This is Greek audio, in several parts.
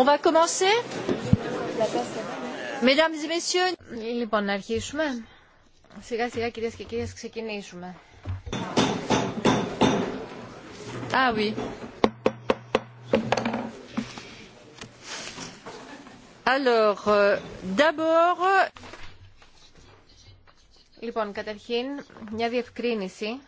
On va commencer. Mesdames et messieurs. Λοιπόν, να αρχίσουμε. Σιγά σιγά κυρίες και κύριοι, ξεκινήσουμε. Ah Alors, euh, d'abord. Λοιπόν, καταρχήν, μια διευκρίνηση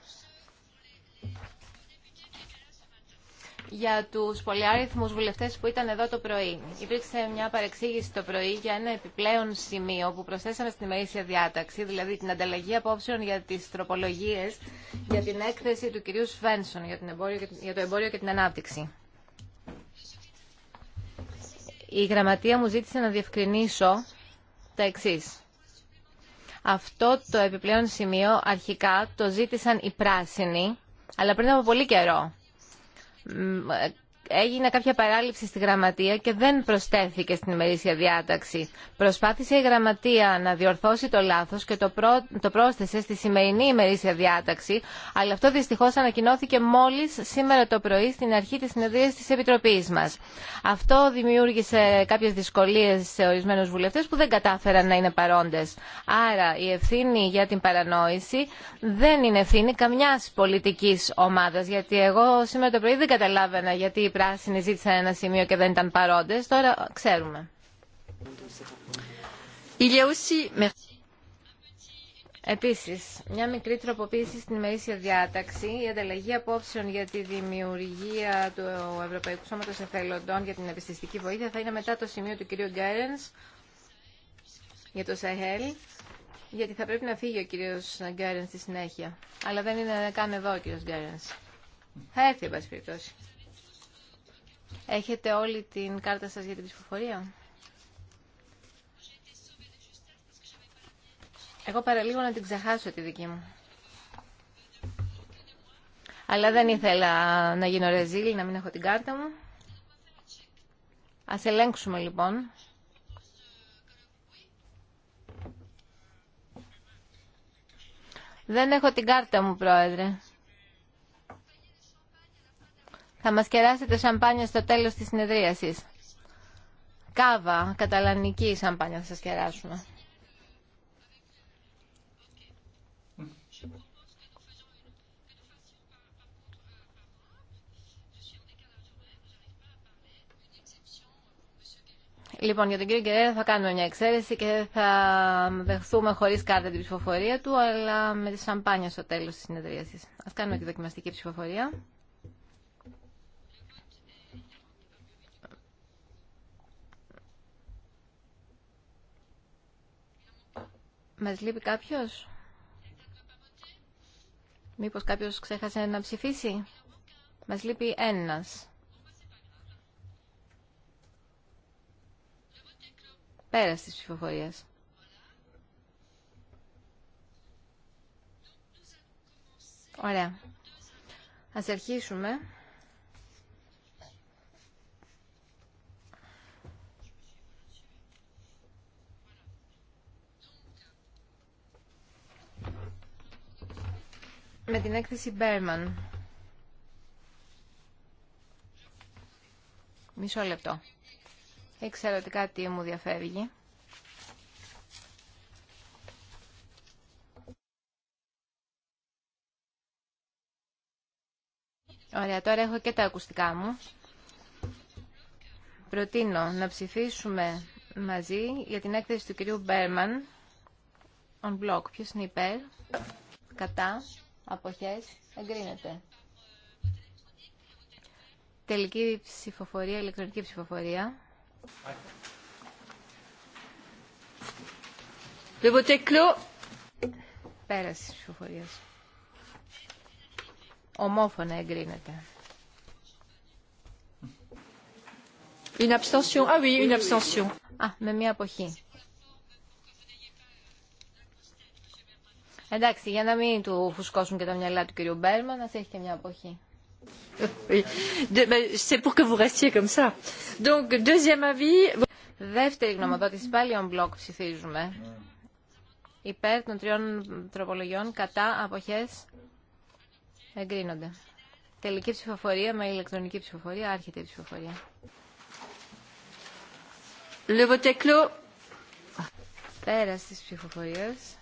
για τους πολυάριθμους βουλευτές που ήταν εδώ το πρωί. Υπήρξε μια παρεξήγηση το πρωί για ένα επιπλέον σημείο που προσθέσαμε στην ημερήσια διάταξη, δηλαδή την ανταλλαγή απόψεων για τις τροπολογίες για την έκθεση του κυρίου Σβένσον για, για το εμπόριο και την ανάπτυξη. Η γραμματεία μου ζήτησε να διευκρινίσω τα εξή. Αυτό το επιπλέον σημείο αρχικά το ζήτησαν οι πράσινοι, αλλά πριν από πολύ καιρό. Μου έγινε κάποια παράληψη στη γραμματεία και δεν προστέθηκε στην ημερήσια διάταξη. Προσπάθησε η γραμματεία να διορθώσει το λάθο και το, προ... πρόσθεσε στη σημερινή ημερήσια διάταξη, αλλά αυτό δυστυχώ ανακοινώθηκε μόλι σήμερα το πρωί στην αρχή τη συνεδρίας τη Επιτροπής μα. Αυτό δημιούργησε κάποιε δυσκολίε σε ορισμένου βουλευτέ που δεν κατάφεραν να είναι παρόντε. Άρα η ευθύνη για την παρανόηση δεν είναι ευθύνη καμιά πολιτική ομάδα, γιατί εγώ σήμερα το πρωί δεν καταλάβαινα γιατί πράσινοι ένα σημείο και δεν ήταν παρόντες. Τώρα ξέρουμε. Επίσης, μια μικρή τροποποίηση στην ημερήσια διάταξη, η ανταλλαγή απόψεων για τη δημιουργία του Ευρωπαϊκού Σώματο Εθελοντών για την επιστηστική βοήθεια θα είναι μετά το σημείο του κυρίου Γκέρεν για το ΣΑΧΕΛ, γιατί θα πρέπει να φύγει ο κύριο Γκέρεν στη συνέχεια. Αλλά δεν είναι καν εδώ ο κύριο Γκέρεν. Θα έρθει, εν πάση Έχετε όλη την κάρτα σας για την ψηφοφορία. Εγώ παραλίγο να την ξεχάσω τη δική μου. Αλλά δεν ήθελα να γίνω ρεζίλη, να μην έχω την κάρτα μου. Ας ελέγξουμε λοιπόν. Δεν έχω την κάρτα μου, Πρόεδρε. Θα μας κεράσετε σαμπάνια στο τέλος της συνεδρίασης. Κάβα, καταλανική σαμπάνια θα σας κεράσουμε. Λοιπόν, για τον κύριο Κερέρα θα κάνουμε μια εξαίρεση και θα δεχθούμε χωρί κάρτα την ψηφοφορία του, αλλά με τη σαμπάνια στο τέλο τη συνεδρίαση. Α κάνουμε τη δοκιμαστική ψηφοφορία. Μας λείπει κάποιος? Μήπως κάποιος ξέχασε να ψηφίσει? Μας λείπει ένας. πέρα της ψηφοφορίες. Ωραία. Ας αρχίσουμε. με την έκθεση Μπέρμαν. Μισό λεπτό. Ήξερα ότι κάτι μου διαφεύγει. Ωραία, τώρα έχω και τα ακουστικά μου. Προτείνω να ψηφίσουμε μαζί για την έκθεση του κυρίου Μπέρμαν on block. Ποιος είναι υπέρ, κατά, αποχές εγκρίνεται. Τελική ψηφοφορία, ηλεκτρονική ψηφοφορία. Le vote est clos. Πέραση της Homophone Ομόφωνα εγκρίνεται. Une abstention. Ah oui, une abstention. Ah, με μία αποχή. Εντάξει, για να μην του φουσκώσουν και τα μυαλά του κυρίου Μπέρμα, να έχει και μια αποχή. Δεύτερη γνωμοδότηση, πάλι ο μπλοκ ψηφίζουμε. Υπέρ των τριών τροπολογιών, κατά, αποχές, εγκρίνονται. Τελική ψηφοφορία με ηλεκτρονική ψηφοφορία, άρχεται η ψηφοφορία. Le vote est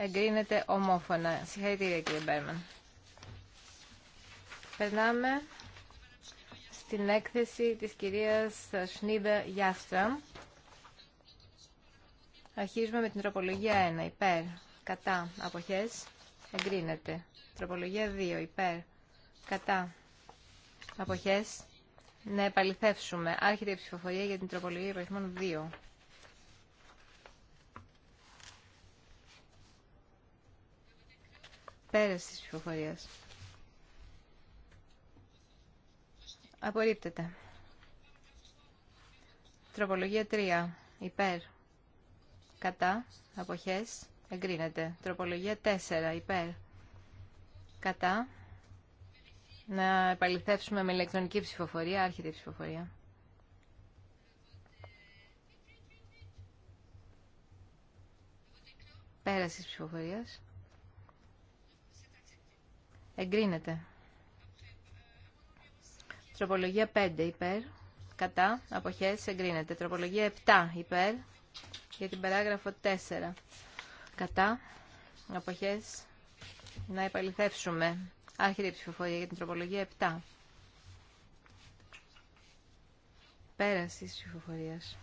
εγκρίνεται ομόφωνα. Συγχαρητήρια κύριε Μπέρμαν. Περνάμε στην έκθεση της κυρίας Σνίμπε Γιάστρα. Αρχίζουμε με την τροπολογία 1. Υπέρ. Κατά. Αποχές. Εγκρίνεται. Τροπολογία 2. Υπέρ. Κατά. Αποχές. Να επαληθεύσουμε. Άρχεται η ψηφοφορία για την τροπολογία υπαριθμών 2. Πέρας της ψηφοφορίας. Απορρίπτεται. Τροπολογία 3. Υπέρ. Κατά. Αποχές. Εγκρίνεται. Τροπολογία 4. Υπέρ. Κατά. Να επαληθεύσουμε με ηλεκτρονική ψηφοφορία. Άρχεται η ψηφοφορία. Πέραση ψηφοφορίας. Εγκρίνεται. Τροπολογία 5 υπέρ. Κατά. Αποχές. Εγκρίνεται. Τροπολογία 7 υπέρ. Για την παράγραφο 4. Κατά. Αποχές. Να επαληθεύσουμε. Άρχεται ψηφοφορία για την τροπολογία 7. Πέραση της ψηφοφορίας.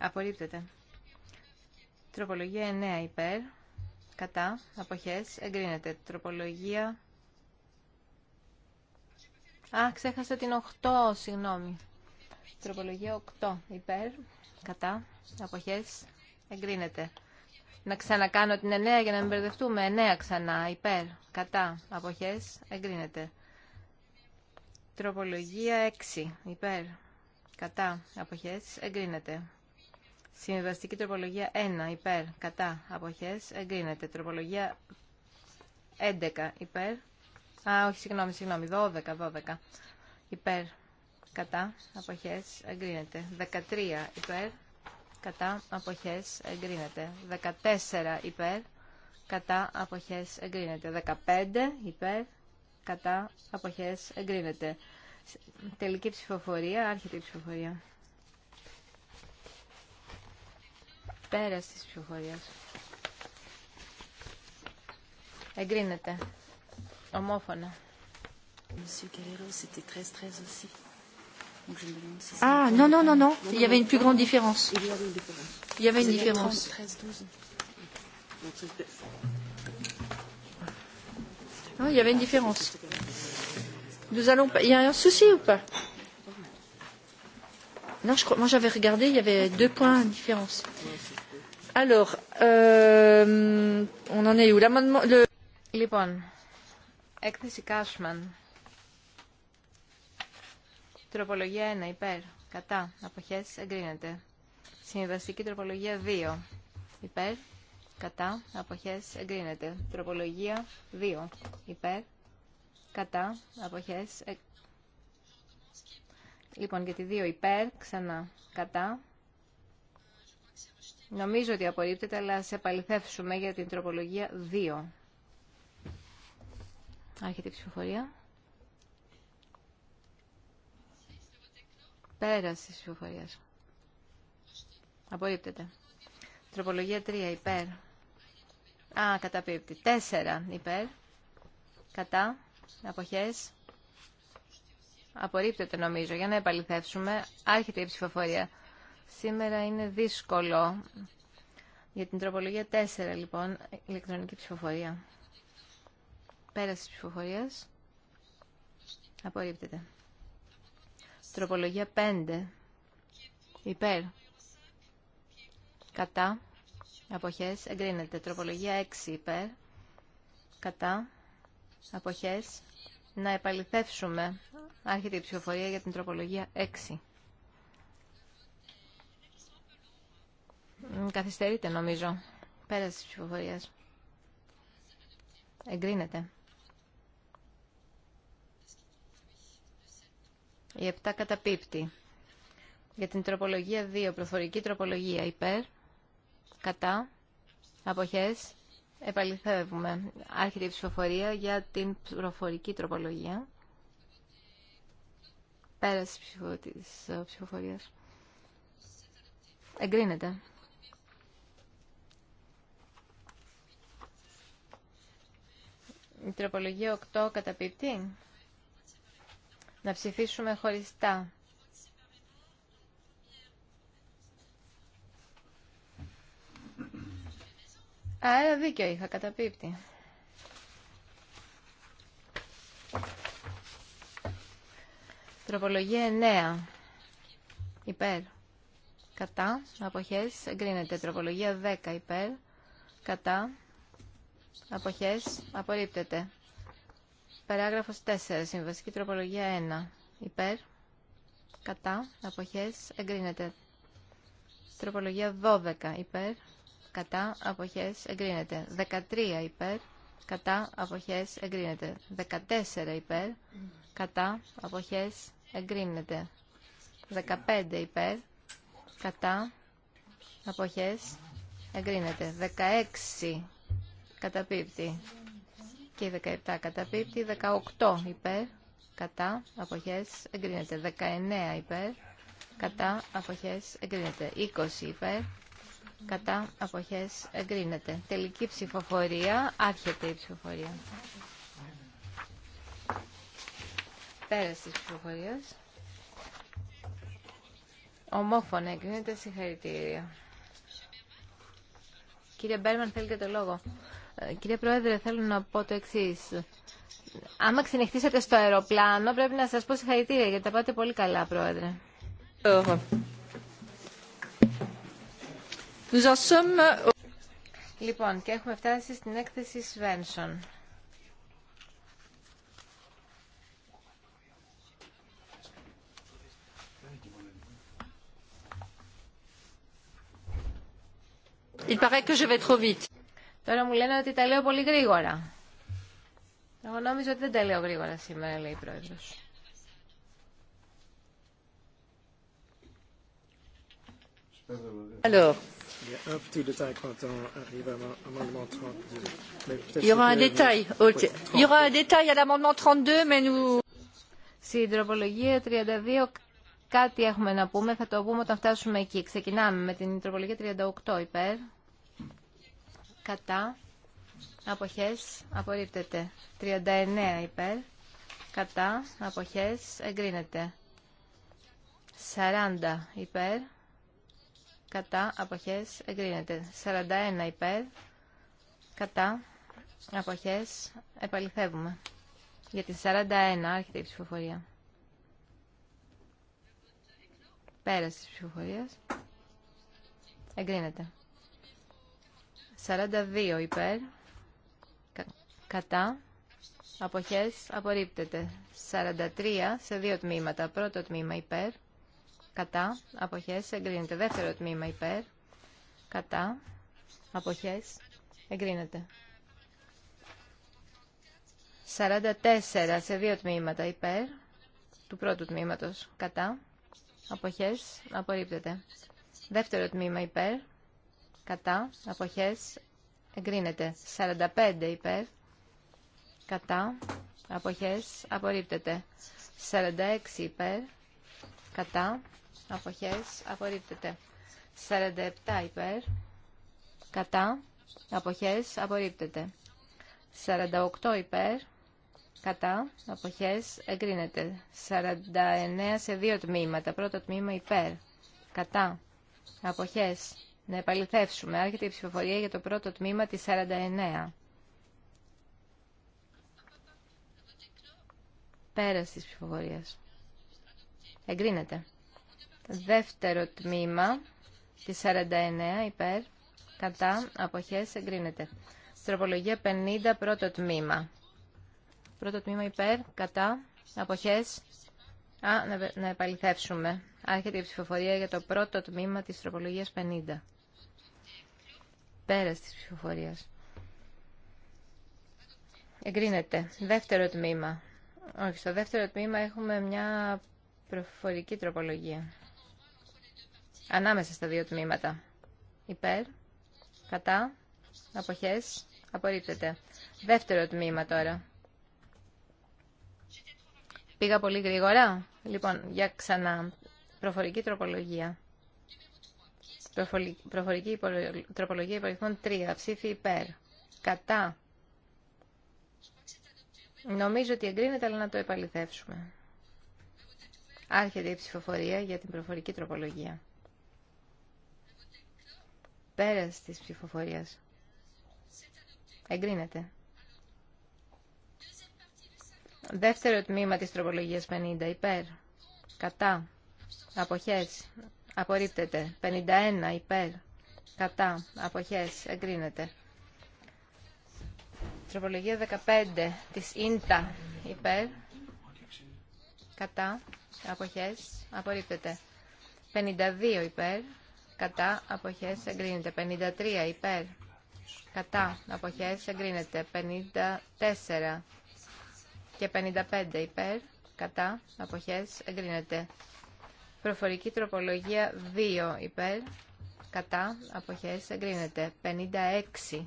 Απορρίπτεται. Τροπολογία 9 υπέρ. Κατά. Αποχές. Εγκρίνεται. Τροπολογία... Α, ξέχασα την 8, συγγνώμη. Τροπολογία 8 υπέρ. Κατά. Αποχές. Εγκρίνεται. Να ξανακάνω την 9 για να μην μπερδευτούμε. 9 ξανά. Υπέρ. Κατά. Αποχές. Εγκρίνεται. Τροπολογία 6. Υπέρ. Κατά. Αποχές. Εγκρίνεται. Συμβιβαστική τροπολογία 1 υπέρ κατά αποχές εγκρίνεται. Τροπολογία 11 υπέρ. Α, όχι, συγγνώμη, συγγνώμη. 12, 12. Υπέρ κατά αποχές εγκρίνεται. 13 υπέρ κατά αποχές εγκρίνεται. 14 υπέρ κατά αποχές εγκρίνεται. 15 υπέρ κατά αποχές εγκρίνεται. Τελική ψηφοφορία, άρχεται η ψηφοφορία. Πέρας της ψηφοφορία. Εγκρίνεται. Ομόφωνα. Ah non, non, non, non, il y avait une plus grande différence. Il y avait une différence. Non, il y avait une différence. Nous allons... Il y a un souci ou pas Non, je crois... moi j'avais regardé, il y avait deux points de différence. Euh, λοιπόν, έκθεση Κάσμαν. Τροπολογία 1, υπέρ, κατά, αποχές, εγκρίνεται. Συμβαστική τροπολογία 2, υπέρ, κατά, αποχές, εγκρίνεται. Τροπολογία 2, υπέρ, κατά, αποχές, εγκρίνεται. Λοιπόν, γιατί 2 υπέρ, ξανά, κατά, Νομίζω ότι απορρίπτεται, αλλά σε επαληθεύσουμε για την τροπολογία 2. Άρχεται η ψηφοφορία. Πέραση της ψηφοφορίας. Απορρίπτεται. Τροπολογία 3, υπέρ. Α, καταπίπτει. 4, υπέρ. Κατά. Αποχές. Απορρίπτεται νομίζω. Για να επαληθεύσουμε. Άρχεται η ψηφοφορία. Σήμερα είναι δύσκολο. Για την τροπολογία 4, λοιπόν, ηλεκτρονική ψηφοφορία. Πέραση της ψηφοφορίας. Απορρίπτεται. Τροπολογία 5. Υπέρ. Κατά. Αποχές. Εγκρίνεται. Τροπολογία 6. Υπέρ. Κατά. Αποχές. Να επαληθεύσουμε. Άρχεται η ψηφοφορία για την τροπολογία 6. Καθυστερείτε νομίζω. Πέρασε τη ψηφοφορία. Εγκρίνεται. Η 7 καταπίπτει. Για την τροπολογία 2, προφορική τροπολογία υπέρ, κατά, αποχές, επαληθεύουμε. Άρχεται η ψηφοφορία για την προφορική τροπολογία. Πέραση της ε, ψηφοφορίας. Εγκρίνεται. Η τροπολογία 8 καταπίπτει. Να ψηφίσουμε χωριστά. Άρα ε, δίκιο είχα, καταπίπτει. Τροπολογία 9. Υπέρ. Κατά. Αποχές. Εγκρίνεται. Τροπολογία 10. Υπέρ. Κατά. Αποχές. Απορρίπτεται. Παράγραφος 4. Συμβασική τροπολογία 1. Υπέρ. Κατά. Αποχές. Εγκρίνεται. Τροπολογία 12. Υπέρ. Κατά. Αποχές. Εγκρίνεται. 13. Υπέρ. Κατά. Αποχές. Εγκρίνεται. 14. Υπέρ. Κατά. Αποχές. Εγκρίνεται. 15. Υπέρ. Κατά. Αποχές. Εγκρίνεται. 16 καταπίπτει και 17 καταπίπτει, 18 υπέρ, κατά, αποχές, εγκρίνεται, 19 υπέρ, κατά, αποχές, εγκρίνεται, 20 υπέρ, κατά, αποχές, εγκρίνεται. Τελική ψηφοφορία, άρχεται η ψηφοφορία. Πέρας της ψηφοφορίας. Ομόφωνα εγκρίνεται συγχαρητήρια. Κύριε Μπέρμαν, θέλετε το λόγο. Κύριε Πρόεδρε, θέλω να πω το εξή. Άμα ξενυχτήσετε στο αεροπλάνο, πρέπει να σας πω συγχαρητήρια, γιατί τα πάτε πολύ καλά, Πρόεδρε. Λοιπόν, και έχουμε φτάσει στην έκθεση Σβένσον. Il paraît que je vais trop vite. Τώρα μου λένε ότι τα λέω πολύ γρήγορα. Εγώ νόμιζα ότι δεν τα λέω γρήγορα σήμερα, λέει η πρόεδρο. Uh, Στην τροπολογία 32 κάτι έχουμε να πούμε, θα το πούμε όταν φτάσουμε εκεί. Ξεκινάμε με την τροπολογία 38 υπέρ κατά, αποχές, απορρίπτεται. 39 υπέρ, κατά, αποχές, εγκρίνεται. 40 υπέρ, κατά, αποχές, εγκρίνεται. 41 υπέρ, κατά, αποχές, επαληθεύουμε. Για τη 41 άρχεται η ψηφοφορία. Πέραση τη ψηφοφορίας. Εγκρίνεται. 42 υπέρ, κατά, αποχές, απορρίπτεται. 43 σε δύο τμήματα. Πρώτο τμήμα υπέρ, κατά, αποχές, εγκρίνεται. Δεύτερο τμήμα υπέρ, κατά, αποχές, εγκρίνεται. 44 σε δύο τμήματα υπέρ, του πρώτου τμήματος, κατά, αποχές, απορρίπτεται. Δεύτερο τμήμα υπέρ, κατά, αποχές, εγκρίνεται. 45 υπέρ, κατά, αποχές, απορρίπτεται. 46 υπέρ, κατά, αποχές, απορρίπτεται. 47 υπέρ, κατά, αποχές, απορρίπτεται. 48 υπέρ, κατά, αποχές, εγκρίνεται. 49 σε δύο τμήματα. Πρώτο τμήμα υπέρ, κατά, αποχές, να επαληθεύσουμε. Άρχεται η ψηφοφορία για το πρώτο τμήμα της 49. Πέρας της ψηφοφορίας. Εγκρίνεται. Δεύτερο τμήμα της 49 υπέρ. Κατά. Αποχές. Εγκρίνεται. Στροπολογία 50 πρώτο τμήμα. Πρώτο τμήμα υπέρ. Κατά. Αποχές. Α, να επαληθεύσουμε. Άρχεται η ψηφοφορία για το πρώτο τμήμα της στροπολογίας 50. Πέρας της ψηφοφορίας. Εγκρίνεται. Δεύτερο τμήμα. Όχι, στο δεύτερο τμήμα έχουμε μια προφορική τροπολογία. Ανάμεσα στα δύο τμήματα. Υπέρ, κατά, αποχές, απορρίπτεται. Δεύτερο τμήμα τώρα. Πήγα πολύ γρήγορα. Λοιπόν, για ξανά. Προφορική τροπολογία. Προφορική τροπολογία υπαριθμών 3. Ψήφι υπέρ. Κατά. Νομίζω ότι εγκρίνεται, αλλά να το επαληθεύσουμε. Άρχεται η ψηφοφορία για την προφορική τροπολογία. Πέρας της ψηφοφορίας. Εγκρίνεται. Δεύτερο τμήμα της τροπολογίας 50. Υπέρ. Κατά. Αποχές απορρίπτεται. 51 υπέρ, κατά, αποχές, εγκρίνεται. Τροπολογία 15 της ΙΝΤΑ υπέρ, κατά, αποχές, απορρίπτεται. 52 υπέρ, κατά, αποχές, εγκρίνεται. 53 υπέρ, κατά, αποχές, εγκρίνεται. 54 και 55 υπέρ, κατά, αποχές, εγκρίνεται. Προφορική τροπολογία 2 υπέρ, κατά, αποχές, εγκρίνεται. 56.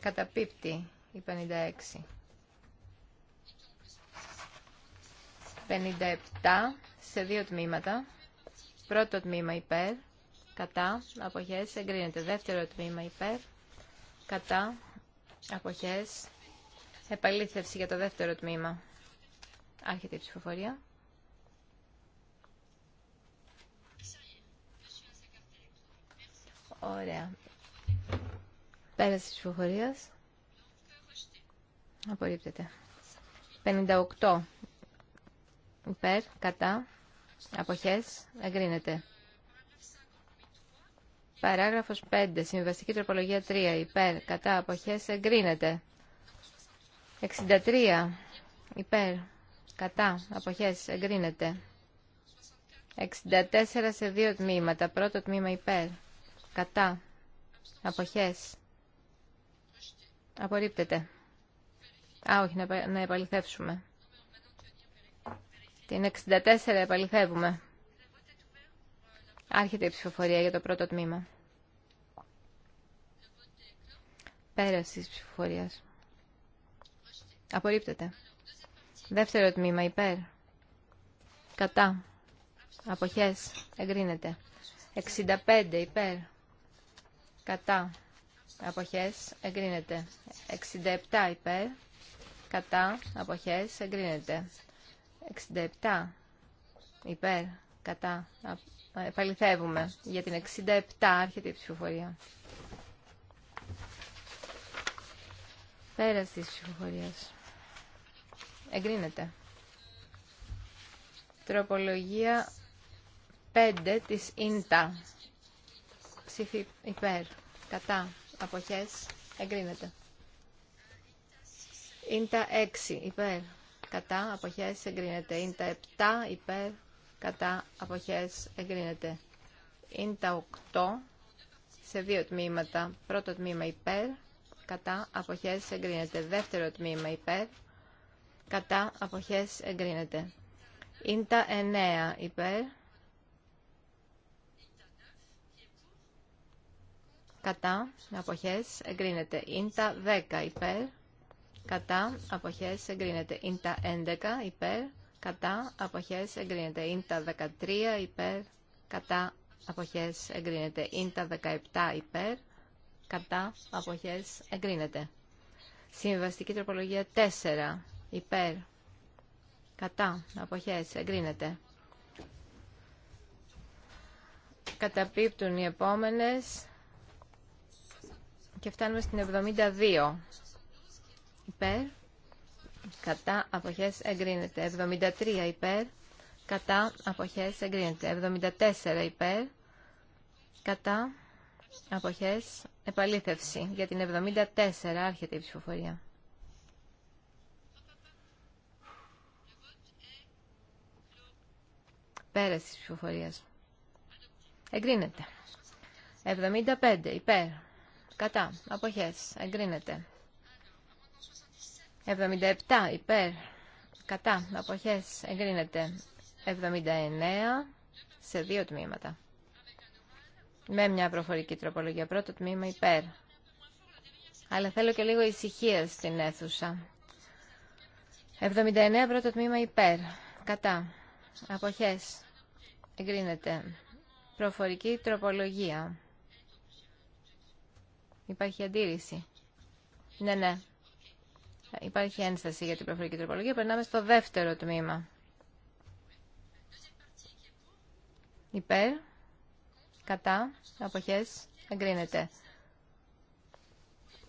Καταπίπτει η 56. 57 σε δύο τμήματα. Πρώτο τμήμα υπέρ, κατά, αποχές, εγκρίνεται. Δεύτερο τμήμα υπέρ, κατά, αποχές, επαλήθευση για το δεύτερο τμήμα. Άρχεται η ψηφοφορία. Ωραία. Πέραση τη ψηφοφορία. Απορρίπτεται. 58 υπέρ, κατά, αποχές, εγκρίνεται. Παράγραφος 5. συμβαστική τροπολογία 3. Υπέρ, κατά, αποχές, εγκρίνεται. 63. Υπέρ, κατά, αποχές, εγκρίνεται. 64 σε δύο τμήματα. Πρώτο τμήμα υπέρ, κατά, αποχές, απορρίπτεται. Α, όχι, να επαληθεύσουμε. Την 64 επαληθεύουμε. Άρχεται η ψηφοφορία για το πρώτο τμήμα. Πέραση της ψηφοφορίας. Απορρίπτεται. Δεύτερο τμήμα, υπέρ. Κατά. Αποχές. Εγκρίνεται. 65, υπέρ κατά αποχές εγκρίνεται 67 υπέρ κατά αποχές εγκρίνεται 67 υπέρ κατά ε, επαληθεύουμε για την 67 άρχεται η ψηφοφορία πέρας της ψηφοφορίας εγκρίνεται τροπολογία 5 της ΙΝΤΑ ψήφι υπέρ. Κατά. Αποχές. Εγκρίνεται. Ίντα 6 υπέρ. Κατά. Αποχές. Εγκρίνεται. τα 7 υπέρ. Κατά. Αποχές. Εγκρίνεται. τα 8 σε δύο τμήματα. Πρώτο τμήμα υπέρ. Κατά. Αποχές. Εγκρίνεται. Δεύτερο τμήμα υπέρ. Κατά. Αποχές. Εγκρίνεται. τα 9 υπέρ κατά αποχές εγκρίνεται τα 10 υπέρ κατά αποχές εγκρίνεται τα 11 υπέρ κατά αποχές εγκρίνεται τα 13 υπέρ κατά αποχές εγκρίνεται τα 17 υπέρ κατά αποχές εγκρίνεται συμβαστική τροπολογία 4 υπέρ κατά αποχές εγκρίνεται καταπίπτουν οι επόμενες και φτάνουμε στην 72. Υπέρ. Κατά αποχές εγκρίνεται. 73 υπέρ. Κατά αποχές εγκρίνεται. 74 υπέρ. Κατά αποχές επαλήθευση. Για την 74 άρχεται η ψηφοφορία. Πέραση της ψηφοφορίας. Εγκρίνεται. 75 υπέρ κατά, αποχές, εγκρίνεται. 77 υπέρ, κατά, αποχές, εγκρίνεται. 79 σε δύο τμήματα. Με μια προφορική τροπολογία. Πρώτο τμήμα υπέρ. Αλλά θέλω και λίγο ησυχία στην αίθουσα. 79 πρώτο τμήμα υπέρ. Κατά. Αποχές. Εγκρίνεται. Προφορική τροπολογία. Υπάρχει αντίρρηση. Ναι, ναι. Υπάρχει ένσταση για την προφορική τροπολογία. Περνάμε στο δεύτερο τμήμα. Υπέρ, κατά, αποχές, εγκρίνεται.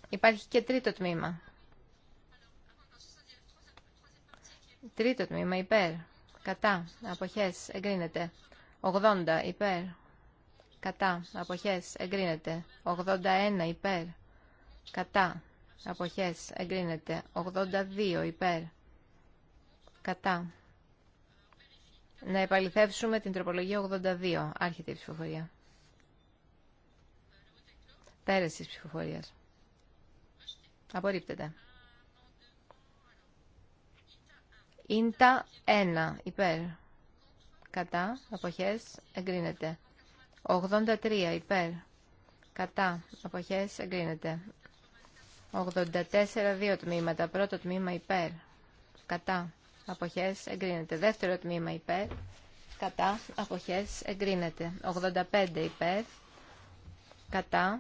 Υπάρχει και τρίτο τμήμα. Τρίτο τμήμα, υπέρ, κατά, αποχές, εγκρίνεται. 80, υπέρ, κατά, αποχές, εγκρίνεται. 81 υπέρ, κατά, αποχές, εγκρίνεται. 82 υπέρ, κατά. Να επαληθεύσουμε την τροπολογία 82, άρχεται η ψηφοφορία. Πέραση της ψηφοφορίας. Απορρίπτεται. Ίντα 1, υπέρ. Κατά, αποχές, εγκρίνεται. 83 υπέρ. Κατά. Αποχές εγκρίνεται. 84 δύο τμήματα. Πρώτο τμήμα υπέρ. Κατά. Αποχές εγκρίνεται. Δεύτερο τμήμα υπέρ. Κατά. Αποχές εγκρίνεται. 85 υπέρ. Κατά.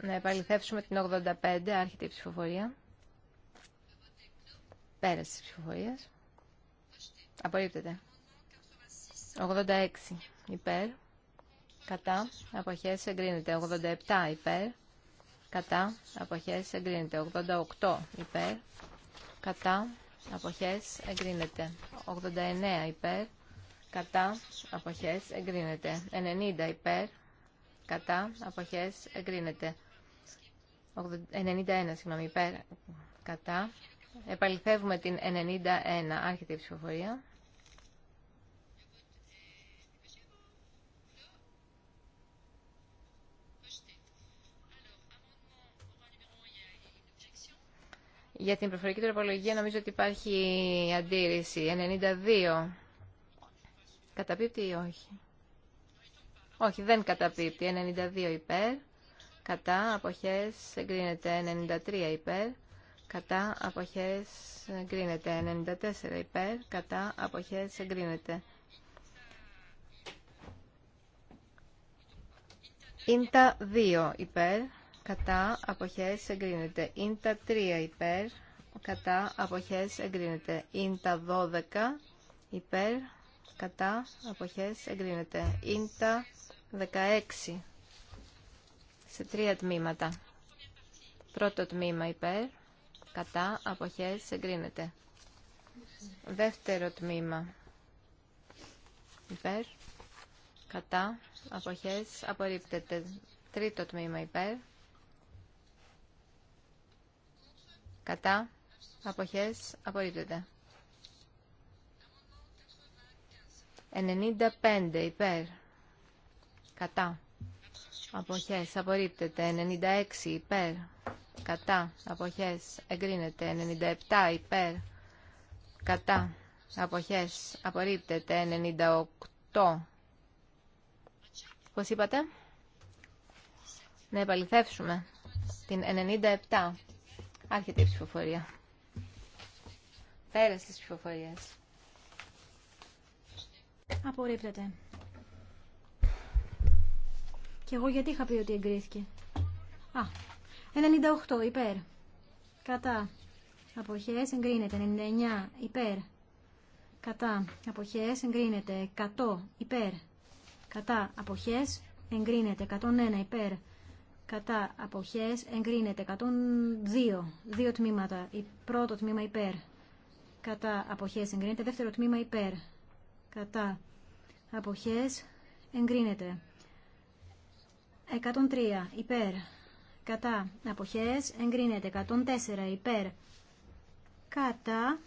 Να επαληθεύσουμε την 85. Άρχεται η ψηφοφορία. Πέραση της ψηφοφορίας. Απορρίπτεται. 86 υπέρ, κατά, αποχές εγκρίνεται. 87 υπέρ, κατά, αποχές εγκρίνεται. 88 υπέρ, κατά, αποχές εγκρίνεται. 89 υπέρ, κατά, αποχές εγκρίνεται. 90 υπέρ, κατά, αποχές εγκρίνεται. 91, συγγνώμη, υπέρ, κατά. Επαληθεύουμε την 91, άρχεται η ψηφοφορία. Για την προφορική τροπολογία νομίζω ότι υπάρχει αντίρρηση. 92. Καταπίπτει ή όχι. Όχι, δεν καταπίπτει. 92 υπέρ. Κατά αποχές εγκρίνεται 93 υπέρ. Κατά αποχές εγκρίνεται 94 υπέρ. Κατά αποχές εγκρίνεται. τα 2 υπέρ κατά αποχές εγκρίνεται. τα 3 υπέρ, κατά αποχές εγκρίνεται. τα δώδεκα υπέρ, κατά αποχές εγκρίνεται. τα δεκαέξι. σε τρία τμήματα. Πρώτο τμήμα υπέρ, κατά αποχές εγκρίνεται. Δεύτερο τμήμα υπέρ, κατά αποχές απορρίπτεται. Τρίτο τμήμα υπέρ, Κατά. Αποχές. Απορρίπτεται. 95 υπέρ. Κατά. Αποχές. Απορρίπτεται. 96 υπέρ. Κατά. Αποχές. Εγκρίνεται. 97 υπέρ. Κατά. Αποχές. Απορρίπτεται. 98. Πώς είπατε? Να επαληθεύσουμε. Την 97. Άρχεται η ψηφοφορία. Πέρας της ψηφοφορίας. Απορρίπτεται. Και εγώ γιατί είχα πει ότι εγκρίθηκε. Α, 98 υπέρ. Κατά. Αποχές εγκρίνεται. 99 υπέρ. Κατά. Αποχές εγκρίνεται. 100 υπέρ. Κατά. Αποχές εγκρίνεται. 101 υπέρ κατά αποχές εγκρίνεται 102 δύο τμήματα η πρώτο τμήμα υπέρ κατά αποχές εγκρίνεται δεύτερο τμήμα υπέρ κατά αποχές εγκρίνεται 103 υπέρ κατά αποχές εγκρίνεται 104 υπέρ κατά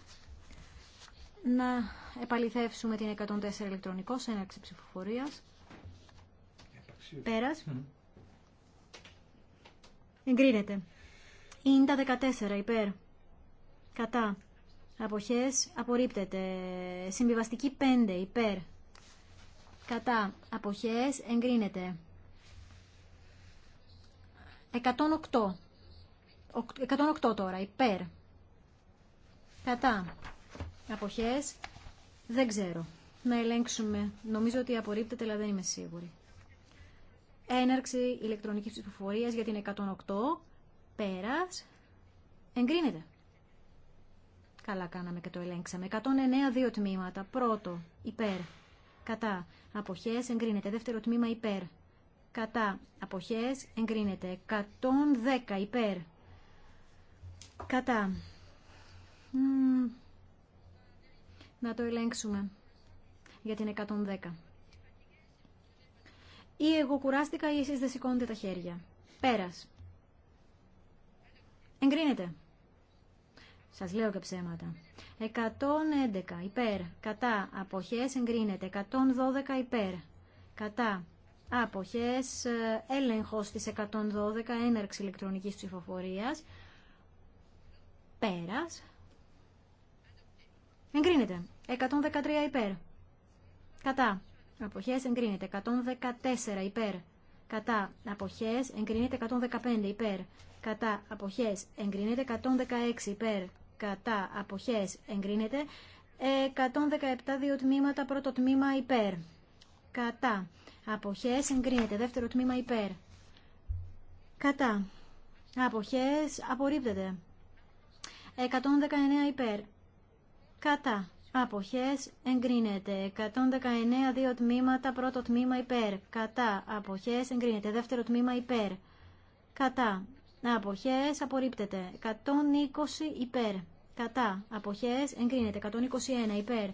να επαληθεύσουμε την 104 ηλεκτρονικός έναρξη ψηφοφορίας πέρας εγκρίνεται. τα 14 υπέρ. Κατά. Αποχές απορρίπτεται. Συμβιβαστική 5 υπέρ. Κατά. Αποχές εγκρίνεται. 108. 108 τώρα υπέρ. Κατά. Αποχές δεν ξέρω. Να ελέγξουμε. Νομίζω ότι απορρίπτεται αλλά δεν είμαι σίγουρη. Έναρξη ηλεκτρονικής ψηφοφορίας για την 108. Πέρας. Εγκρίνεται. Καλά κάναμε και το ελέγξαμε. 109 δύο τμήματα. Πρώτο, υπέρ. Κατά. Αποχές εγκρίνεται. Δεύτερο τμήμα υπέρ. Κατά. Αποχές εγκρίνεται. 110 υπέρ. Κατά. να το ελέγξουμε. Για την 110. Ή εγώ κουράστηκα ή εσείς δεν σηκώνετε τα χέρια. Πέρας. Εγκρίνεται. Σας λέω και ψέματα. 111 υπέρ, κατά, αποχές, εγκρίνεται. 112 υπέρ, κατά, αποχές, έλεγχος της 112, έναρξη ηλεκτρονικής ψηφοφορίας. Πέρας. Εγκρίνεται. 113 υπέρ. Κατά. Αποχές εγκρίνεται 114 υπέρ. Κατά αποχές εγκρίνεται 115 υπέρ. Κατά αποχές εγκρίνεται 116 υπέρ. Κατά αποχές εγκρίνεται 117 δύο τμήματα πρώτο τμήμα υπέρ. Κατά αποχές εγκρίνεται δεύτερο τμήμα υπέρ. Κατά αποχές απορρίπτεται. 119 υπέρ. Κατά Αποχές εγκρίνεται. 119 δύο τμήματα, πρώτο τμήμα υπέρ. Κατά. Αποχές εγκρίνεται. Δεύτερο τμήμα υπέρ. Κατά. Αποχές απορρίπτεται. 120 υπέρ. Κατά. Αποχές εγκρίνεται. 121 υπέρ.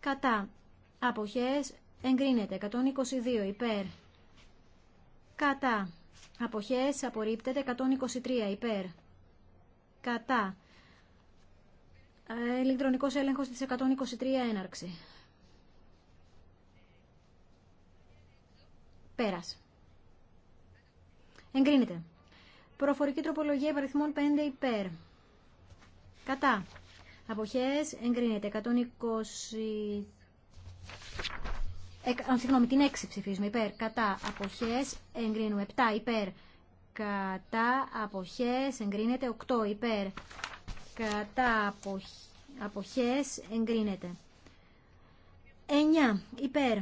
Κατά. Αποχές εγκρίνεται. 122 υπέρ. Κατά. Αποχές απορρίπτεται. 123 υπέρ. Κατά. Ε, ηλεκτρονικός έλεγχος της 123 έναρξη. Πέρας. Εγκρίνεται. Προφορική τροπολογία υπαριθμών 5 υπέρ. Κατά. Αποχές εγκρίνεται. 120... Ε, συγγνώμη, την 6 ψηφίζουμε υπέρ. Κατά. Αποχές εγκρίνουμε. 7 υπέρ. Κατά. Αποχές εγκρίνεται. 8 υπέρ κατά αποχές εγκρίνεται. 9 υπέρ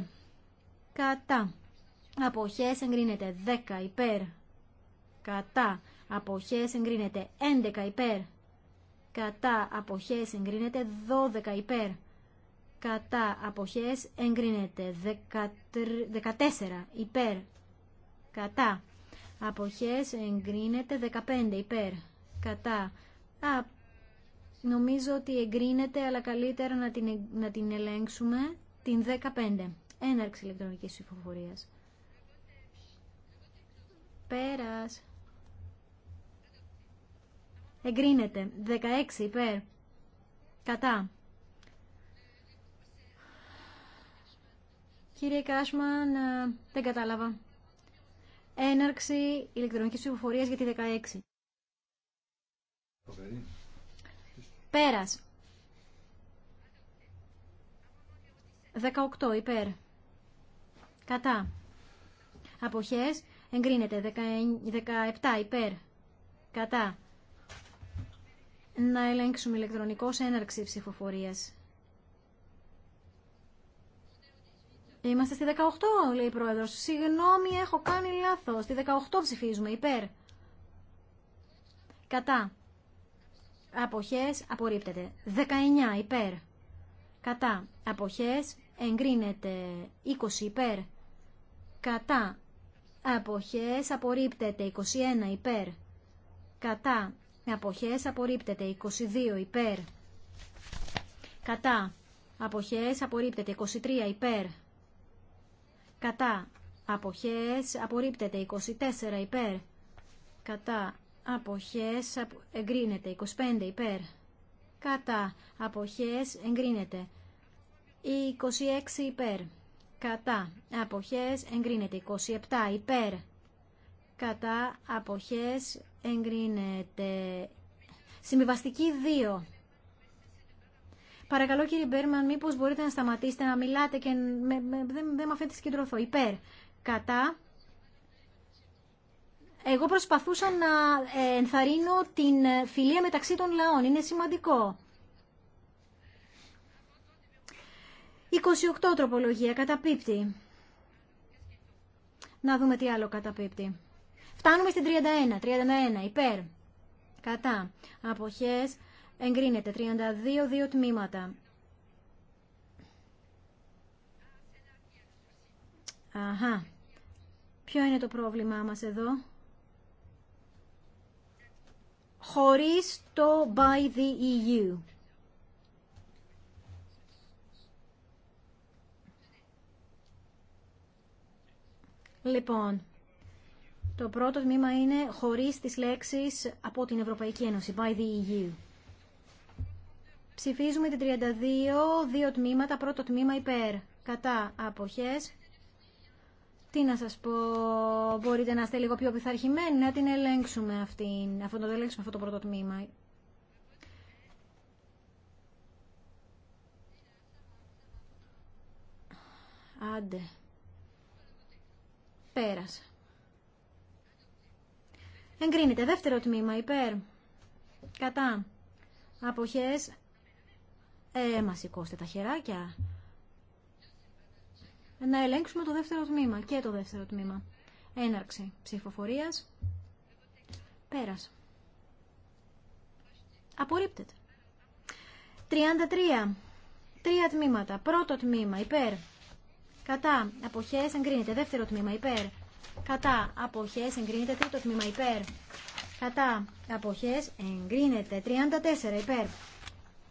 κατά αποχές εγκρίνεται. 10 υπέρ κατά αποχές εγκρίνεται. 11 υπέρ κατά αποχές εγκρίνεται. 12 υπέρ κατά αποχές εγκρίνεται. 14 υπέρ κατά αποχές εγκρίνεται. 15 υπέρ κατά αποχές Νομίζω ότι εγκρίνεται, αλλά καλύτερα να την, να την ελέγξουμε την 15. Έναρξη ηλεκτρονικής ψηφοφορία. Πέρας. Εγκρίνεται. 16 υπέρ. Κατά. Κύριε Κάσμαν, ε, δεν κατάλαβα. Έναρξη ηλεκτρονικής ψηφοφορία για τη 16. Πέρας. 18 υπέρ. Κατά. Αποχές εγκρίνεται. 17 υπέρ. Κατά. Να ελέγξουμε ηλεκτρονικός έναρξη ψηφοφορίας. Είμαστε στη 18, λέει η πρόεδρο. Συγγνώμη, έχω κάνει λάθος. Στη 18 ψηφίζουμε. Υπέρ. Κατά αποχές απορρίπτεται. 19 υπέρ κατά αποχές εγκρίνεται. 20 υπέρ κατά αποχές απορρίπτεται. 21 υπέρ κατά αποχές απορρίπτεται. 22 υπέρ κατά αποχές απορρίπτεται. 23 υπέρ κατά αποχές απορρίπτεται. 24 υπέρ κατά αποχές εγκρίνεται. 25 υπέρ κατά αποχές εγκρίνεται. 26 υπέρ κατά αποχές εγκρίνεται. 27 υπέρ κατά αποχές εγκρίνεται. Συμβιβαστική 2. Παρακαλώ κύριε Μπέρμαν, μήπως μπορείτε να σταματήσετε να μιλάτε και με, με, δεν, δεν με αφήνετε συγκεντρωθώ. Υπέρ, κατά, εγώ προσπαθούσα να ε, ενθαρρύνω την ε, φιλία μεταξύ των λαών. Είναι σημαντικό. 28 τροπολογία καταπίπτει. Να δούμε τι άλλο καταπίπτει. Φτάνουμε στην 31. 31 υπέρ. Κατά. Αποχές. Εγκρίνεται. 32. Δύο τμήματα. Αχα. Ποιο είναι το πρόβλημά μας εδώ χωρίς το by the EU. Λοιπόν, το πρώτο τμήμα είναι χωρίς τις λέξεις από την Ευρωπαϊκή Ένωση, by the EU. Ψηφίζουμε την 32, δύο τμήματα, πρώτο τμήμα υπέρ, κατά αποχές, τι να σας πω, μπορείτε να είστε λίγο πιο πειθαρχημένοι, να την ελέγξουμε αυτήν, αφού το ελέγξουμε αυτό το πρώτο τμήμα. Άντε. Πέρασε. Εγκρίνεται. Δεύτερο τμήμα. Υπέρ. Κατά. Αποχές. Ε, μα σηκώστε τα χεράκια να ελέγξουμε το δεύτερο τμήμα και το δεύτερο τμήμα. Έναρξη ψηφοφορίας. Πέρας. Απορρίπτεται. 33. Τρία τμήματα. Πρώτο τμήμα υπέρ. Κατά. Αποχές εγκρίνεται. Δεύτερο τμήμα υπέρ. Κατά. Αποχές εγκρίνεται. Τρίτο τμήμα υπέρ. Κατά. Αποχές εγκρίνεται. 34 υπέρ.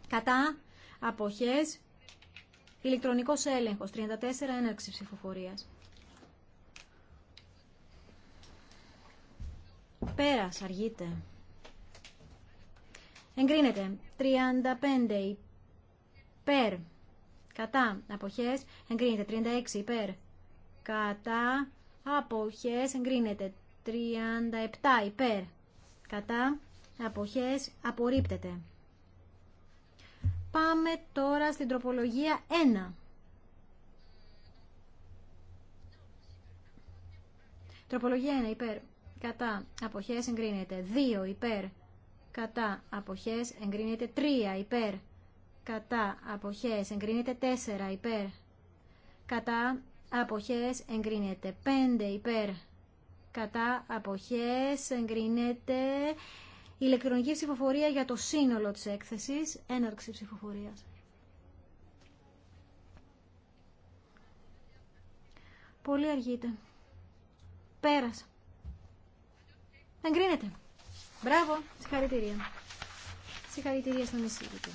Κατά. Αποχές Ηλεκτρονικό έλεγχο 34 έναρξη ψηφοφορία. Πέρας. αργείτε. Εγκρίνεται. 35 υπέρ. Κατά. Αποχές. Εγκρίνεται. 36 υπέρ. Κατά. Αποχές. Εγκρίνεται. 37 υπέρ. Κατά. Αποχές. Απορρίπτεται. Πάμε τώρα στην τροπολογία 1. Τροπολογία 1 υπέρ κατά αποχές εγκρίνεται 2 υπέρ κατά αποχές εγκρίνεται 3 υπέρ κατά αποχές εγκρίνεται 4 υπέρ κατά αποχές εγκρίνεται 5 υπέρ κατά αποχές εγκρίνεται ηλεκτρονική ψηφοφορία για το σύνολο της έκθεσης, έναρξη ψηφοφορίας. Πολύ αργείται. Πέρασα. Εγκρίνεται. Μπράβο, συγχαρητήρια. Συγχαρητήρια στον εισηγητή.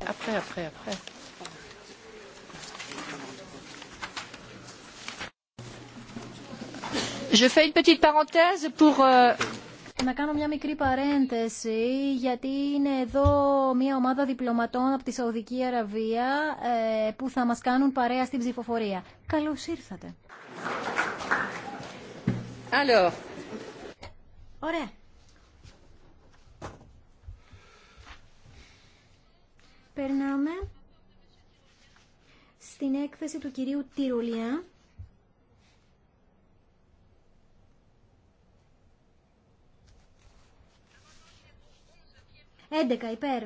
Après, après, après. Euh, Να κάνω μια μικρή παρένθεση, γιατί είναι εδώ μια ομάδα διπλωματών από τη Σαουδική Αραβία ε, που θα μας κάνουν παρέα στην ψηφοφορία. Καλώς ήρθατε. Ωραία. Περνάμε στην έκθεση του κυρίου Τυρουλιά. 11 υπέρ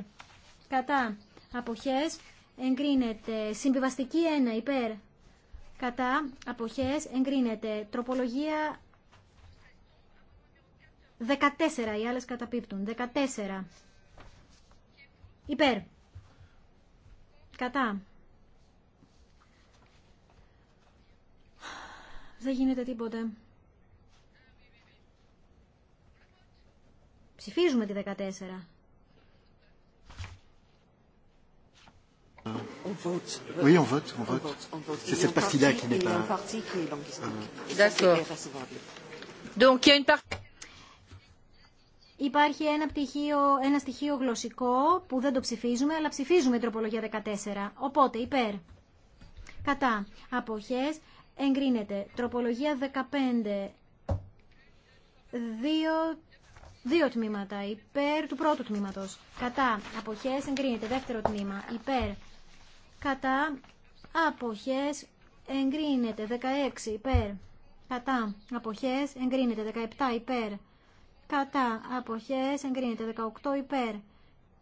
κατά αποχές εγκρίνεται. Συμβιβαστική 1 υπέρ κατά αποχές εγκρίνεται. Τροπολογία 14. Οι άλλες καταπίπτουν. 14. Υπέρ. Κατά. Δεν γίνεται τίποτε. Ψηφίζουμε τη 14. On vote. Oui, on vote, on vote. C'est cette partie-là qui n'est pas. Ah. D'accord. Donc, il y a une partie. Υπάρχει ένα, πτυχίο, ένα στοιχείο γλωσσικό που δεν το ψηφίζουμε, αλλά ψηφίζουμε η τροπολογία 14. Οπότε, υπέρ. Κατά. Αποχές. Εγκρίνεται. Τροπολογία 15. Δύο, δύο τμήματα. Υπέρ του πρώτου τμήματος. Κατά. Αποχές. Εγκρίνεται. Δεύτερο τμήμα. Υπέρ κατά αποχές εγκρίνεται 16 υπέρ κατά αποχές εγκρίνεται 17 υπέρ κατά αποχές εγκρίνεται 18 υπέρ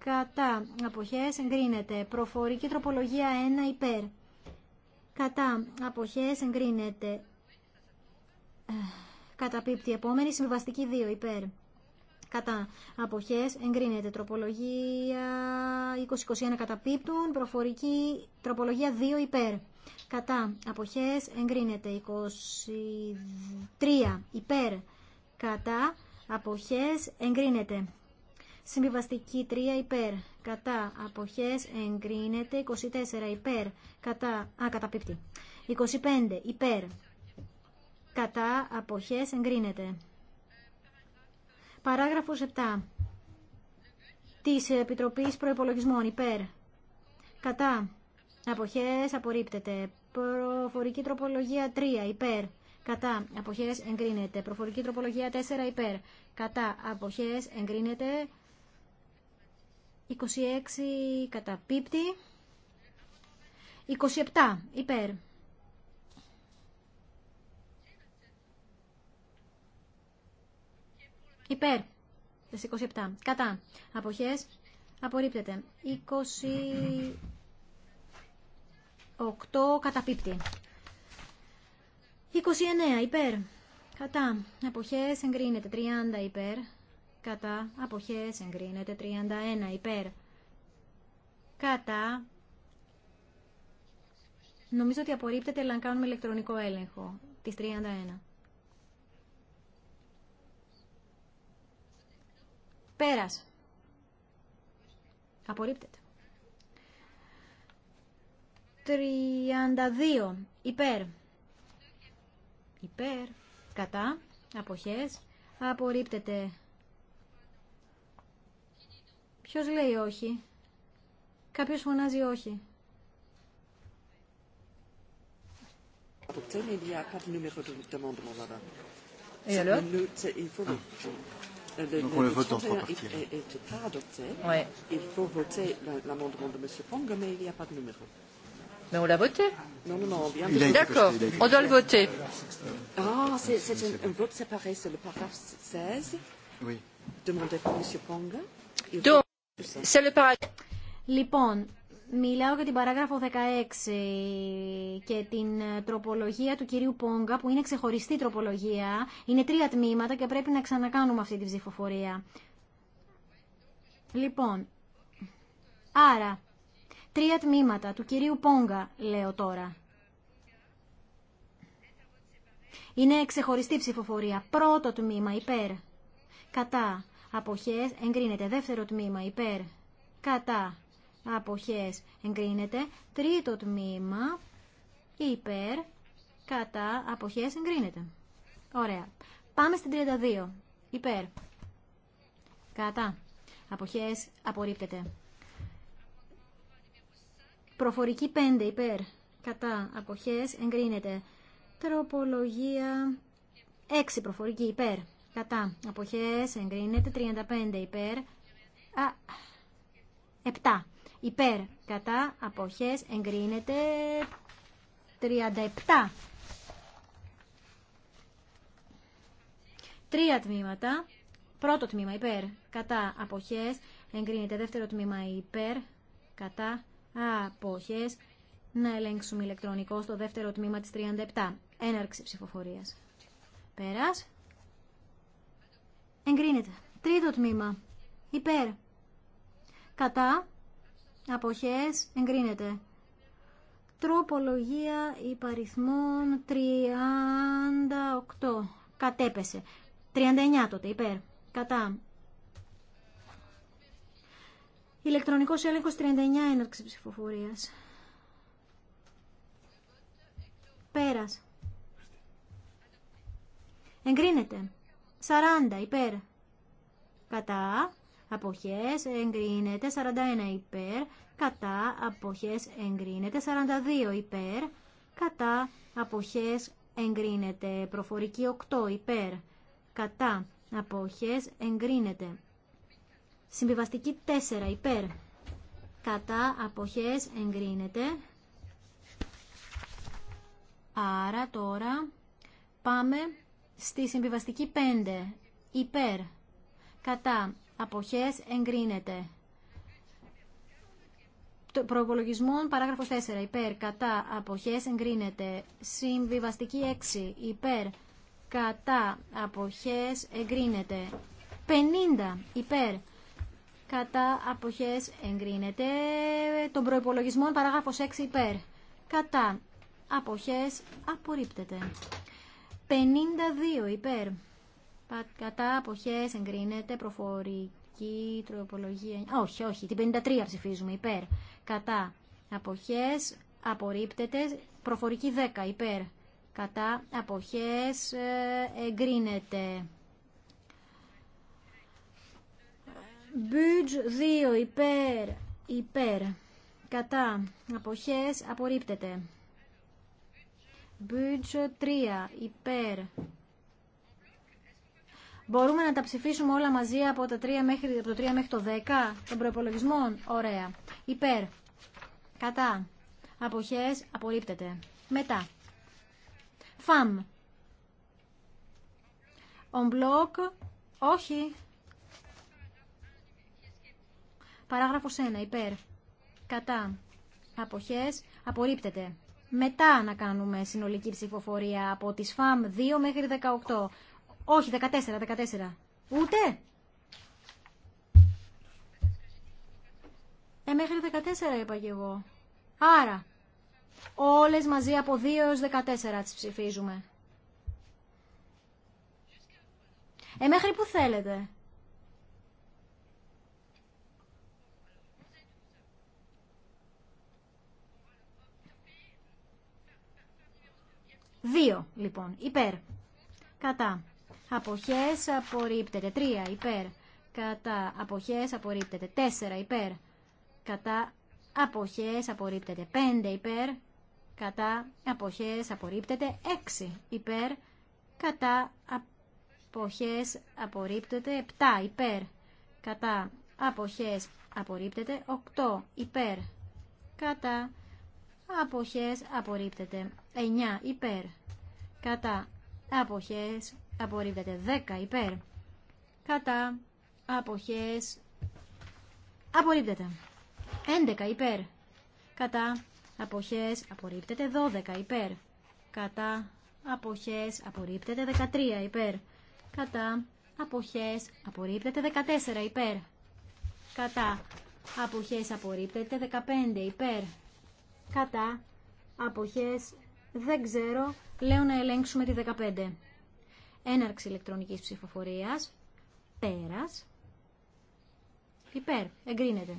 κατά αποχές εγκρίνεται προφορική τροπολογία 1 υπέρ κατά αποχές εγκρίνεται καταπίπτει επόμενη συμβαστική 2 υπέρ κατά αποχές εγκρίνεται. Τροπολογία 20-21 καταπίπτουν, προφορική τροπολογία 2 υπέρ. Κατά αποχές εγκρίνεται 23 υπέρ. Κατά αποχές εγκρίνεται. Συμβιβαστική 3 υπέρ. Κατά αποχές εγκρίνεται 24 υπέρ. Κατά, α, καταπίπτει. 25 υπέρ. Κατά αποχές εγκρίνεται. Παράγραφος 7 της Επιτροπής Προϋπολογισμών υπέρ. Κατά. Αποχές απορρίπτεται. Προφορική τροπολογία 3 υπέρ. Κατά. Αποχές εγκρίνεται. Προφορική τροπολογία 4 υπέρ. Κατά. Αποχές εγκρίνεται. 26 κατά πίπτη. 27 υπέρ. Υπέρ. 27. Κατά. Αποχές. Απορρίπτεται. 28. Καταπίπτει. 29. Υπέρ. Κατά. Αποχές. Εγκρίνεται. 30. Υπέρ. Κατά. Αποχές. Εγκρίνεται. 31. Υπέρ. Κατά. Νομίζω ότι απορρίπτεται, αλλά να κάνουμε ηλεκτρονικό έλεγχο. τις 31. Πέρας. Απορρίπτεται. 32. Υπέρ. Υπέρ. Κατά. Αποχές. Απορρίπτεται. Ποιος λέει όχι. Κάποιος φωνάζει όχι. Et Donc on le vote en trois parties. pas adopté. Il faut voter l'amendement de M. Pong, mais il n'y a pas de numéro. Mais on l'a voté. Non, non, non, bien D'accord, on doit le voter. Ah, c'est un vote séparé, c'est le paragraphe 16. Oui. Demandé par M. Pong. Donc, c'est le paragraphe. Λοιπόν, Μιλάω για την παράγραφο 16 και την ε, τροπολογία του κυρίου Πόγκα που είναι ξεχωριστή τροπολογία. Είναι τρία τμήματα και πρέπει να ξανακάνουμε αυτή την ψηφοφορία. Λοιπόν, άρα, τρία τμήματα του κυρίου Πόγκα λέω τώρα. Είναι ξεχωριστή ψηφοφορία. Πρώτο τμήμα υπέρ. Κατά. Αποχές εγκρίνεται. Δεύτερο τμήμα υπέρ. Κατά αποχές εγκρίνεται. Τρίτο τμήμα υπέρ κατά αποχές εγκρίνεται. Ωραία. Πάμε στην 32. Υπέρ. Κατά. Αποχές απορρίπτεται. Προφορική 5 υπέρ. Κατά. Αποχές εγκρίνεται. Τροπολογία 6 προφορική υπέρ. Κατά. Αποχές εγκρίνεται. 35 υπέρ. Α, 7 υπέρ κατά αποχές εγκρίνεται 37 τρία τμήματα πρώτο τμήμα υπέρ κατά αποχές εγκρίνεται δεύτερο τμήμα υπέρ κατά αποχές να ελέγξουμε ηλεκτρονικό στο δεύτερο τμήμα της 37 έναρξη ψηφοφορίας πέρας εγκρίνεται τρίτο τμήμα υπέρ κατά αποχές εγκρίνεται. Τροπολογία υπαριθμών 38. Κατέπεσε. 39 τότε υπέρ. Κατά. Ηλεκτρονικός έλεγχος 39 έναρξη ψηφοφορίας. Πέρας. Εγκρίνεται. 40 υπέρ. Κατά αποχές εγκρίνεται 41 υπέρ, κατά αποχές εγκρίνεται 42 υπέρ, κατά αποχές εγκρίνεται προφορική 8 υπέρ, κατά αποχές εγκρίνεται. Συμβιβαστική 4 υπέρ, κατά αποχές εγκρίνεται. Άρα τώρα πάμε στη συμβιβαστική 5 υπέρ, κατά αποχές εγκρίνεται. Το προπολογισμό, παράγραφος 4 υπέρ κατά αποχές εγκρίνεται. Συμβιβαστική 6 υπέρ κατά αποχές εγκρίνεται. 50 υπέρ κατά αποχές εγκρίνεται. Τον προϋπολογισμό παράγραφος 6 υπέρ κατά αποχές απορρίπτεται. 52 υπέρ κατά αποχές εγκρίνεται προφορική τροπολογία. Όχι, όχι, την 53 ψηφίζουμε υπέρ. Κατά αποχές απορρίπτεται προφορική 10 υπέρ. Κατά αποχές ε, εγκρίνεται. Μπιτζ 2 υπέρ, υπέρ, κατά, αποχές, απορρίπτεται. Μπιτζ 3 υπέρ, Μπορούμε να τα ψηφίσουμε όλα μαζί από, 3 μέχρι, από το 3 μέχρι το 10 των προπολογισμών. Ωραία. Υπέρ. Κατά. Αποχές. Απορρίπτεται. Μετά. Φαμ. Ομπλοκ. Όχι. Παράγραφος 1. Υπέρ. Κατά. Αποχές. Απορρίπτεται. Μετά να κάνουμε συνολική ψηφοφορία από τις ΦΑΜ 2 μέχρι 18. Όχι, 14, 14. Ούτε. Ε, μέχρι 14 είπα και εγώ. Άρα, όλες μαζί από 2 έως 14 τις ψηφίζουμε. Ε, μέχρι που θέλετε. Δύο, λοιπόν, υπέρ. Κατά αποχές απορρίπτεται. 3 υπέρ κατά αποχές απορρίπτεται. 4 υπέρ κατά αποχές απορρίπτεται. 5 υπέρ κατά αποχές απορρίπτεται. 6 υπέρ κατά αποχές απορρίπτεται. 7 υπέρ κατά αποχές απορρίπτεται. 8 υπέρ κατά αποχές απορρίπτεται. 9 υπέρ κατά αποχές απορρίπτεται 10 υπέρ κατά αποχές απορρίπτεται 11 υπέρ κατά αποχές απορρίπτεται 12 υπέρ κατά αποχές απορρίπτεται 13 υπέρ κατά αποχές απορρίπτεται 14 υπέρ κατά αποχές απορρίπτεται 15 υπέρ κατά αποχές δεν ξέρω λέω να ελέγξουμε τη 15 έναρξη ηλεκτρονικής ψηφοφορίας, πέρας, υπέρ, εγκρίνεται.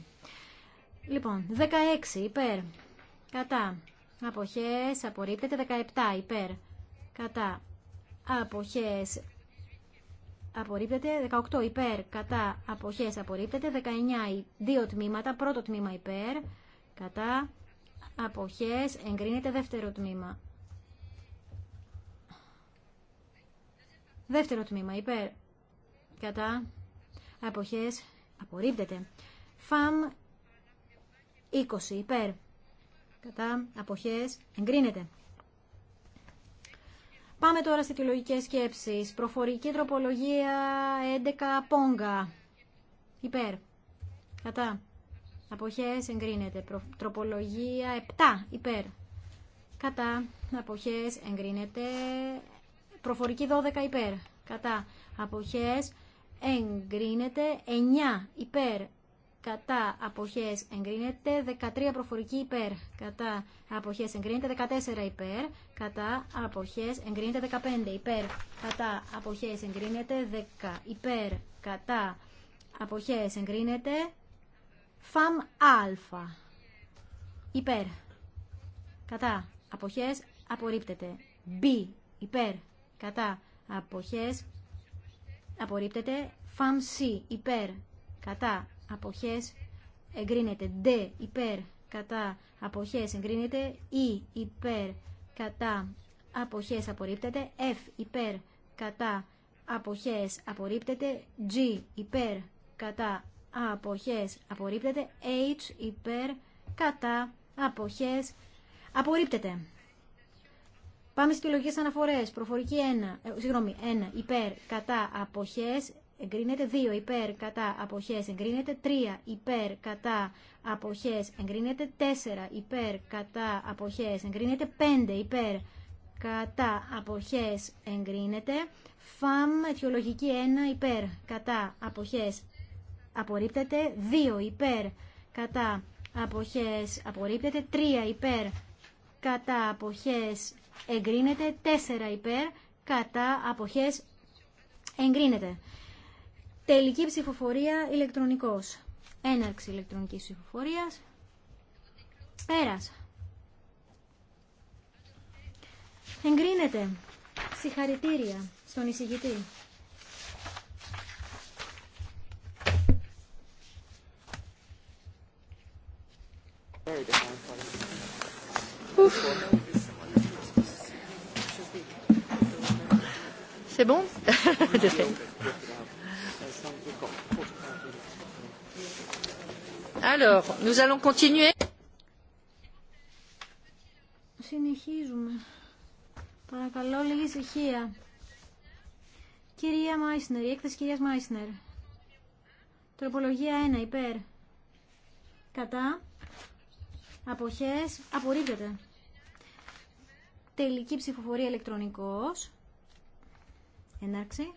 Λοιπόν, 16 υπέρ, κατά, αποχές, απορρίπτεται, 17 υπέρ, κατά, αποχές, απορρίπτεται, 18 υπέρ, κατά, αποχές, απορρίπτεται, 19, δύο τμήματα, πρώτο τμήμα υπέρ, κατά, αποχές, εγκρίνεται, δεύτερο τμήμα Δεύτερο τμήμα υπέρ κατά αποχές απορρίπτεται. Φαμ 20 υπέρ κατά αποχές εγκρίνεται. Πάμε τώρα στις αιτιολογικές σκέψεις. Προφορική τροπολογία 11 πόγκα. Υπέρ. Κατά. Αποχές εγκρίνεται. Προ... Τροπολογία 7. Υπέρ. Κατά. Αποχές εγκρίνεται. Προφορική 12 υπέρ. Κατά. Αποχές εγκρίνεται. 9 υπέρ. Κατά. Αποχές εγκρίνεται. 13 προφορική υπέρ. Κατά. Αποχές εγκρίνεται. 14 υπέρ. Κατά. Αποχές εγκρίνεται. 15 υπέρ. Κατά. Αποχές εγκρίνεται. 10 υπέρ. Κατά. Αποχές εγκρίνεται. Φαμ α. Υπέρ. Κατά. Αποχές απορρίπτεται. B. Υπέρ κατά αποχές απορρίπτεται φαμ C υπέρ κατά αποχές εγκρίνεται D υπέρ κατά αποχές εγκρίνεται E υπέρ κατά αποχές απορρίπτεται F υπέρ κατά αποχές απορρίπτεται G υπέρ κατά αποχές απορρίπτεται H υπέρ κατά αποχές απορρίπτεται Πάμε στι λογικέ αναφορέ. Προφορική 1, ε, συγγνώμη, 1 υπέρ κατά αποχέ. εγκρίνεται, 2 υπέρ κατά αποχέ. εγκρίνεται, 3 υπέρ κατά αποχέ. εγκρίνεται, 4 υπέρ κατά αποχέ. εγκρίνεται, 5 υπέρ κατά αποχέ. εγκρίνεται, φαμ αιτιολογική 1 υπέρ κατά αποχέ. απορρίπτεται, 2 υπέρ κατά αποχέ. απορρίπτεται, 3 υπέρ κατά αποχές εγκρίνεται. τέσσερα υπέρ κατά αποχές εγκρίνεται. Τελική ψηφοφορία ηλεκτρονικός. Έναρξη ηλεκτρονικής ψηφοφορίας. Πέρας. Εγκρίνεται. Συγχαρητήρια στον εισηγητή. C'est bon Alors, nous allons continuer. Συνεχίζουμε. Παρακαλώ λίγη ησυχία. Κυρία Μάισνερ, η έκθεση κυρία Μάισνερ. Τροπολογία 1, υπέρ. Κατά. Αποχές. Απορρίπτεται. Τελική ψηφοφορία ηλεκτρονικός. Εντάξει,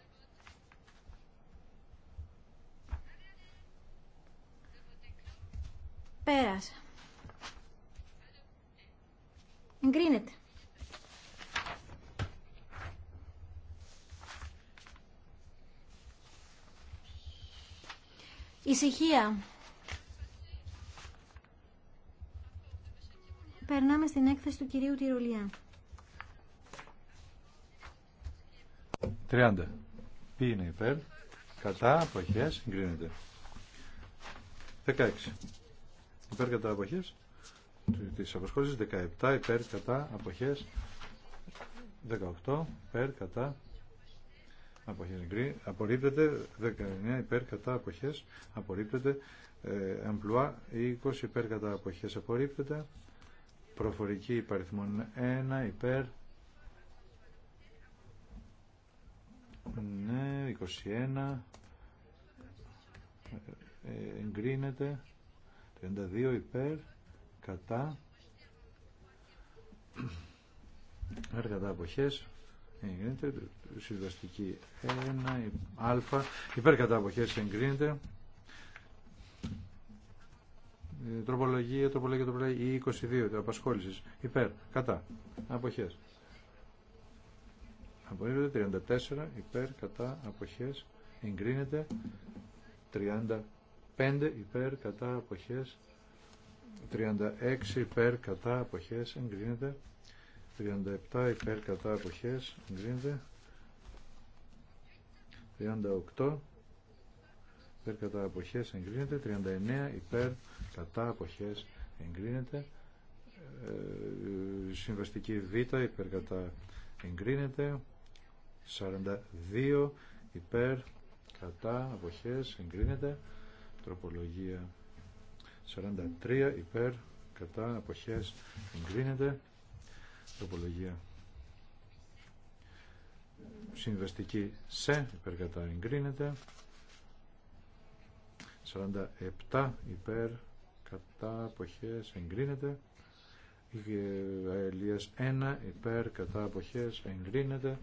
Πέρασα. Εγκρίνεται. Ησυχία. Περνάμε στην έκθεση του κυρίου Τυρολιά. 30. Ποιοι είναι υπέρ. Κατά αποχές εγκρίνεται. 16. Υπέρ κατά αποχές της αποσχόλησης. 17. Υπέρ κατά αποχές. 18. Υπέρ κατά αποχές εγκρίνεται. Απορρίπτεται. 19. Υπέρ κατά αποχές. Απορρίπτεται. Ε, εμπλουά. 20. Υπέρ κατά αποχές. Απορρίπτεται. Προφορική υπαριθμών 1. Υπέρ Ναι, 21. Ε, εγκρίνεται. 32 υπέρ. Κατά. Έργατα αποχέ. Εγκρίνεται. Συμβαστική 1. Α. Υπέρ κατά αποχές εγκρίνεται. Ε, τροπολογία, τροπολογία, τροπολογία, η 22, απασχόλησης, υπέρ, κατά, αποχές, απορρίπτεται 34 υπέρ κατά αποχές εγκρίνεται 35 υπέρ κατά αποχές 36 υπέρ κατά αποχές εγκρίνεται 37 υπέρ κατά αποχές εγκρίνεται 38 υπέρ κατά αποχές εγκρίνεται 39 υπέρ κατά αποχές εγκρίνεται ε, συμβαστική β υπέρ κατά εγκρίνεται 42 υπέρ κατά αποχές εγκρίνεται τροπολογία 43 υπέρ κατά αποχές εγκρίνεται τροπολογία συμβαστική σε υπέρ κατά εγκρίνεται 47 υπέρ κατά αποχές εγκρίνεται Αελίας ε, 1 υπέρ κατά αποχές εγκρίνεται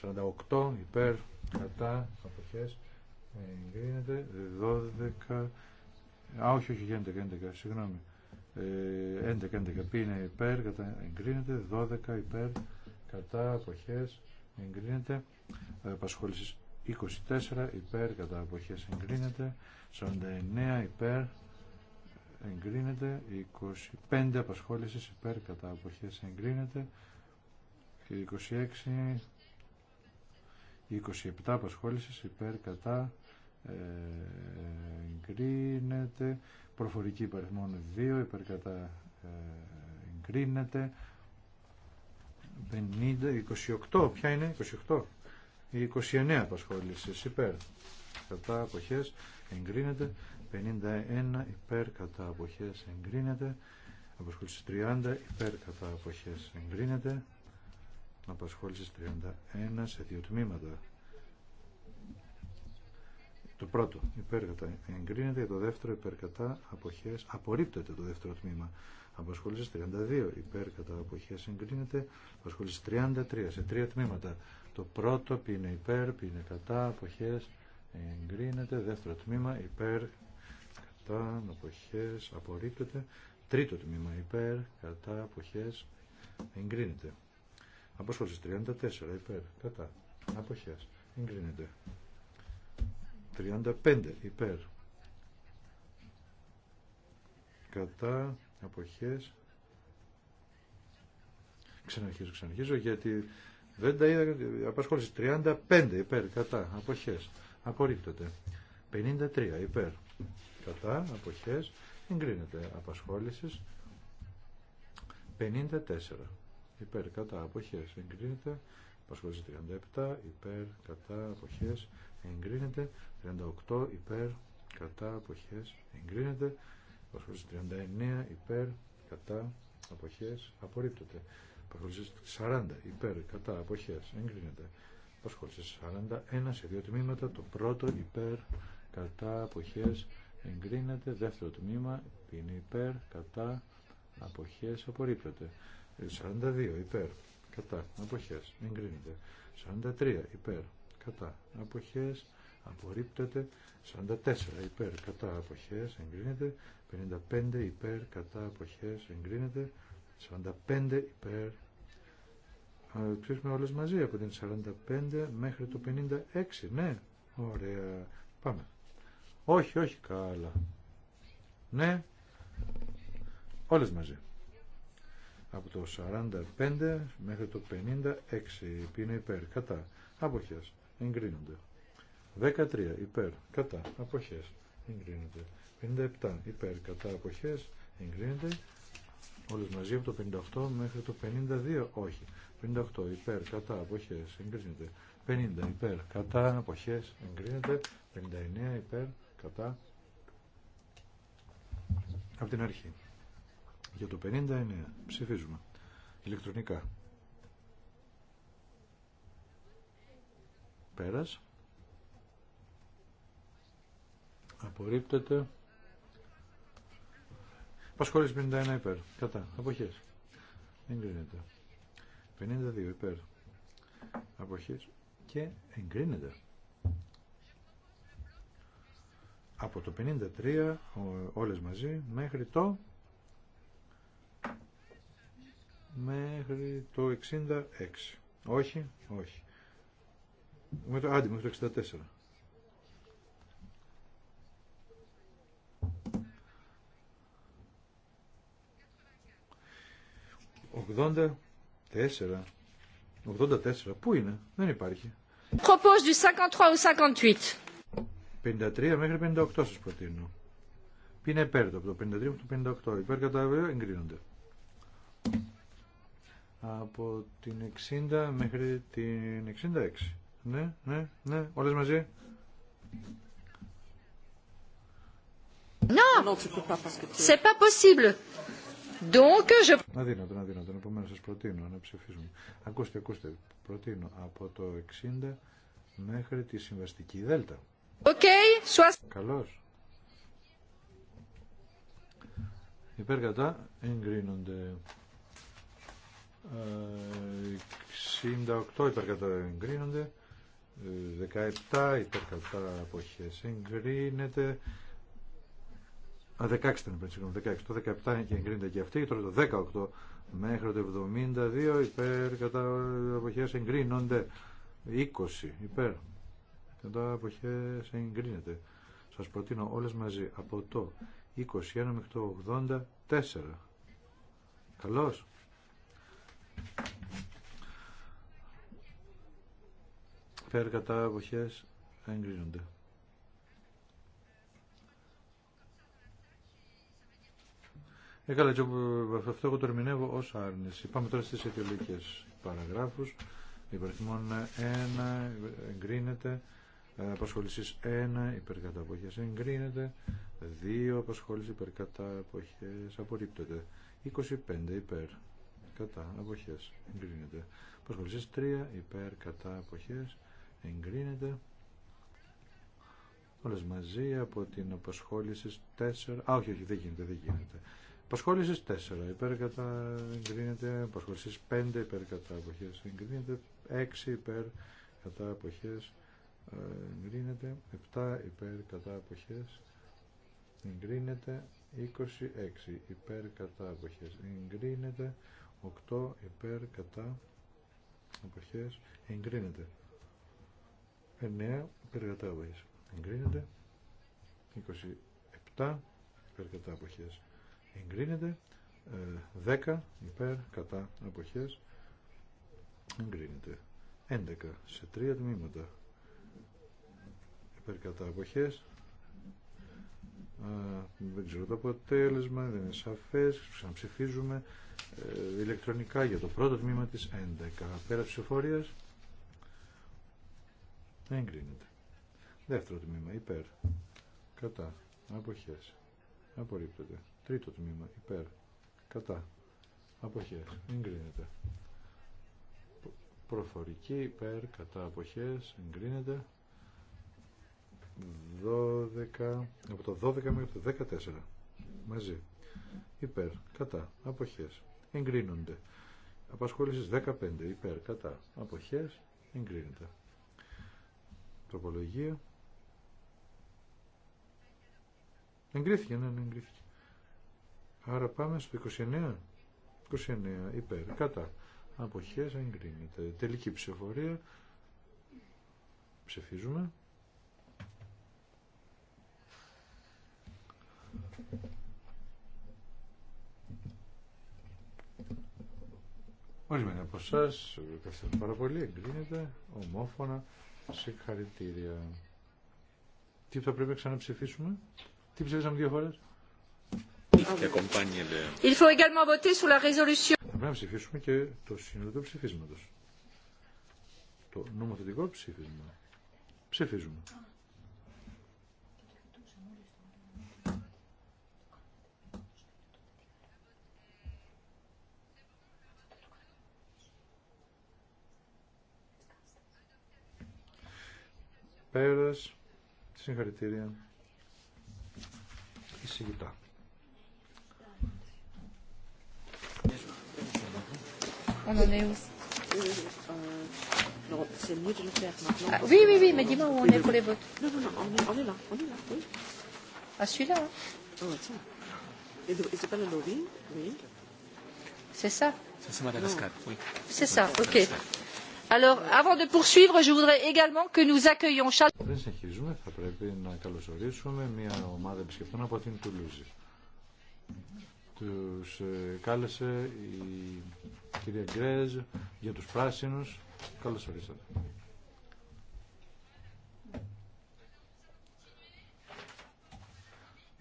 48 υπέρ κατά αποχές εγκρίνεται 12 α όχι όχι γίνεται 11 συγγνώμη 11 11 π είναι υπέρ κατά εγκρίνεται 12 υπέρ κατά αποχές εγκρίνεται απασχόλησης 24 υπέρ κατά αποχές εγκρίνεται 49 υπέρ εγκρίνεται 25 απασχόλησης υπέρ κατά αποχές εγκρίνεται 26 27 απασχόληση υπέρ κατά ε, εγκρίνεται προφορική υπαριθμών 2 υπέρ κατά ε, εγκρίνεται 50, 28 ποια είναι 28 29 απασχόληση υπέρ κατά αποχές εγκρίνεται 51 υπέρ κατά αποχές εγκρίνεται απασχόληση 30 υπέρ κατά αποχές εγκρίνεται απασχόλησης 31 σε δύο τμήματα. Το πρώτο υπέρκατα εγκρίνεται, το δεύτερο υπέρκατα αποχές απορρίπτεται το δεύτερο τμήμα. Απασχόλησης 32 υπέρκατα αποχές εγκρίνεται, απασχόλησης 33 σε τρία τμήματα. Το πρώτο πι υπέρ, πίνε κατά, αποχές εγκρίνεται, δεύτερο τμήμα υπέρ, κατά, αποχές απορρίπτεται, τρίτο τμήμα υπέρ, κατά, αποχές εγκρίνεται. Απόσχολες 34 υπέρ. Κατά. Αποχές. Εγκρίνεται. 35 υπέρ. Κατά. Αποχές. Ξαναρχίζω, ξαναρχίζω γιατί δεν τα είδα. Απασχόληση 35 υπέρ. Κατά. Αποχές. Απορρίπτεται. 53 υπέρ. Κατά. Αποχές. Εγκρίνεται. Απασχόλησης. 54 υπέρ κατά αποχές εγκρίνεται απασχόληση 37 υπέρ κατά αποχέ, εγκρίνεται 38 υπέρ κατά αποχές εγκρίνεται απασχόληση 39 υπέρ κατά απόχέ, απορρίπτεται απασχόληση 40 υπέρ κατά αποχέ εγκρίνεται απασχόληση 41 σε δύο τμήματα το πρώτο υπέρ κατά αποχές εγκρίνεται δεύτερο τμήμα είναι υπέρ κατά αποχές απορρίπτεται 42 υπέρ κατά αποχές εγκρίνεται 43 υπέρ κατά αποχές απορρίπτεται 44 υπέρ κατά αποχές εγκρίνεται 55 υπέρ κατά αποχές εγκρίνεται 45 υπέρ ψήσουμε όλες μαζί από την 45 μέχρι το 56 ναι ωραία πάμε όχι όχι καλά ναι όλες μαζί από το 45 μέχρι το 56 είναι υπέρ κατά αποχές εγκρίνονται 13 υπέρ κατά αποχές εγκρίνονται 57 υπέρ κατά αποχές εγκρίνονται όλες μαζί από το 58 μέχρι το 52 όχι 58 υπέρ κατά αποχές εγκρίνονται 50 υπέρ κατά αποχές εγκρίνεται 59 υπέρ κατά από την αρχή για το 59 ψηφίζουμε ηλεκτρονικά πέρας απορρίπτεται Πασχόλης 51 υπέρ. Κατά. Αποχές. Εγκρίνεται. 52 υπέρ. Αποχές. Και εγκρίνεται. Από το 53 όλες μαζί μέχρι το μέχρι το 66. Όχι, όχι. Με το, άντε, μέχρι το 64. 84. 84. Πού είναι. Δεν υπάρχει. Propose du 53 au 58. 53 μέχρι 58 σας προτείνω. Είναι υπέρ το το 53 μέχρι το 58. Υπέρ κατά εγκρίνονται από την 60 μέχρι την 66. Ναι, ναι, ναι, όλες μαζί. Non, c'est pas possible. Donc, je... Αδύνατο, αδύνατο. Επομένως σας προτείνω να ψηφίσουμε. Ακούστε, ακούστε. Προτείνω από το 60 μέχρι τη συμβαστική δέλτα. Οκ. Okay. Καλώς. Υπέρ κατά εγκρίνονται. 68 ε, υπερκατά εγκρίνονται. 17 ε, υπερκατά αποχές εγκρίνεται. 16 ήταν πριν, συγγνώμη, 16. Το 17 και εγκρίνεται και αυτή. Τώρα το 18 μέχρι το 72 υπέρ κατά αποχές εγκρίνονται. 20 υπέρ κατά αποχές εγκρίνεται. Σας προτείνω όλες μαζί από το 21 μέχρι το 84. Καλώς. Υπέρ κατά εποχές εγκρίνονται. Ε, καλά, αυτό εγώ το ερμηνεύω ως άρνηση. Πάμε τώρα στις αιτιολογικές παραγράφους. Υπερθυμών 1 εγκρίνεται. Ε, Απασχόλησης 1 υπερκατά εποχές εγκρίνεται. 2 απασχόληση υπερκατά εποχές απορρίπτεται. 25 υπέρ κατά εποχές, εγκρίνεται. Προσκοπησίες 3 υπέρ κατά εποχές, εγκρίνεται. Όλες μαζί από την απασχόληση 4. Α, όχι, όχι, δεν γίνεται, δεν γίνεται. Απασχόλησης 4 υπέρ κατά εγκρίνεται. αποσχολήσει 5 υπέρ κατά αποχές εγκρίνεται. 6 υπέρ κατά αποχές εγκρίνεται. 7 υπέρ κατά αποχές εγκρίνεται. 26 υπέρ κατά αποχές εγκρίνεται 8 υπέρ κατά αποχέ. εγκρίνεται 9 υπέρ κατά αποχές εγκρίνεται 27 υπέρ κατά αποχές εγκρίνεται 10 υπέρ κατά αποχές εγκρίνεται 11 ε, σε τρία τμήματα υπέρ κατά αποχές δεν ξέρω το αποτέλεσμα, δεν είναι σαφές, ξαναψηφίζουμε ε, ηλεκτρονικά για το πρώτο τμήμα της 11. Πέρα δεν εγκρίνεται. Δεύτερο τμήμα, υπέρ, κατά, αποχές, απορρίπτεται. Τρίτο τμήμα, υπέρ, κατά, αποχές, εγκρίνεται. Προφορική, υπέρ, κατά, αποχές, εγκρίνεται. 12, από το 12 μέχρι το 14 μαζί υπέρ, κατά, αποχές εγκρίνονται απασχόλησης 15 υπέρ, κατά, αποχές εγκρίνεται τροπολογία εγκρίθηκε, ναι, ναι εγκρίθηκε άρα πάμε στο 29 29 υπέρ, κατά αποχές εγκρίνεται τελική ψηφορία ψηφίζουμε Ορισμένοι από εσά, ευχαριστούμε πάρα πολύ, εγκρίνεται ομόφωνα, συγχαρητήρια. Τι θα πρέπει να ξαναψηφίσουμε, τι ψηφίσαμε δύο φορέ. Il faut également voter sur la résolution. Θα πρέπει να ψηφίσουμε και το σύνολο του ψηφίσματο. Το νομοθετικό ψήφισμα. Ψηφίζουμε. Πέρας. Συγχαρητήρια. Εισηγητά. Oui, oui, oui, mais dis-moi où on est pour les votes. Non, non, non, on est, là, on est là, oui. À celui-là. Oh, tiens. Et c'est pas le lobby, oui. C'est ça. C'est Madagascar, oui. C'est ça, ok. Alors, avant Πριν συνεχίζουμε, θα πρέπει να καλωσορίσουμε μια ομάδα επισκεπτών από την Τουλούζη. Τους ε, κάλεσε η κυρία Γκρέζ για τους πράσινους. Καλωσορίσατε.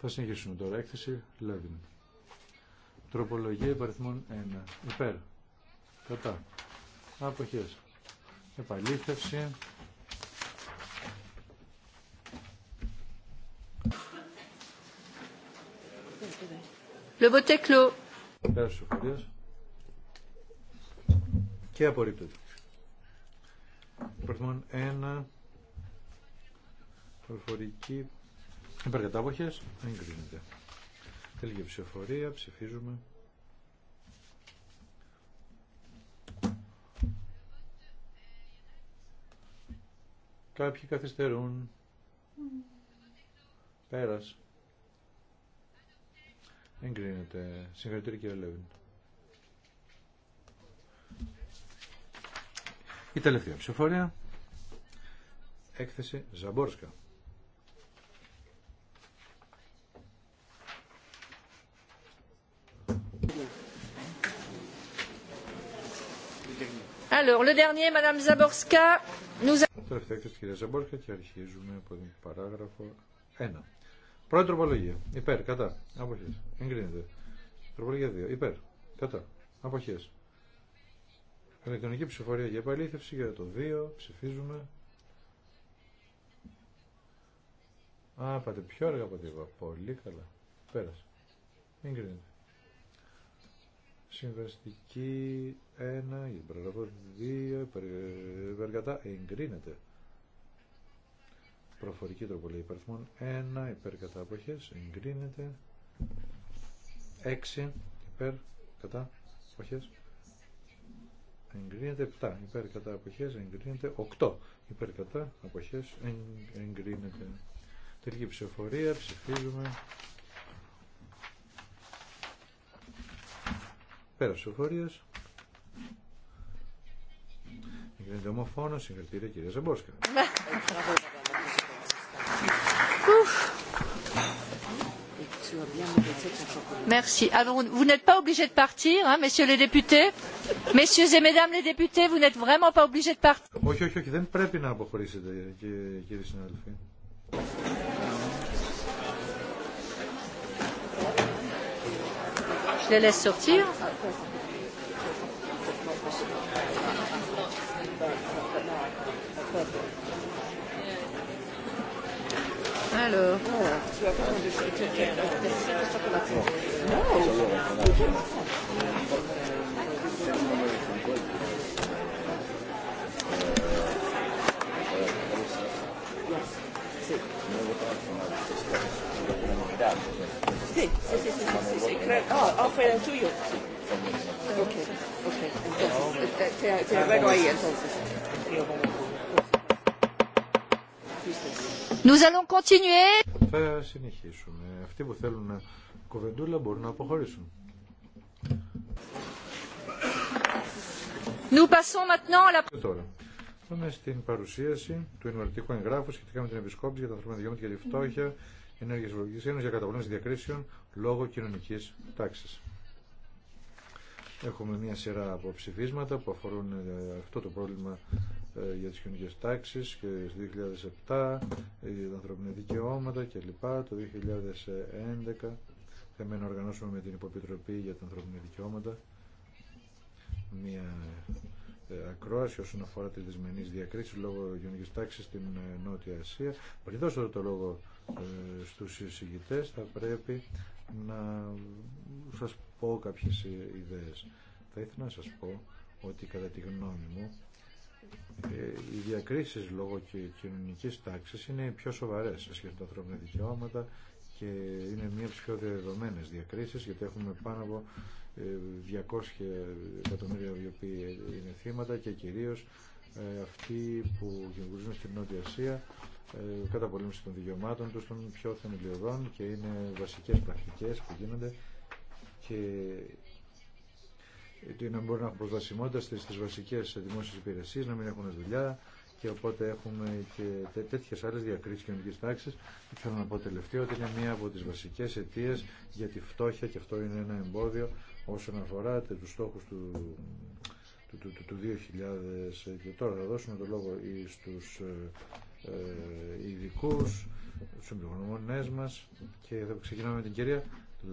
Θα συνεχίσουμε τώρα. Έκθεση Λέβιν. Τροπολογία υπαριθμών 1. Υπέρ. Κατά. Αποχές επαλήθευση. Le Και απορρίπτεται. Προφημόν ένα προφορική υπερκατάποχες εγκρίνεται. Τελική ψηφοφορία, ψηφίζουμε. Κάποιοι καθυστερούν. Mm. Πέρας. κρίνεται. Συγχαρητήρια κύριε Λέβιν. Η τελευταία ψηφοφορία. Έκθεση Ζαμπόρσκα. Alors, le dernier, Madame Zaborska, nous a τελευταία τη κυρία Ζαμπόρκα και αρχίζουμε από την παράγραφο 1. Πρώτη τροπολογία. Υπέρ, κατά. Αποχέ. Εγκρίνεται. Τροπολογία 2. Υπέρ, κατά. Αποχέ. Ελεκτρονική ψηφορία για επαλήθευση για το 2. Ψηφίζουμε. Α, πάτε πιο αργά από Πολύ καλά. Πέρασε. Εγκρίνεται. Συμβαστική 1, η 2, υπερκατά εγκρίνεται. Προφορική τροπολογία υπαριθμών 1, υπερκατά αποχές, εγκρίνεται. 6, υπερ, κατά, αποχές, εγκρίνεται 7 υπέρ κατά αποχές, εγκρίνεται 8 υπέρ κατά αποχές, εγκρίνεται. Τελική ψηφοφορία, ψηφίζουμε. Πέρασε ψηφοφορία. Εγκρίνεται ομοφόνο. Συγχαρητήρια κυρία Ζαμπόσκα. Merci. Alors, vous n'êtes pas obligés de partir, hein, messieurs les députés. Messieurs et mesdames les députés, vous n'êtes vraiment pas obligés de partir. Όχι, όχι, όχι, δεν πρέπει να αποχωρήσετε, κύριοι συνάδελφοι. les laisse sortir. Alors. Sì, sì, sì, sì, sì, sì, ah, offre il tuyo. Ok, ok, entonces, te, te arreglo ahí entonces. Nous allons continuer. Θα συνεχίσουμε. Αυτοί που θέλουν κοβεντούλα μπορούν να αποχωρήσουν. Nous passons maintenant à la... Τώρα. Πάμε στην παρουσίαση του ενημερωτικού εγγράφου σχετικά με την επισκόπηση για τα ανθρώπινα δικαιώματα και τη φτώχεια mm Mm-hmm ενέργεια τη Ευρωπαϊκή Ένωση για καταπολέμηση διακρίσεων λόγω κοινωνική τάξη. Έχουμε μια σειρά από ψηφίσματα που αφορούν ε, αυτό το πρόβλημα ε, για τις κοινωνικέ τάξεις και το 2007, ε, για τα ανθρώπινα δικαιώματα κλπ. Το 2011 θέλουμε να οργανώσουμε με την Υποπιτροπή για τα ανθρώπινα δικαιώματα μια ακρόαση όσον αφορά τι δυσμενεί διακρίσεις λόγω κοινωνική τάξη στην Νότια Ασία. το λόγο ε, στους εισηγητές θα πρέπει να σας πω κάποιες ιδέες. Θα ήθελα να σας πω ότι κατά τη γνώμη μου ε, οι διακρίσεις λόγω και κοινωνικής τάξης είναι πιο σοβαρές σε με τα ανθρώπινα δικαιώματα και είναι μία από τις πιο δεδομένες διακρίσεις γιατί έχουμε πάνω από 200 ε, εκατομμύρια οι οποίοι είναι θύματα και κυρίως αυτοί που γενικούν στην Νότια Ασία ε, καταπολέμηση των δικαιωμάτων τους, των πιο θεμελιωδών και είναι βασικές πρακτικές που γίνονται και να μπορούν να έχουν προσβασιμότητα στις βασικές δημόσιες υπηρεσίες, να μην έχουν δουλειά, και οπότε έχουμε και τέτοιες άλλες διακρίσεις κοινωνικής τάξης. Θέλω να πω τελευταίο ότι είναι μία από τις βασικές αιτίες για τη φτώχεια και αυτό είναι ένα εμπόδιο όσον αφορά τους στόχους του, του, του, του, 2000 ε, και τώρα θα δώσουμε το λόγο στους ε, ειδικού, του εμπειρογνωμονέ μα και θα ξεκινάμε με την κυρία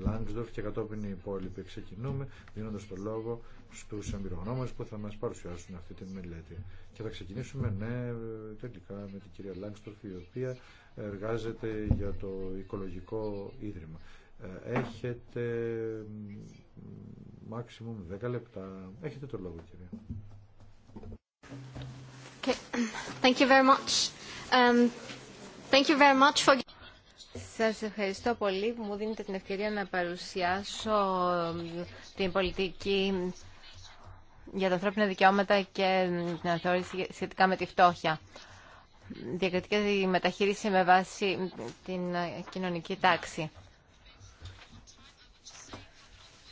Λάγκσδορφ και κατόπιν οι υπόλοιποι. Ξεκινούμε δίνοντα το λόγο στου εμπειρογνώμονε που θα μα παρουσιάσουν αυτή τη μελέτη. Και θα ξεκινήσουμε, ναι, τελικά με την κυρία Λάγκσδορφ, η οποία εργάζεται για το Οικολογικό Ίδρυμα. Ε, έχετε maximum 10 λεπτά. Έχετε το λόγο, κυρία. Okay. Thank you very much. Um, Σας ευχαριστώ πολύ που μου δίνετε την ευκαιρία να παρουσιάσω την πολιτική για τα ανθρώπινα δικαιώματα και την αναθεώρηση σχετικά με τη φτώχεια. Διακριτική μεταχείριση με βάση την ε, κοινωνική τάξη.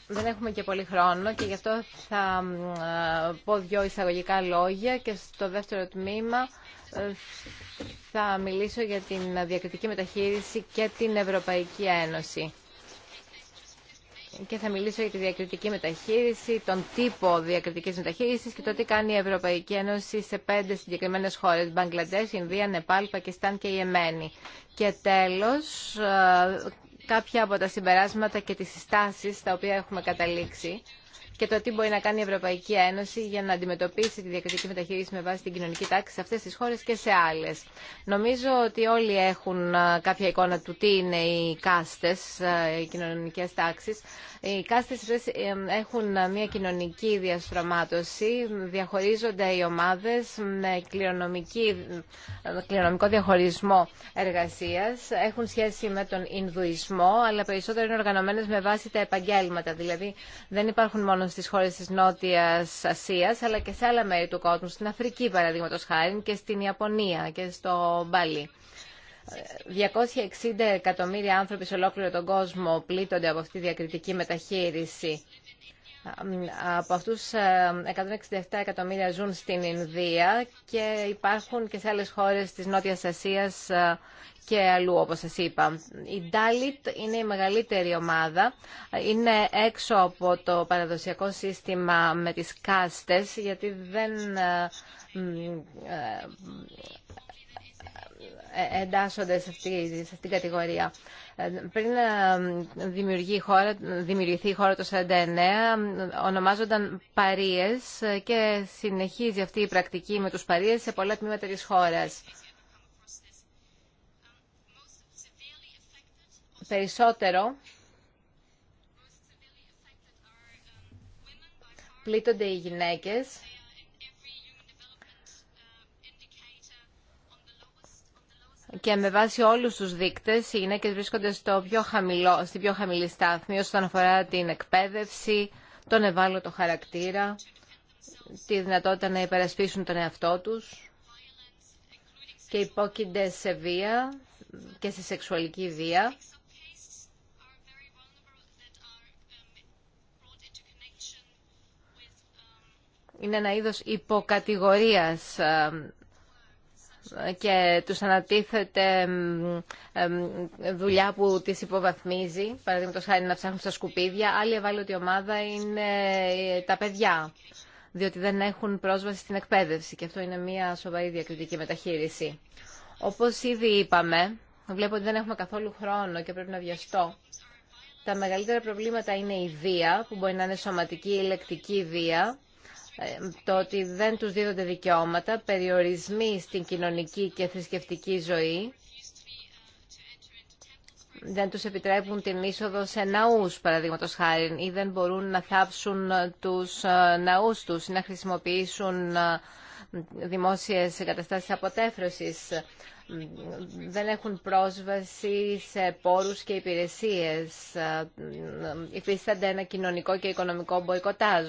Δεν έχουμε και πολύ χρόνο και γι' αυτό θα ε, πω δυο εισαγωγικά λόγια και στο δεύτερο τμήμα θα μιλήσω για την διακριτική μεταχείριση και την Ευρωπαϊκή Ένωση. Και θα μιλήσω για τη διακριτική μεταχείριση, τον τύπο διακριτικής μεταχείρισης και το τι κάνει η Ευρωπαϊκή Ένωση σε πέντε συγκεκριμένες χώρες, Μπαγκλαντές, Ινδία, Νεπάλ, Πακιστάν και Ιεμένη. Και τέλος, ε, κάποια από τα συμπεράσματα και τις συστάσεις τα οποία έχουμε καταλήξει και το τι μπορεί να κάνει η Ευρωπαϊκή Ένωση για να αντιμετωπίσει τη διακριτική μεταχείριση με βάση την κοινωνική τάξη σε αυτέ τι χώρε και σε άλλε. Νομίζω ότι όλοι έχουν κάποια εικόνα του τι είναι οι κάστε, οι κοινωνικέ τάξει. Οι κάστε ε, έχουν μια κοινωνική διαστρωμάτωση, διαχωρίζονται οι ομάδε με κληρονομικό διαχωρισμό εργασία, έχουν σχέση με τον Ινδουισμό, αλλά περισσότερο είναι οργανωμένε με βάση τα επαγγέλματα, δηλαδή δεν υπάρχουν μόνο Στι χώρε τη νότια Ασία, αλλά και σε άλλα μέρη του κόσμου, στην Αφρική παραδείγματος χάρη και στην Ιαπωνία και στο Μπαλί. 260 εκατομμύρια άνθρωποι σε ολόκληρο τον κόσμο πλήττονται από αυτή τη διακριτική μεταχείριση. Από αυτούς 167 ε, εκατομμύρια ζουν στην Ινδία και υπάρχουν και σε άλλες χώρες της Νότιας Ασίας ε, και αλλού όπως σας είπα. Η Dalit είναι η μεγαλύτερη ομάδα. Είναι έξω από το παραδοσιακό σύστημα με τις κάστες γιατί δεν ε, εντάσσονται σε αυτή, σε αυτή την κατηγορία. Πριν ε, δημιουργηθεί η χώρα, δημιουργηθεί η το 1949, ονομάζονταν παρίες και συνεχίζει αυτή η πρακτική με τους παρίες σε πολλά τμήματα της χώρας. Περισσότερο πλήττονται οι γυναίκες και με βάση όλους τους δείκτες οι γυναίκες βρίσκονται στο πιο χαμηλό, στη πιο χαμηλή στάθμη όσον αφορά την εκπαίδευση, τον ευάλωτο χαρακτήρα, τη δυνατότητα να υπερασπίσουν τον εαυτό τους και υπόκεινται σε βία και σε σεξουαλική βία. Είναι ένα είδος υποκατηγορίας ε, και τους ανατίθεται δουλειά που τις υποβαθμίζει, παραδείγματος χάρη να ψάχνουν στα σκουπίδια. Άλλη ευάλωτη ομάδα είναι ε, τα παιδιά, διότι δεν έχουν πρόσβαση στην εκπαίδευση και αυτό είναι μια σοβαρή διακριτική μεταχείριση. Όπως ήδη είπαμε, βλέπω ότι δεν έχουμε καθόλου χρόνο και πρέπει να βιαστώ. Τα μεγαλύτερα προβλήματα είναι η βία, που μπορεί να είναι σωματική ή ηλεκτρική βία, ε, το ότι δεν τους δίδονται δικαιώματα, περιορισμοί στην κοινωνική και θρησκευτική ζωή, δεν τους επιτρέπουν την είσοδο σε ναούς, παραδείγματος χάρη, ή δεν μπορούν να θάψουν τους ε, ναούς τους ή να χρησιμοποιήσουν ε, δημόσιες εγκαταστάσεις αποτέφρωσης. Δεν έχουν πρόσβαση σε πόρους και υπηρεσίες. Υφίστανται ένα κοινωνικό και οικονομικό μποϊκοτάζ.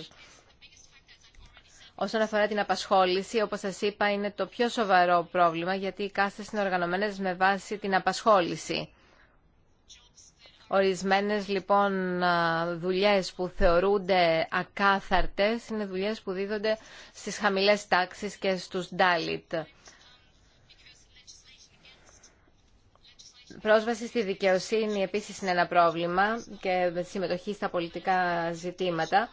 Όσον αφορά την απασχόληση, όπω σα είπα, είναι το πιο σοβαρό πρόβλημα, γιατί οι κάστε είναι οργανωμένε με βάση την απασχόληση. Ορισμένε λοιπόν δουλειέ που θεωρούνται ακάθαρτες είναι δουλειέ που δίδονται στι χαμηλέ τάξει και στους ντάλιτ. Πρόσβαση στη δικαιοσύνη επίσης είναι ένα πρόβλημα και συμμετοχή στα πολιτικά ζητήματα.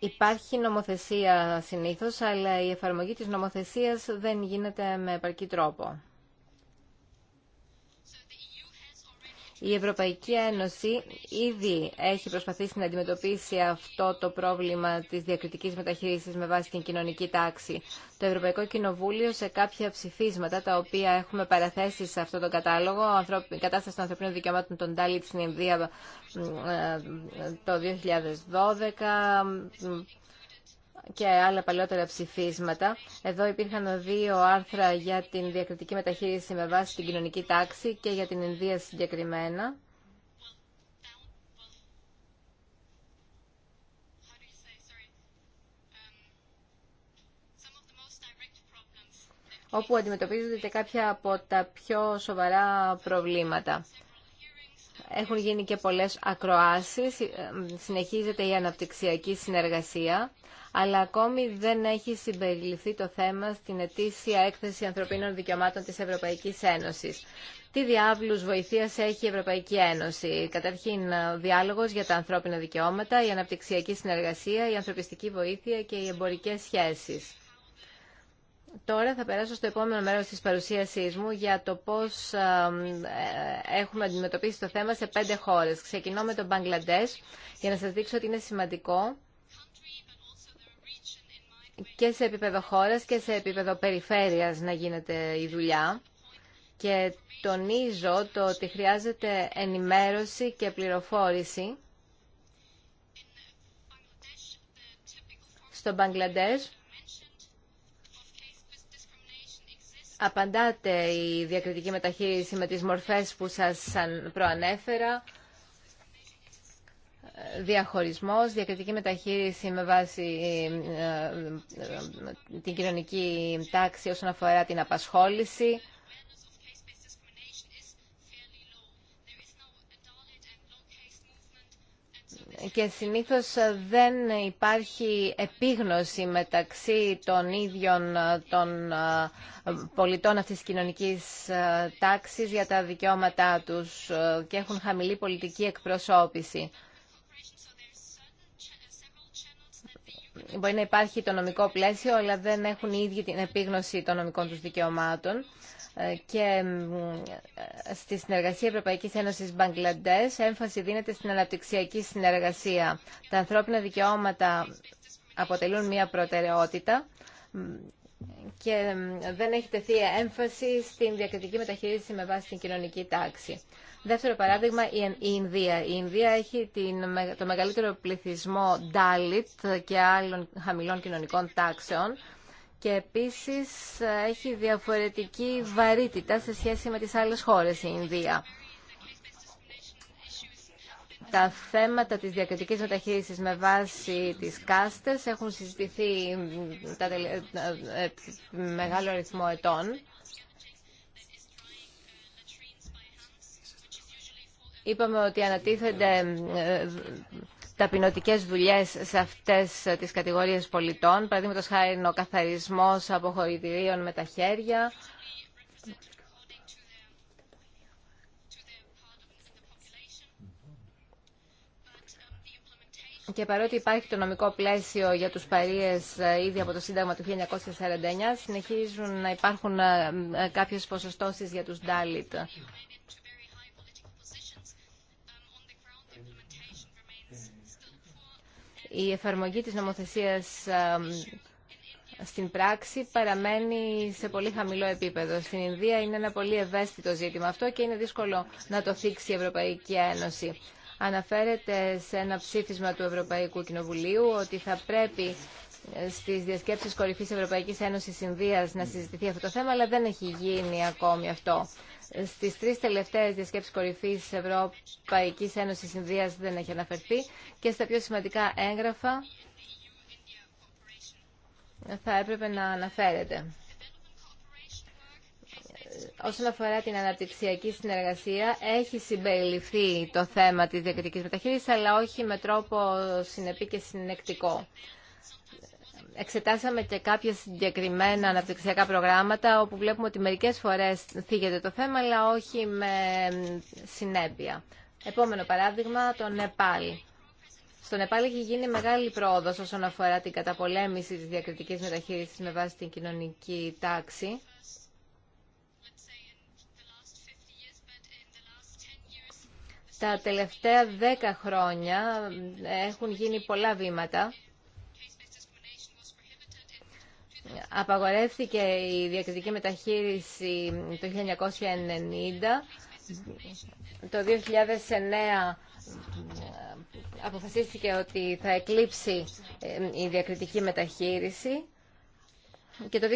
Υπάρχει νομοθεσία συνήθως, αλλά η εφαρμογή της νομοθεσίας δεν γίνεται με επαρκή τρόπο. Η Ευρωπαϊκή Ένωση ήδη έχει προσπαθήσει να αντιμετωπίσει αυτό το πρόβλημα της διακριτικής μεταχείρισης με βάση την κοινωνική τάξη. Το Ευρωπαϊκό Κοινοβούλιο σε κάποια ψηφίσματα τα οποία έχουμε παραθέσει σε αυτό τον κατάλογο, η κατάσταση των ανθρωπίνων δικαιωμάτων των Τάλι στην Ινδία ε, το 2012, και άλλα παλαιότερα ψηφίσματα. Εδώ υπήρχαν δύο άρθρα για την διακριτική μεταχείριση με βάση την κοινωνική τάξη και για την Ινδία συγκεκριμένα. όπου αντιμετωπίζονται και κάποια από τα πιο σοβαρά προβλήματα. Έχουν γίνει και πολλές ακροάσεις, ε, συνεχίζεται η αναπτυξιακή συνεργασία, αλλά ακόμη δεν έχει συμπεριληφθεί το θέμα στην ετήσια έκθεση ανθρωπίνων δικαιωμάτων της Ευρωπαϊκής Ένωσης. Τι διάβλους βοηθείας έχει η Ευρωπαϊκή Ένωση. Καταρχήν, ο διάλογος για τα ανθρώπινα δικαιώματα, η αναπτυξιακή συνεργασία, η ανθρωπιστική βοήθεια και οι εμπορικές σχέσεις. Τώρα θα περάσω στο επόμενο μέρος της παρουσίασής μου για το πώς ε, ε, έχουμε αντιμετωπίσει το θέμα σε πέντε χώρες. Ξεκινώ με τον Μπαγκλαντές για να σας δείξω ότι είναι σημαντικό και σε επίπεδο χώρας και σε επίπεδο περιφέρειας να γίνεται η δουλειά και τονίζω το ότι χρειάζεται ενημέρωση και πληροφόρηση στο Μπαγκλαντές Απαντάτε η διακριτική μεταχείριση με τις μορφές που σας προανέφερα. Διαχωρισμός, διακριτική μεταχείριση με βάση ε, ε, ε, την κοινωνική τάξη όσον αφορά την απασχόληση. και συνήθως δεν υπάρχει επίγνωση μεταξύ των ίδιων των ε, πολιτών αυτής της κοινωνικής ε, τάξης για τα δικαιώματά τους ε, και έχουν χαμηλή πολιτική εκπροσώπηση. Μπορεί να υπάρχει το νομικό πλαίσιο, αλλά δεν έχουν οι την επίγνωση των νομικών τους δικαιωμάτων. Ε, και ε, στη συνεργασία Ευρωπαϊκής Ένωσης Μπαγκλαντές έμφαση δίνεται στην αναπτυξιακή συνεργασία. Τα ανθρώπινα δικαιώματα αποτελούν μια προτεραιότητα και δεν έχει τεθεί έμφαση στην διακριτική μεταχείριση με βάση την κοινωνική τάξη. Δεύτερο παράδειγμα, η Ινδία. Η Ινδία έχει το μεγαλύτερο πληθυσμό Dalit και άλλων χαμηλών κοινωνικών τάξεων και επίσης ε, έχει διαφορετική βαρύτητα σε σχέση με τις άλλες χώρες η Ινδία. Τα θέματα της διακριτικής μεταχείρισης με βάση τις κάστες έχουν συζητηθεί τα τελε... Ε, ε, μεγάλο αριθμό ετών. Είπαμε ότι ανατίθενται ταπεινωτικέ δουλειέ σε αυτέ ε, τι κατηγορίε πολιτών, παραδείγματο χάρη ο καθαρισμό αποχωρητηρίων με τα χέρια. Και παρότι υπάρχει το νομικό πλαίσιο για τους παρείες ε, ήδη από το Σύνταγμα του 1949, συνεχίζουν να υπάρχουν ε, κάποιες ποσοστώσεις για τους Ντάλιτ. Η εφαρμογή της νομοθεσίας στην πράξη παραμένει σε πολύ χαμηλό επίπεδο. Στην Ινδία είναι ένα πολύ ευαίσθητο ζήτημα αυτό και είναι δύσκολο να το θίξει η Ευρωπαϊκή Ένωση. Αναφέρεται σε ένα ψήφισμα του Ευρωπαϊκού Κοινοβουλίου ότι θα πρέπει στις διασκέψει κορυφή Ευρωπαϊκή Ένωση Ινδίας να συζητηθεί αυτό το θέμα, αλλά δεν έχει γίνει ακόμη αυτό. Στις τρει τελευταίες διασκέψει κορυφής Ευρωπαϊκή Ένωση Ινδίας δεν έχει αναφερθεί και στα πιο σημαντικά έγγραφα θα έπρεπε να αναφέρεται. Όσον αφορά την αναπτυξιακή συνεργασία, έχει συμπεριληφθεί το θέμα της διακριτικής μεταχείρισης, αλλά όχι με τρόπο συνεπή και συνεκτικό εξετάσαμε και κάποια συγκεκριμένα αναπτυξιακά προγράμματα όπου βλέπουμε ότι μερικές φορές θίγεται το θέμα αλλά όχι με συνέπεια. Επόμενο παράδειγμα, το Νεπάλ. Στο Νεπάλ έχει γίνει μεγάλη πρόοδο όσον αφορά την καταπολέμηση της διακριτικής μεταχείρισης με βάση την κοινωνική τάξη. Τα τελευταία δέκα χρόνια έχουν γίνει πολλά βήματα Απαγορεύτηκε η διακριτική μεταχείριση το 1990. Το 2009 αποφασίστηκε ότι θα εκλείψει ε, η διακριτική μεταχείριση και το 2011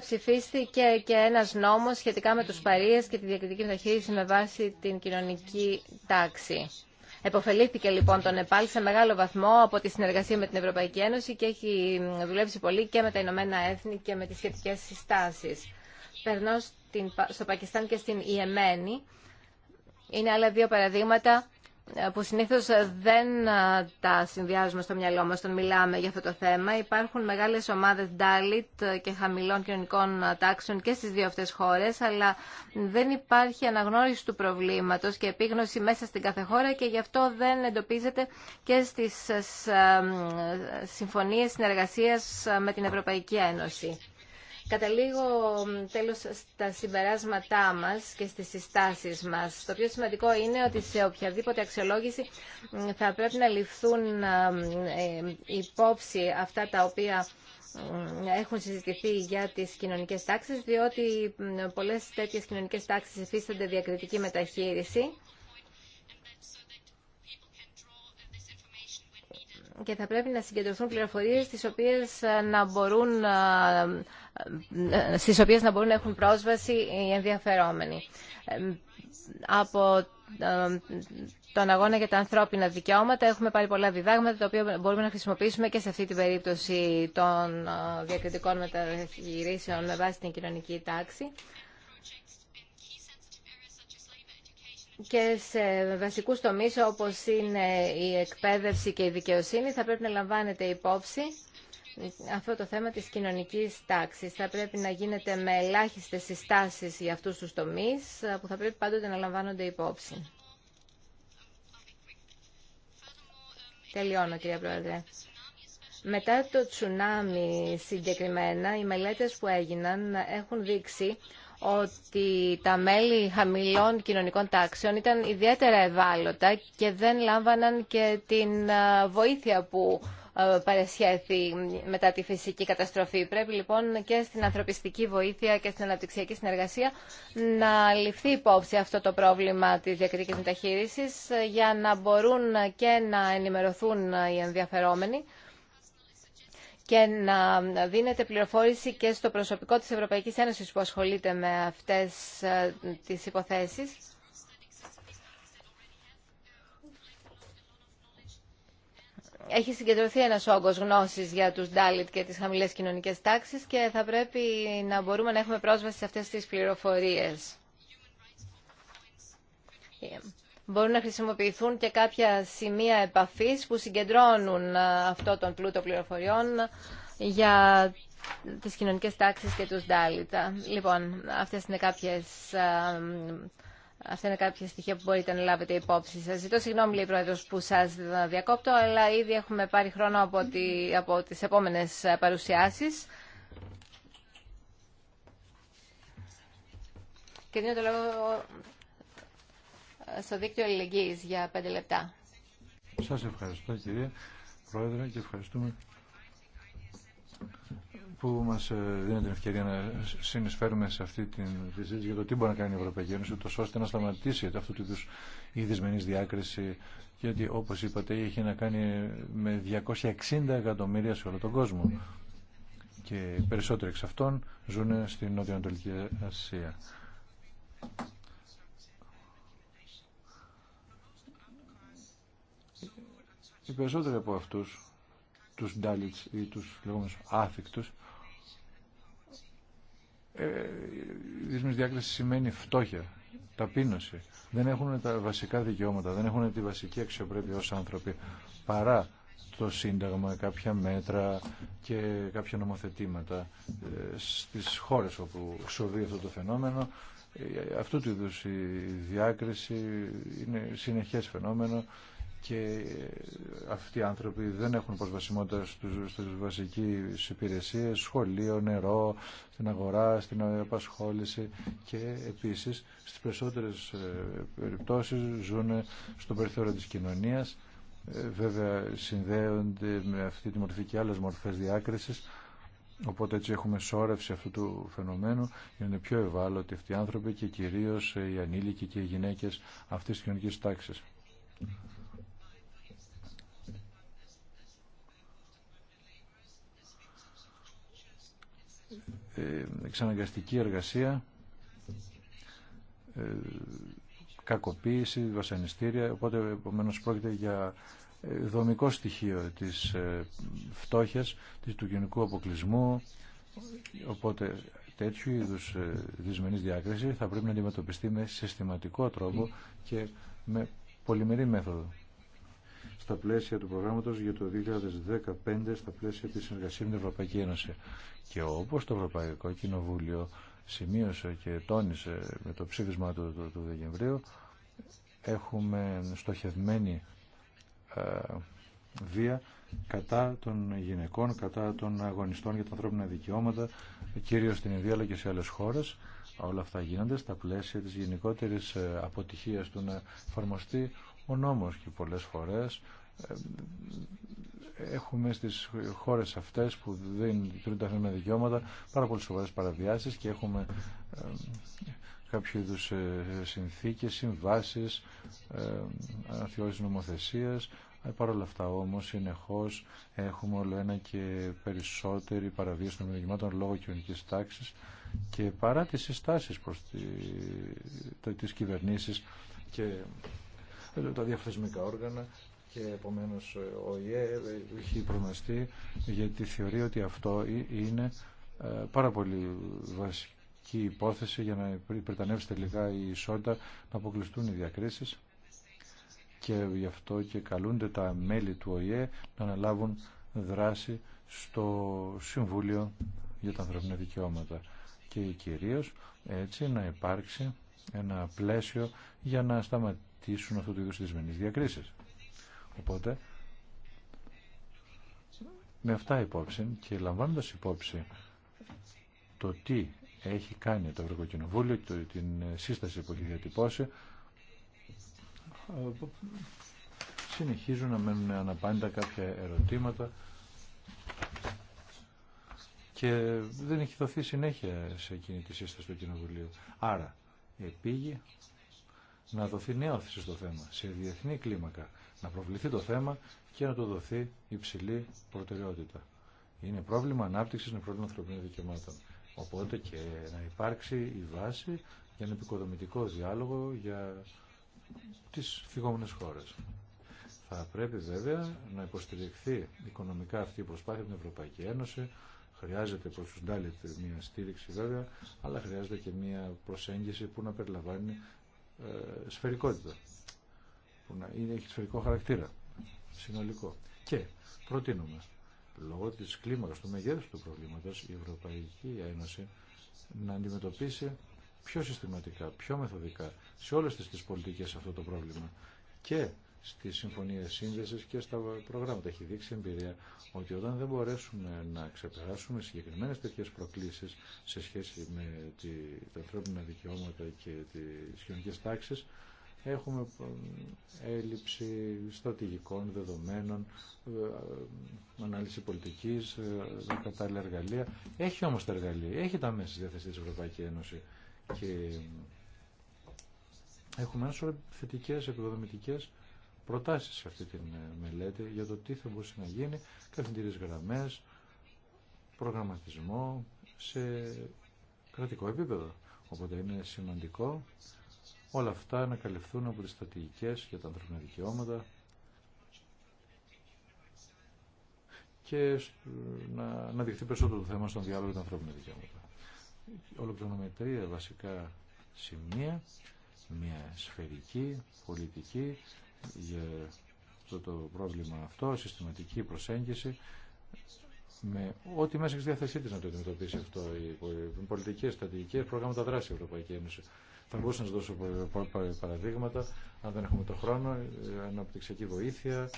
ψηφίστηκε και ένας νόμος σχετικά με τους παρείες και τη διακριτική μεταχείριση με βάση την κοινωνική τάξη. Εποφελήθηκε λοιπόν τον Νεπάλ σε μεγάλο βαθμό από τη συνεργασία με την Ευρωπαϊκή Ένωση και έχει δουλέψει πολύ και με τα Ηνωμένα Έθνη και με τις σχετικές συστάσεις. Περνώ στο Πακιστάν και στην Ιεμένη. Είναι άλλα δύο παραδείγματα που συνήθως δεν τα συνδυάζουμε στο μυαλό μας όταν μιλάμε για αυτό το θέμα. Υπάρχουν μεγάλες ομάδες Dalit και χαμηλών κοινωνικών τάξεων και στις δύο αυτές χώρες, αλλά δεν υπάρχει αναγνώριση του προβλήματος και επίγνωση μέσα στην κάθε χώρα και γι' αυτό δεν εντοπίζεται και στις συμφωνίες συνεργασίας με την Ευρωπαϊκή Ένωση. Καταλήγω τέλος στα συμπεράσματά μας και στις συστάσεις μας. Το πιο σημαντικό είναι ότι σε οποιαδήποτε αξιολόγηση θα πρέπει να ληφθούν ε, υπόψη αυτά τα οποία έχουν συζητηθεί για τις κοινωνικές τάξεις, διότι πολλές τέτοιες κοινωνικές τάξεις υφίστανται διακριτική μεταχείριση. και θα πρέπει να συγκεντρωθούν πληροφορίες τις οποίες ε, να μπορούν ε, στις οποίες να μπορούν να έχουν πρόσβαση οι ενδιαφερόμενοι. Από ε, τον αγώνα για τα ανθρώπινα δικαιώματα έχουμε πάρει πολλά διδάγματα τα οποία μπορούμε να χρησιμοποιήσουμε και σε αυτή την περίπτωση των ε, διακριτικών μεταγυρίσεων με βάση την κοινωνική τάξη και σε βασικούς τομείς όπως είναι η εκπαίδευση και η δικαιοσύνη θα πρέπει να λαμβάνεται υπόψη αυτό το θέμα της κοινωνικής τάξης. Θα πρέπει να γίνεται με ελάχιστες συστάσεις για αυτούς τους τομείς που θα πρέπει πάντοτε να λαμβάνονται υπόψη. Τελειώνω, κυρία Πρόεδρε. Μετά το τσουνάμι συγκεκριμένα, οι μελέτες που έγιναν έχουν δείξει ότι τα μέλη χαμηλών κοινωνικών τάξεων ήταν ιδιαίτερα ευάλωτα και δεν λάμβαναν και την ε, βοήθεια που ε, παρεσχέθη μετά τη φυσική καταστροφή. Πρέπει λοιπόν και στην ανθρωπιστική βοήθεια και στην αναπτυξιακή συνεργασία να ληφθεί υπόψη αυτό το πρόβλημα της διακριτικής μεταχείρισης ε, για να μπορούν και να ενημερωθούν ε, οι ενδιαφερόμενοι και να δίνεται πληροφόρηση και στο προσωπικό της Ευρωπαϊκής Ένωσης που ασχολείται με αυτές τις υποθέσεις έχει συγκεντρωθεί ένας όγκος γνώσης για τους Ντάλιτ και τις χαμηλές κοινωνικές τάξεις και θα πρέπει να μπορούμε να έχουμε πρόσβαση σε αυτές τις πληροφορίες. Μπορούν να χρησιμοποιηθούν και κάποια σημεία επαφής που συγκεντρώνουν ε, αυτό τον πλούτο πληροφοριών για τις κοινωνικές τάξεις και τους Ντάλιτ. Λοιπόν, αυτές είναι κάποιες ε, Αυτά είναι κάποια στοιχεία που μπορείτε να λάβετε υπόψη σας. Ζητώ συγγνώμη, λέει πρόεδρο που σας διακόπτω, αλλά ήδη έχουμε πάρει χρόνο από, τη, από τις επόμενες παρουσιάσεις. Και δίνω το λόγο στο δίκτυο ελληνικής για πέντε λεπτά. Σας ευχαριστώ, κυρία Πρόεδρε, και ευχαριστούμε που μας ε, δίνει την ευκαιρία να συνεισφέρουμε σε αυτή τη συζήτηση για το τι μπορεί να κάνει η Ευρωπαϊκή Ένωση, Το ώστε να σταματήσει αυτού του είδου η δυσμενή διάκριση, γιατί όπως είπατε έχει να κάνει με 260 εκατομμύρια σε όλο τον κόσμο και περισσότεροι εξ αυτών ζουν στην Ανατολική Ασία. Οι περισσότεροι από αυτούς, τους ντάλιτς ή τους λεγόμενους άθικτους, η ε, διεθνής διάκριση σημαίνει φτώχεια, ταπείνωση. Δεν έχουν τα βασικά δικαιώματα, δεν έχουν τη βασική αξιοπρέπεια ως άνθρωποι παρά το Σύνταγμα, κάποια μέτρα και κάποια νομοθετήματα ε, στις χώρες όπου ξοδεί αυτό το φαινόμενο. Ε, αυτού του είδου η διάκριση είναι συνεχές φαινόμενο και αυτοί οι άνθρωποι δεν έχουν προσβασιμότητα στις βασικές υπηρεσίες, σχολείο, νερό, στην αγορά, στην απασχόληση και επίσης στις περισσότερες ε, περιπτώσεις ζουν στο περιθώριο της κοινωνίας, ε, βέβαια συνδέονται με αυτή τη μορφή και άλλες μορφές διάκρισης, Οπότε έτσι έχουμε σώρευση αυτού του φαινομένου, είναι πιο ευάλωτοι αυτοί οι άνθρωποι και κυρίως ε, οι ανήλικοι και οι γυναίκες αυτής της κοινωνικής τάξης. Ε, εξαναγκαστική εργασία, ε, κακοποίηση, βασανιστήρια, οπότε επομένω πρόκειται για ε, δομικό στοιχείο της φτώχειας, της του κοινωνικού αποκλεισμού, οπότε τέτοιου είδους δυσμενής διάκριση θα πρέπει να αντιμετωπιστεί με συστηματικό τρόπο και με πολυμερή μέθοδο στα πλαίσια του προγράμματος για το 2015 στα πλαίσια της συνεργασίας με την Ευρωπαϊκή Ένωση. Και όπως το Ευρωπαϊκό Κοινοβούλιο σημείωσε και τόνισε με το ψήφισμα του, του, του Δεκεμβρίου, έχουμε στοχευμένη ε, βία κατά των γυναικών, κατά των αγωνιστών για τα ανθρώπινα δικαιώματα, κυρίως στην Ινδία αλλά και σε άλλες χώρες. Όλα αυτά γίνονται στα πλαίσια της γενικότερης ε, αποτυχίας του να εφαρμοστεί ο και πολλές φορές ε, έχουμε στις χώρες αυτές που δεν λειτουργούν τα δικαιώματα πάρα πολλές σοβαρές παραβιάσεις και έχουμε ε, κάποιο είδους ε, συνθήκες, συμβάσεις, αναθεώρηση νομοθεσίας. Παρ' όλα αυτά όμως συνεχώς έχουμε όλο ένα και περισσότερη παραβίαση των δικαιωμάτων λόγω κοινωνικής τάξης και παρά τις συστάσεις προς τη, τις κυβερνήσεις και τα διαφθασμικά όργανα και επομένως ο ΙΕ έχει προμαστεί γιατί θεωρεί ότι αυτό είναι ε, πάρα πολύ βασική υπόθεση για να υπερτανεύσει τελικά η ισότητα να αποκλειστούν οι διακρίσεις και γι' αυτό και καλούνται τα μέλη του ΟΗΕ να αναλάβουν δράση στο Συμβούλιο για τα Ανθρώπινα Δικαιώματα και κυρίως έτσι να υπάρξει ένα πλαίσιο για να σταματήσει σταματήσουν αυτού του είδου δυσμενείς διακρίσεις. Οπότε, με αυτά υπόψη και λαμβάνοντα υπόψη το τι έχει κάνει το Ευρωκοινοβούλιο και την σύσταση που έχει διατυπώσει, συνεχίζουν να μένουν αναπάντητα κάποια ερωτήματα και δεν έχει δοθεί συνέχεια σε εκείνη τη σύσταση του Κοινοβουλίου. Άρα, επήγει να δοθεί νέα όθηση στο θέμα, σε διεθνή κλίμακα, να προβληθεί το θέμα και να το δοθεί υψηλή προτεραιότητα. Είναι πρόβλημα ανάπτυξης, είναι πρόβλημα ανθρωπίνων δικαιωμάτων. Οπότε και να υπάρξει η βάση για ένα επικοδομητικό διάλογο για τις φυγόμενες χώρες. Θα πρέπει βέβαια να υποστηριχθεί οικονομικά αυτή η προσπάθεια από την Ευρωπαϊκή Ένωση. Χρειάζεται του Ντάλιτ μια στήριξη βέβαια, αλλά χρειάζεται και μια προσέγγιση που να περιλαμβάνει ε, σφαιρικότητα που να είναι, έχει σφαιρικό χαρακτήρα συνολικό. Και προτείνουμε λόγω της κλίμακας του μεγέθους του προβλήματος η Ευρωπαϊκή Ένωση να αντιμετωπίσει πιο συστηματικά, πιο μεθοδικά σε όλες τις, τις πολιτικές αυτό το πρόβλημα και στις συμφωνίες σύνδεσης και στα προγράμματα. Έχει δείξει εμπειρία ότι όταν δεν μπορέσουμε να ξεπεράσουμε συγκεκριμένε τέτοιε προκλήσει σε σχέση με τα ανθρώπινα δικαιώματα και τι κοινωνικέ τάξει, έχουμε ε, έλλειψη στρατηγικών δεδομένων, ε, ε, ανάλυση πολιτικής, κατάλληλα εργαλεία. Έχει όμως τα εργαλεία, έχει τα μέσα στη διάθεση της Ευρωπαϊκή Ένωση και έχουμε ένα σωρό θετικές, Προτάσει σε αυτή τη ε, μελέτη για το τι θα μπορούσε να γίνει, καθημερινέ γραμμέ, προγραμματισμό σε κρατικό επίπεδο. Οπότε είναι σημαντικό όλα αυτά να καλυφθούν από τι στρατηγικέ για τα ανθρώπινα δικαιώματα και να, να περισσότερο το θέμα στον διάλογο των ανθρώπινων δικαιώματα. Ολοκληρώνουμε τρία βασικά σημεία, μια σφαιρική, πολιτική για αυτό το πρόβλημα αυτό, συστηματική προσέγγιση με ό,τι μέσα έχει στη διάθεσή τη να το αντιμετωπίσει αυτό. Οι πολιτικέ, στρατηγικέ, προγράμματα δράση η Ευρωπαϊκή Ένωση. Θα μπορούσα να σα δώσω παραδείγματα, αν δεν έχουμε το χρόνο, ε, αναπτυξιακή βοήθεια,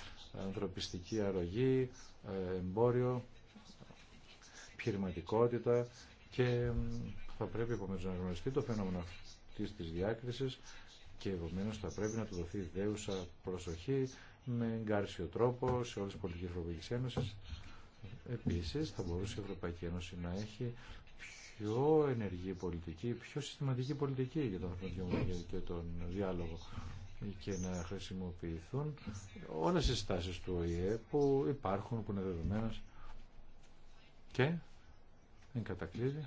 ανθρωπιστική αρρωγή, ε, εμπόριο, επιχειρηματικότητα και θα πρέπει επομένω να γνωριστεί το φαινόμενο αυτή τη διάκριση και επομένως θα πρέπει να του δοθεί δέουσα προσοχή με εγκάρσιο τρόπο σε όλες τις πολιτικές Ευρωπαϊκή Ένωση. Επίσης θα μπορούσε η Ευρωπαϊκή Ένωση να έχει πιο ενεργή πολιτική, πιο συστηματική πολιτική για τον και τον διάλογο και να χρησιμοποιηθούν όλες οι στάσεις του ΟΗΕ που υπάρχουν, που είναι δεδομένες και εν κατακλείδη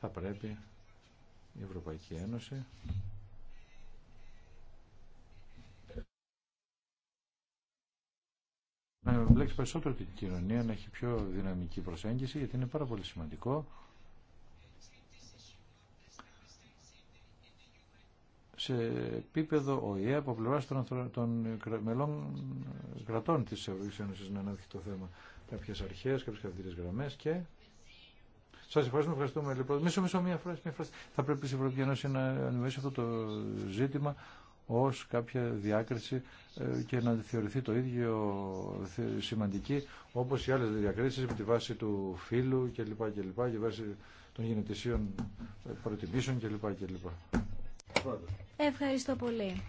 θα πρέπει η Ευρωπαϊκή Ένωση να εμπλέξει περισσότερο την κοινωνία, να έχει πιο δυναμική προσέγγιση, γιατί είναι πάρα πολύ σημαντικό σε επίπεδο ΟΗΕ από πλευρά των, των μελών ε, κρατών τη Ευρωπαϊκή Ένωση να αναδείχνει το θέμα. Κάποιε αρχέ, κάποιε καθημερινέ γραμμέ και. Σα ευχαριστούμε, ευχαριστούμε λοιπόν. Μισό, μισό, μία φράση, μία φράση. Θα πρέπει η Ευρωπαϊκή Ένωση να αντιμετωπίσει αυτό το ζήτημα ως κάποια διάκριση ε, και να θεωρηθεί το ίδιο σημαντική όπως οι άλλες διακρίσεις με τη βάση του φύλου και λοιπά και βάση των γενετησίων ε, προτιμήσεων και λοιπά. Ευχαριστώ πολύ.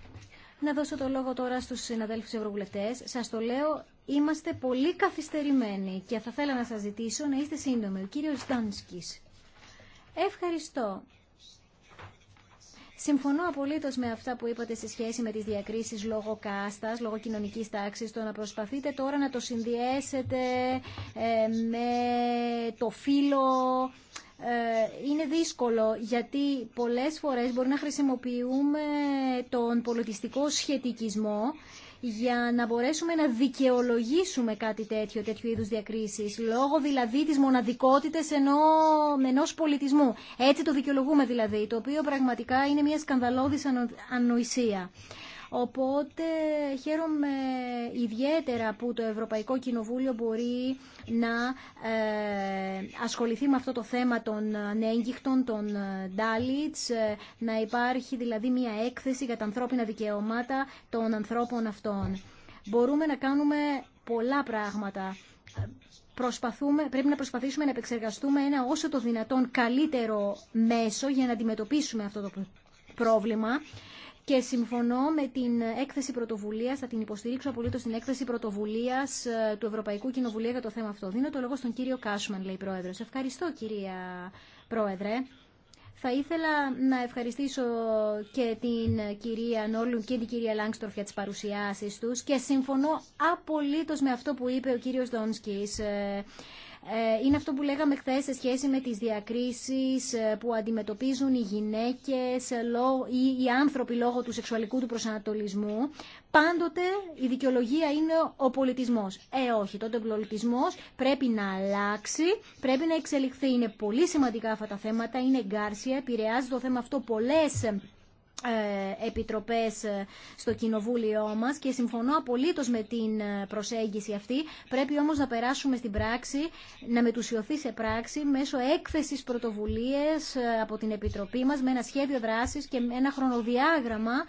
Να δώσω το λόγο τώρα στους συναδέλφους ευρωβουλευτές. Σας το λέω, είμαστε πολύ καθυστερημένοι και θα θέλα να σας ζητήσω να είστε σύντομοι. Ο κύριος Ντάνσκης. Ευχαριστώ. Συμφωνώ απολύτως με αυτά που είπατε σε σχέση με τις διακρίσεις λόγω κάστα, λόγω κοινωνική τάξη, το να προσπαθείτε τώρα να το συνδυέσετε ε, με το φύλλο ε, είναι δύσκολο γιατί πολλές φορές μπορεί να χρησιμοποιούμε τον πολιτιστικό σχετικισμό για να μπορέσουμε να δικαιολογήσουμε κάτι τέτοιο, τέτοιου είδους διακρίσεις, λόγω δηλαδή της μοναδικότητας ενό, ενός πολιτισμού. Έτσι το δικαιολογούμε δηλαδή, το οποίο πραγματικά είναι μια σκανδαλώδης ανοησία. Οπότε χαίρομαι ιδιαίτερα που το Ευρωπαϊκό Κοινοβούλιο μπορεί να ε, ασχοληθεί με αυτό το θέμα των ανέγγιχτων, των Ντάλιτς, ε, να υπάρχει δηλαδή μια έκθεση για τα ανθρώπινα δικαιώματα των ανθρώπων αυτών. Μπορούμε να κάνουμε πολλά πράγματα. Προσπαθούμε, πρέπει να προσπαθήσουμε να επεξεργαστούμε ένα όσο το δυνατόν καλύτερο μέσο για να αντιμετωπίσουμε αυτό το πρόβλημα και συμφωνώ με την έκθεση πρωτοβουλία, θα την υποστηρίξω απολύτω την έκθεση πρωτοβουλία ε, του Ευρωπαϊκού Κοινοβουλίου για το θέμα αυτό. Δίνω το λόγο στον κύριο Κάσμαν, λέει πρόεδρο. Ευχαριστώ, κυρία Πρόεδρε. Θα ήθελα να ευχαριστήσω και την κυρία Νόλου και την κυρία Λάγκστορφ για τις παρουσιάσεις τους και συμφωνώ απολύτως με αυτό που είπε ο κύριος Δόνσκης. Ε, ε, είναι αυτό που λέγαμε χθε σε σχέση με τις διακρίσεις ε, που αντιμετωπίζουν οι γυναίκες ε, ή οι άνθρωποι λόγω του σεξουαλικού του προσανατολισμού. Πάντοτε η δικαιολογία είναι ο πολιτισμός. Ε, όχι, τότε ο πολιτισμός πρέπει να αλλάξει, πρέπει να εξελιχθεί. Είναι πολύ σημαντικά αυτά τα θέματα, είναι εγκάρσια, επηρεάζει το θέμα αυτό πολλές ε, επιτροπές ε, στο κοινοβούλιο μας και συμφωνώ απολύτως με την ε, προσέγγιση αυτή. Πρέπει όμως να περάσουμε στην πράξη, να μετουσιωθεί σε πράξη μέσω έκθεσης πρωτοβουλίες από την Επιτροπή μας με ένα σχέδιο δράσης και ένα χρονοδιάγραμμα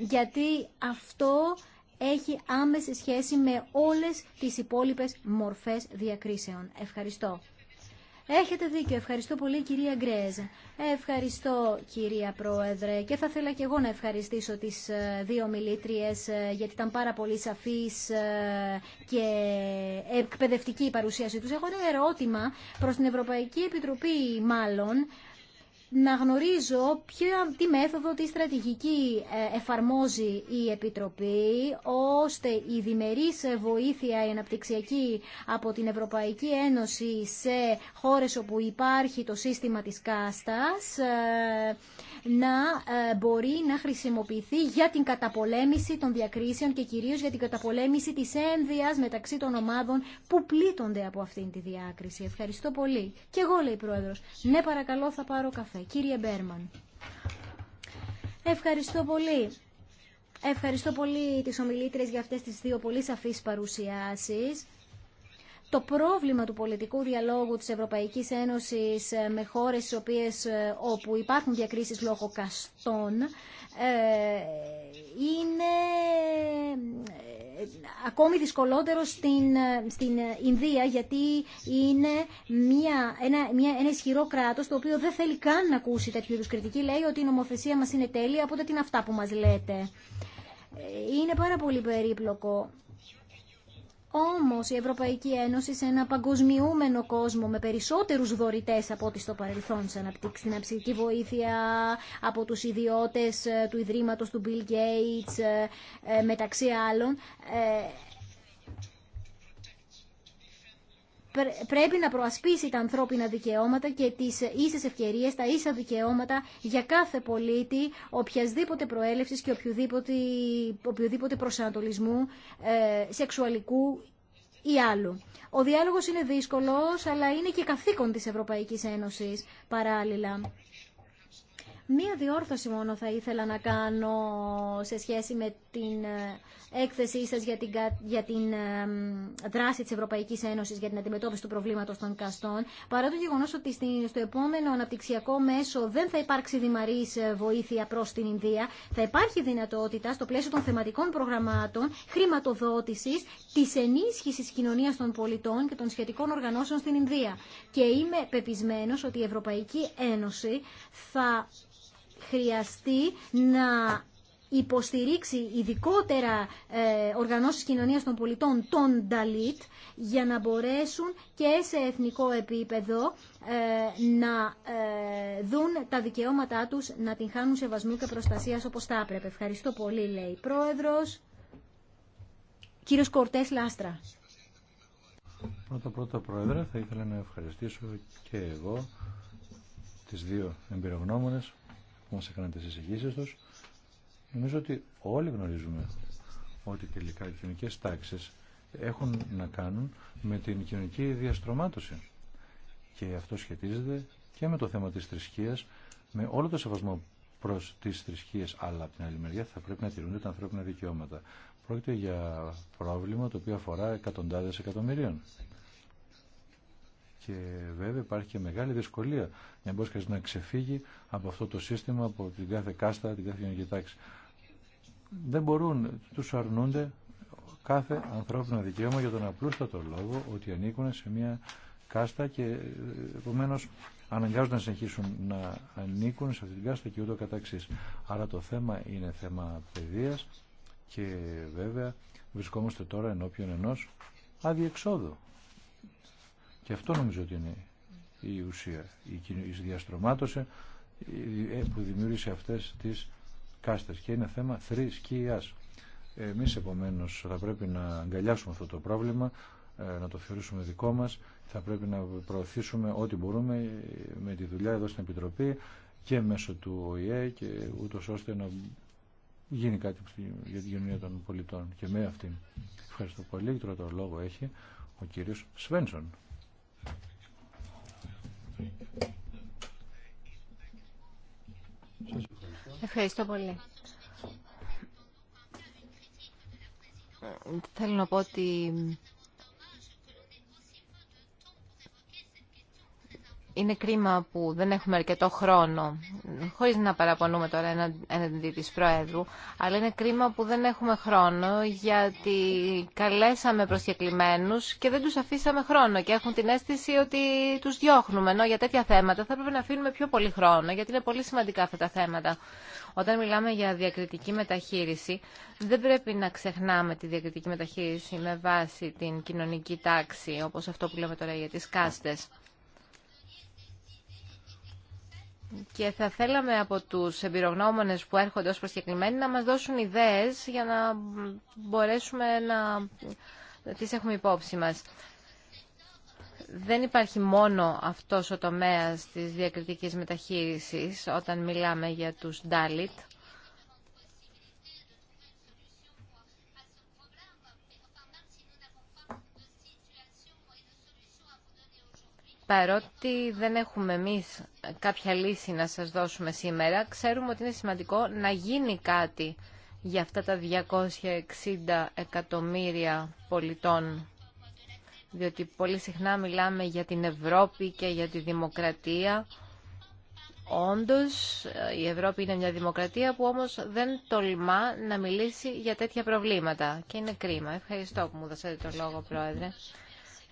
γιατί αυτό έχει άμεση σχέση με όλες τις υπόλοιπες μορφές διακρίσεων. Ευχαριστώ. Έχετε δίκιο. Ευχαριστώ πολύ κυρία Γκρέζ. Ευχαριστώ κυρία Πρόεδρε και θα ήθελα και εγώ να ευχαριστήσω τις ε, δύο μιλήτριες ε, γιατί ήταν πάρα πολύ σαφής ε, και εκπαιδευτική η παρουσίαση τους. Έχω ένα ερώτημα προς την Ευρωπαϊκή Επιτροπή μάλλον να γνωρίζω τι μέθοδο, τι στρατηγική ε, εφαρμόζει η Επιτροπή, ώστε η διμερής βοήθεια η αναπτυξιακή από την Ευρωπαϊκή Ένωση σε χώρες όπου υπάρχει το σύστημα της κάστας ε, να ε, μπορεί να χρησιμοποιηθεί για την καταπολέμηση των διακρίσεων και κυρίως για την καταπολέμηση της ένδυας μεταξύ των ομάδων που πλήττονται από αυτήν τη διάκριση. Ευχαριστώ πολύ. Και εγώ λέει η Πρόεδρος. Ναι παρακαλώ θα πάρω καφέ. Κύριε Μπέρμαν. Ευχαριστώ πολύ. Ευχαριστώ πολύ τις ομιλήτρες για αυτές τις δύο πολύ σαφείς παρουσιάσεις το πρόβλημα του πολιτικού διαλόγου της Ευρωπαϊκής Ένωσης ε, με χώρες οποίες, ε, όπου υπάρχουν διακρίσεις λόγω καστών ε, είναι ακόμη δυσκολότερο στην, στην Ινδία γιατί είναι μια, ένα, μια, ισχυρό κράτος το οποίο δεν θέλει καν να ακούσει τέτοιου είδους κριτική. Λέει ότι η νομοθεσία μας είναι τέλεια, οπότε τι είναι αυτά που μας λέτε. Είναι πάρα πολύ περίπλοκο όμως η Ευρωπαϊκή Ένωση σε ένα παγκοσμιούμενο κόσμο με περισσότερους δωρητές από ό,τι στο παρελθόν στην αψυχική βοήθεια, από τους ιδιώτες ε, του Ιδρύματος του Bill Gates ε, ε, μεταξύ άλλων, πρέπει να προασπίσει τα ανθρώπινα δικαιώματα και τις ίσες ευκαιρίες, τα ίσα δικαιώματα για κάθε πολίτη, οποιασδήποτε προέλευσης και οποιοδήποτε, οποιοδήποτε προσανατολισμού, ε, σεξουαλικού ή άλλου. Ο διάλογος είναι δύσκολος, αλλά είναι και καθήκον της Ευρωπαϊκής Ένωσης παράλληλα. Μία διόρθωση μόνο θα ήθελα να κάνω σε σχέση με την ε, έκθεσή σας για την, για την δράση της Ευρωπαϊκής Ένωσης για την αντιμετώπιση του προβλήματος των καστών, παρά το γεγονός ότι στο επόμενο αναπτυξιακό μέσο δεν θα υπάρξει δημαρής ε, βοήθεια προς την Ινδία, θα υπάρχει δυνατότητα στο πλαίσιο των θεματικών προγραμμάτων χρηματοδότησης της ενίσχυσης κοινωνίας των πολιτών και των σχετικών οργανώσεων στην Ινδία. Και είμαι πεπισμένος ότι η Ευρωπαϊκή Ένωση θα χρειαστεί να υποστηρίξει ειδικότερα ε, οργανώσεις κοινωνίας των πολιτών, των Dalit, για να μπορέσουν και σε εθνικό επίπεδο ε, να ε, δουν τα δικαιώματά τους, να την χάνουν σεβασμού και προστασίας όπως θα έπρεπε. Ευχαριστώ πολύ, λέει Πρόεδρος. Κύριος Κορτές Λάστρα. Πρώτα πρώτα Πρόεδρε, θα ήθελα να ευχαριστήσω και εγώ τις δύο εμπειρογνώμονες που μας έκαναν τις εισηγήσεις τους Νομίζω ότι όλοι γνωρίζουμε ότι τελικά οι κοινωνικέ τάξεις έχουν να κάνουν με την κοινωνική διαστρωμάτωση. Και αυτό σχετίζεται και με το θέμα τη θρησκεία, με όλο το σεβασμό προ τι θρησκείε, αλλά από την άλλη μεριά θα πρέπει να τηρούνται τα ανθρώπινα δικαιώματα. Πρόκειται για πρόβλημα το οποίο αφορά εκατοντάδε εκατομμυρίων. Και βέβαια υπάρχει και μεγάλη δυσκολία για να να ξεφύγει από αυτό το σύστημα, από την κάθε κάστα, την κάθε κοινωνική τάξη δεν μπορούν, τους αρνούνται κάθε ανθρώπινο δικαίωμα για τον απλούστατο λόγο ότι ανήκουν σε μια κάστα και επομένω αναγκάζονται να συνεχίσουν να ανήκουν σε αυτή την κάστα και ούτω καταξής. Άρα το θέμα είναι θέμα παιδείας και βέβαια βρισκόμαστε τώρα ενώπιον ενός αδιεξόδου. Και αυτό νομίζω ότι είναι η ουσία, η διαστρωμάτωση ε, που δημιούργησε αυτές τις κάστες και είναι θέμα θρησκείας. Εμείς επομένως θα πρέπει να αγκαλιάσουμε αυτό το πρόβλημα, ε, να το θεωρήσουμε δικό μας, θα πρέπει να προωθήσουμε ό,τι μπορούμε ε, με τη δουλειά εδώ στην Επιτροπή και μέσω του ΟΗΕ και ούτως ώστε να γίνει κάτι για την κοινωνία των πολιτών και με αυτήν. Ευχαριστώ πολύ. Τώρα το λόγο έχει ο κύριος Σβένσον. Ευχαριστώ πολύ. Θέλω να πω ότι είναι κρίμα που δεν έχουμε αρκετό χρόνο, χωρίς να παραπονούμε τώρα έναντι της Προέδρου, αλλά είναι κρίμα που δεν έχουμε χρόνο γιατί καλέσαμε προσκεκλημένους και δεν τους αφήσαμε χρόνο και έχουν την αίσθηση ότι τους διώχνουμε, ενώ για τέτοια θέματα θα έπρεπε να αφήνουμε πιο πολύ χρόνο γιατί είναι πολύ σημαντικά αυτά τα θέματα. Όταν μιλάμε για διακριτική μεταχείριση, δεν πρέπει να ξεχνάμε τη διακριτική μεταχείριση με βάση την κοινωνική τάξη, όπως αυτό που λέμε τώρα για τις κάστες. Και θα θέλαμε από τους εμπειρογνώμονες που έρχονται ως προσκεκλημένοι να μας δώσουν ιδέες για να μπορέσουμε να τις έχουμε υπόψη μας. Δεν υπάρχει μόνο αυτός ο τομέας της διακριτικής μεταχείρισης όταν μιλάμε για τους Dalit. Παρότι δεν έχουμε εμείς κάποια λύση να σας δώσουμε σήμερα, ξέρουμε ότι είναι σημαντικό να γίνει κάτι για αυτά τα 260 εκατομμύρια πολιτών. Διότι πολύ συχνά μιλάμε για την Ευρώπη και για τη δημοκρατία. Όντως, η Ευρώπη είναι μια δημοκρατία που όμως δεν τολμά να μιλήσει για τέτοια προβλήματα. Και είναι κρίμα. Ευχαριστώ που μου δώσατε το λόγο, Πρόεδρε.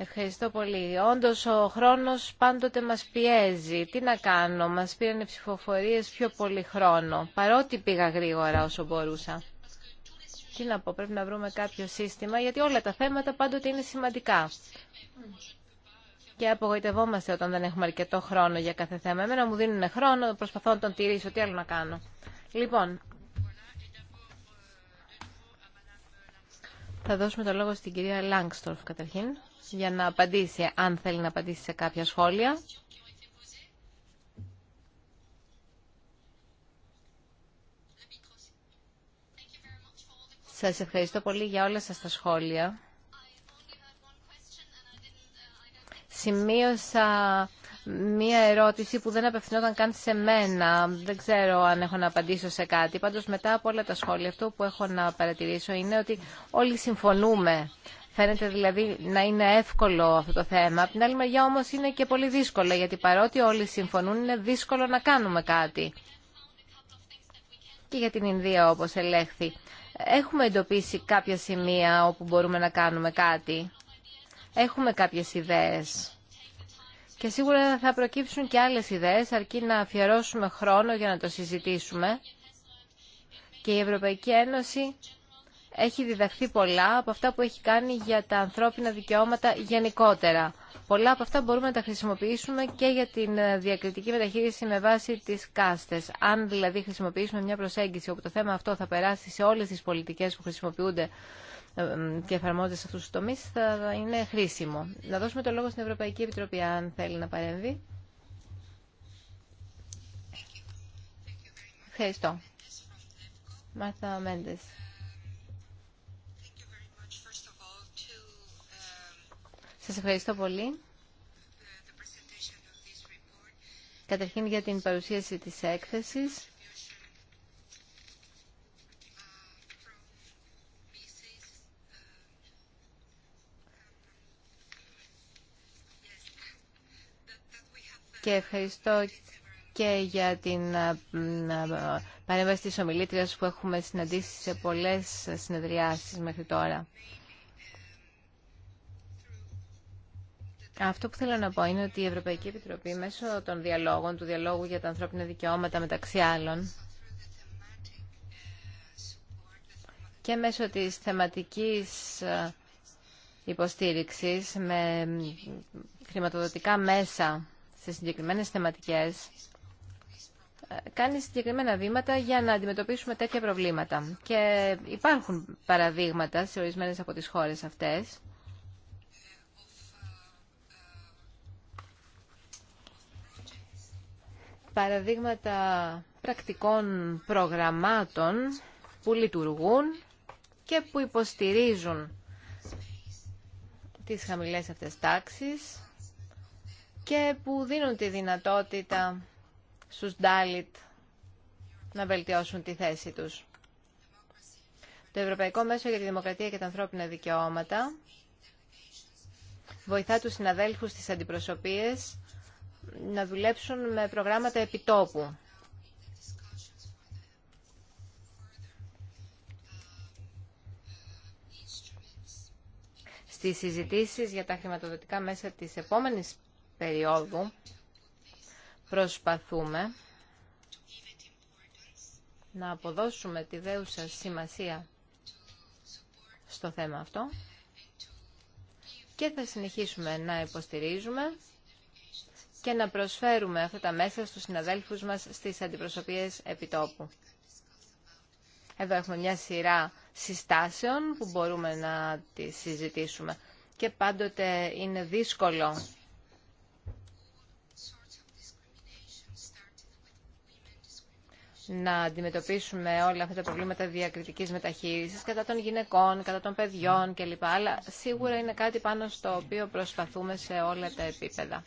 Ευχαριστώ πολύ. Όντω ο χρόνο πάντοτε μα πιέζει. Τι να κάνω, μα πήραν οι ψηφοφορίες πιο πολύ χρόνο, παρότι πήγα γρήγορα όσο μπορούσα. Τι να πω, πρέπει να βρούμε κάποιο σύστημα, γιατί όλα τα θέματα πάντοτε είναι σημαντικά. Και απογοητευόμαστε όταν δεν έχουμε αρκετό χρόνο για κάθε θέμα. Εμένα μου δίνουν χρόνο, προσπαθώ να τον τηρήσω, τι άλλο να κάνω. Λοιπόν, θα δώσουμε το λόγο στην κυρία Λάγκστορφ καταρχήν για να απαντήσει, αν θέλει να απαντήσει σε κάποια σχόλια. Σας ευχαριστώ πολύ για όλα σας τα σχόλια. Σημείωσα μία ερώτηση που δεν απευθυνόταν καν σε μένα. Δεν ξέρω αν έχω να απαντήσω σε κάτι. Πάντως μετά από όλα τα σχόλια αυτό που έχω να παρατηρήσω είναι ότι όλοι συμφωνούμε Φαίνεται δηλαδή να είναι εύκολο αυτό το θέμα. Από την άλλη μεριά όμως είναι και πολύ δύσκολο, γιατί παρότι όλοι συμφωνούν είναι δύσκολο να κάνουμε κάτι. Και για την Ινδία όπως ελέγχθη. Έχουμε εντοπίσει κάποια σημεία όπου μπορούμε να κάνουμε κάτι. Έχουμε κάποιες ιδέες. Και σίγουρα θα προκύψουν και άλλες ιδέες, αρκεί να αφιερώσουμε χρόνο για να το συζητήσουμε. Και η Ευρωπαϊκή Ένωση έχει διδαχθεί πολλά από αυτά που έχει κάνει για τα ανθρώπινα δικαιώματα γενικότερα. Πολλά από αυτά μπορούμε να τα χρησιμοποιήσουμε και για την ε, διακριτική μεταχείριση με βάση τις κάστες. Αν δηλαδή χρησιμοποιήσουμε μια προσέγγιση όπου το θέμα αυτό θα περάσει σε όλες τις πολιτικές που χρησιμοποιούνται ε, ε, και εφαρμόζονται σε αυτούς τους τομείς, θα είναι χρήσιμο. Να δώσουμε το λόγο στην Ευρωπαϊκή Επιτροπή, αν θέλει να παρέμβει. Ευχαριστώ. Μάρθα Μέντες Σας ευχαριστώ πολύ. Καταρχήν για την παρουσίαση της έκθεσης. Και ευχαριστώ και για την ε, ε, παρέμβαση της ομιλήτριας που έχουμε συναντήσει σε πολλές συνεδριάσεις μέχρι τώρα. Αυτό που θέλω να πω είναι ότι η Ευρωπαϊκή Επιτροπή μέσω των διαλόγων, του διαλόγου για τα ανθρώπινα δικαιώματα μεταξύ άλλων, και μέσω της θεματικής ε, υποστήριξης με χρηματοδοτικά μέσα σε συγκεκριμένες θεματικές ε, κάνει συγκεκριμένα βήματα για να αντιμετωπίσουμε τέτοια προβλήματα. Και υπάρχουν παραδείγματα σε ορισμένες από τις χώρες αυτές παραδείγματα πρακτικών προγραμμάτων που λειτουργούν και που υποστηρίζουν τις χαμηλές αυτές τάξεις και που δίνουν τη δυνατότητα στους Ντάλιτ να βελτιώσουν τη θέση τους. Το Ευρωπαϊκό Μέσο για τη Δημοκρατία και τα Ανθρώπινα Δικαιώματα βοηθά τους συναδέλφους στις αντιπροσωπείες να δουλέψουν με προγράμματα επιτόπου. Στις συζητήσεις για τα χρηματοδοτικά μέσα της επόμενης περίοδου προσπαθούμε να αποδώσουμε τη δέουσα σημασία στο θέμα αυτό και θα συνεχίσουμε να υποστηρίζουμε και να προσφέρουμε αυτά τα μέσα στους συναδέλφους μας στις αντιπροσωπείες επιτόπου. Εδώ έχουμε μια σειρά συστάσεων που μπορούμε να τις συζητήσουμε και πάντοτε είναι δύσκολο να αντιμετωπίσουμε όλα αυτά τα προβλήματα διακριτικής μεταχείρισης κατά των γυναικών, κατά των παιδιών κλπ. Αλλά σίγουρα είναι κάτι πάνω στο οποίο προσπαθούμε σε όλα τα επίπεδα.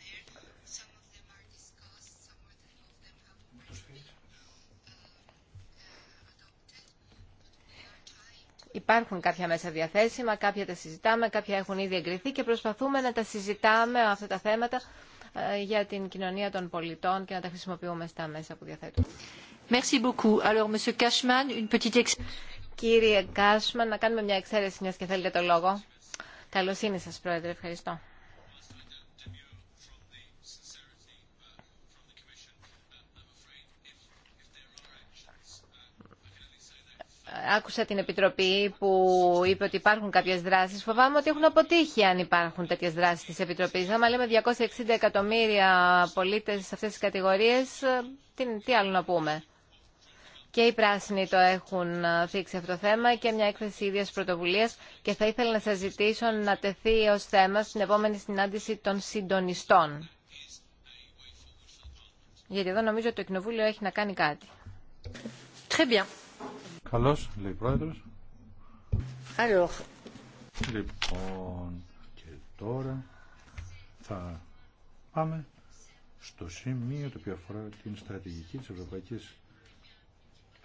Υπάρχουν κάποια μέσα διαθέσιμα, κάποια τα συζητάμε, κάποια έχουν ήδη εγκριθεί και προσπαθούμε να τα συζητάμε αυτά τα θέματα ε, για την κοινωνία των πολιτών και να τα χρησιμοποιούμε στα μέσα που διαθέτουμε. Merci beaucoup. Alors, Monsieur Cashman, une petite Κύριε Κάσμαν, να κάνουμε μια εξαίρεση, μια και θέλετε το λόγο. Καλώς είναι σας, Πρόεδρε. Ευχαριστώ. άκουσα την Επιτροπή που είπε ότι υπάρχουν κάποιες δράσεις. Φοβάμαι ότι έχουν αποτύχει αν υπάρχουν τέτοιες δράσεις της Επιτροπής. Άμα λέμε 260 εκατομμύρια πολίτες σε αυτές τις κατηγορίες, τι άλλο να πούμε. Και οι πράσινοι το έχουν θίξει αυτό το θέμα και μια έκθεση ίδιας πρωτοβουλίας και θα ήθελα να σας ζητήσω να τεθεί ω θέμα στην επόμενη συνάντηση των συντονιστών. Γιατί εδώ νομίζω ότι το Κοινοβούλιο έχει να κάνει κάτι. Très bien. Καλώς, λέει πρόεδρος. Καλώς. Λοιπόν, και τώρα θα πάμε στο σημείο το οποίο αφορά την στρατηγική της Ευρωπαϊκής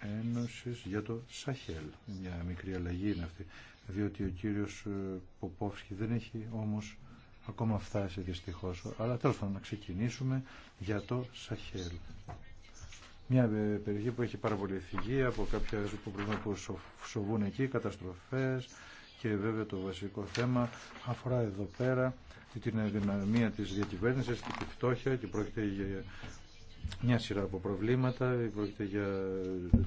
Ένωσης για το Σαχέλ. Μια μικρή αλλαγή είναι αυτή, διότι ο κύριος ε, Ποπόφσκι δεν έχει όμως ακόμα φτάσει δυστυχώς. Αλλά τέλος πάντων να ξεκινήσουμε για το Σαχέλ. Μια ε, περιοχή που έχει πάρα πολύ θυγή από κάποια προβλήματα που σοβούν εκεί, καταστροφές και βέβαια το βασικό θέμα αφορά εδώ πέρα την αδυναμία της διακυβέρνησης, τη φτώχεια και πρόκειται για μια σειρά από προβλήματα, πρόκειται για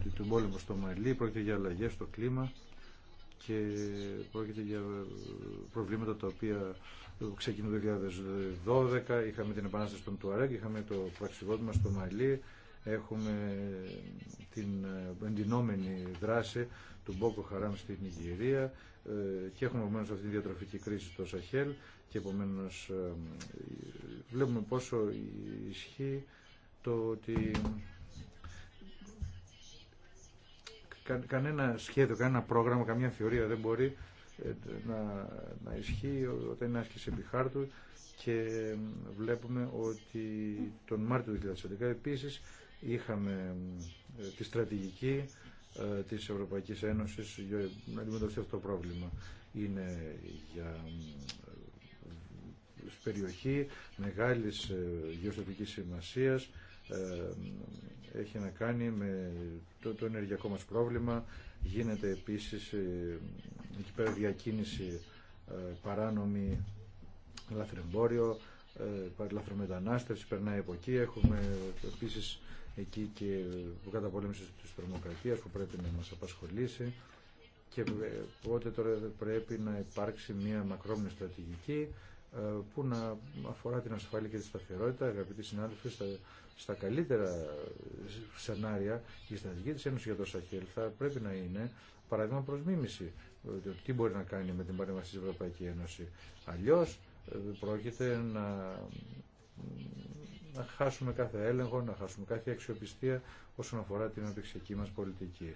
ε, τον πόλεμο στο Μαλί, πρόκειται για αλλαγές στο κλίμα και πρόκειται για ε, προβλήματα τα οποία ξεκίνησαν το 2012, είχαμε την επανάσταση των Τουαρέκ, είχαμε το πραξιβότημα στο Μαλί, έχουμε την ε, εντυνόμενη δράση του Μπόκο Χαράμ στην Νιγηρία ε, και έχουμε επομένως αυτή τη διατροφική κρίση στο Σαχέλ και επομένως ε, βλέπουμε πόσο ισχύει το ότι κανένα σχέδιο, κανένα πρόγραμμα, καμία θεωρία δεν μπορεί να, να ισχύει όταν είναι άσκηση επιχάρτου και βλέπουμε ότι τον Μάρτιο του 2011 επίσης είχαμε ε, τη στρατηγική ε, της Ευρωπαϊκής Ένωσης για να αντιμετωπιστεί αυτό το πρόβλημα. Είναι για ε, περιοχή μεγάλης γεωστατικής σημασίας έχει να κάνει με το, ενεργειακό μας πρόβλημα γίνεται επίσης εκεί πέρα διακίνηση παράνομη λαθρεμπόριο λαθρομετανάστευση περνάει από εκεί έχουμε επίσης εκεί και ο καταπολέμησης της τρομοκρατίας που πρέπει να μας απασχολήσει και ε, οπότε τώρα πρέπει να υπάρξει μια μακρόμνη στρατηγική ε, που να αφορά την ασφάλεια και τη σταθερότητα, αγαπητοί συνάδελφοι, στα, στα καλύτερα σενάρια η στρατηγική της Ένωσης για το Σαχέλ θα πρέπει να είναι παράδειγμα προς μίμηση ε, τι μπορεί να κάνει με την παρέμβαση Ευρωπαϊκή Ένωση. Αλλιώς πρόκειται να να χάσουμε κάθε έλεγχο, να χάσουμε κάθε αξιοπιστία όσον αφορά την αναπτυξιακή μας πολιτική.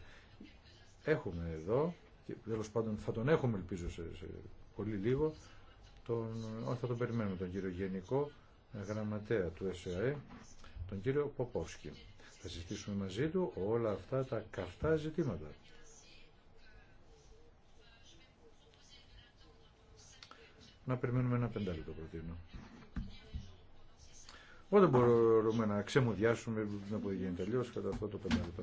Έχουμε εδώ, και τέλο πάντων θα τον έχουμε ελπίζω σε, πολύ λίγο, τον, θα τον περιμένουμε τον κύριο Γενικό Γραμματέα του ΕΣΕΑΕ, τον κύριο Ποπόσκι. Θα συζητήσουμε μαζί του όλα αυτά τα καυτά ζητήματα. Να περιμένουμε ένα πεντάλεπτο προτείνω. Οπότε μπορούμε να ξεμουδιάσουμε να γίνει τελείως κατά αυτό το πεντάλεπτο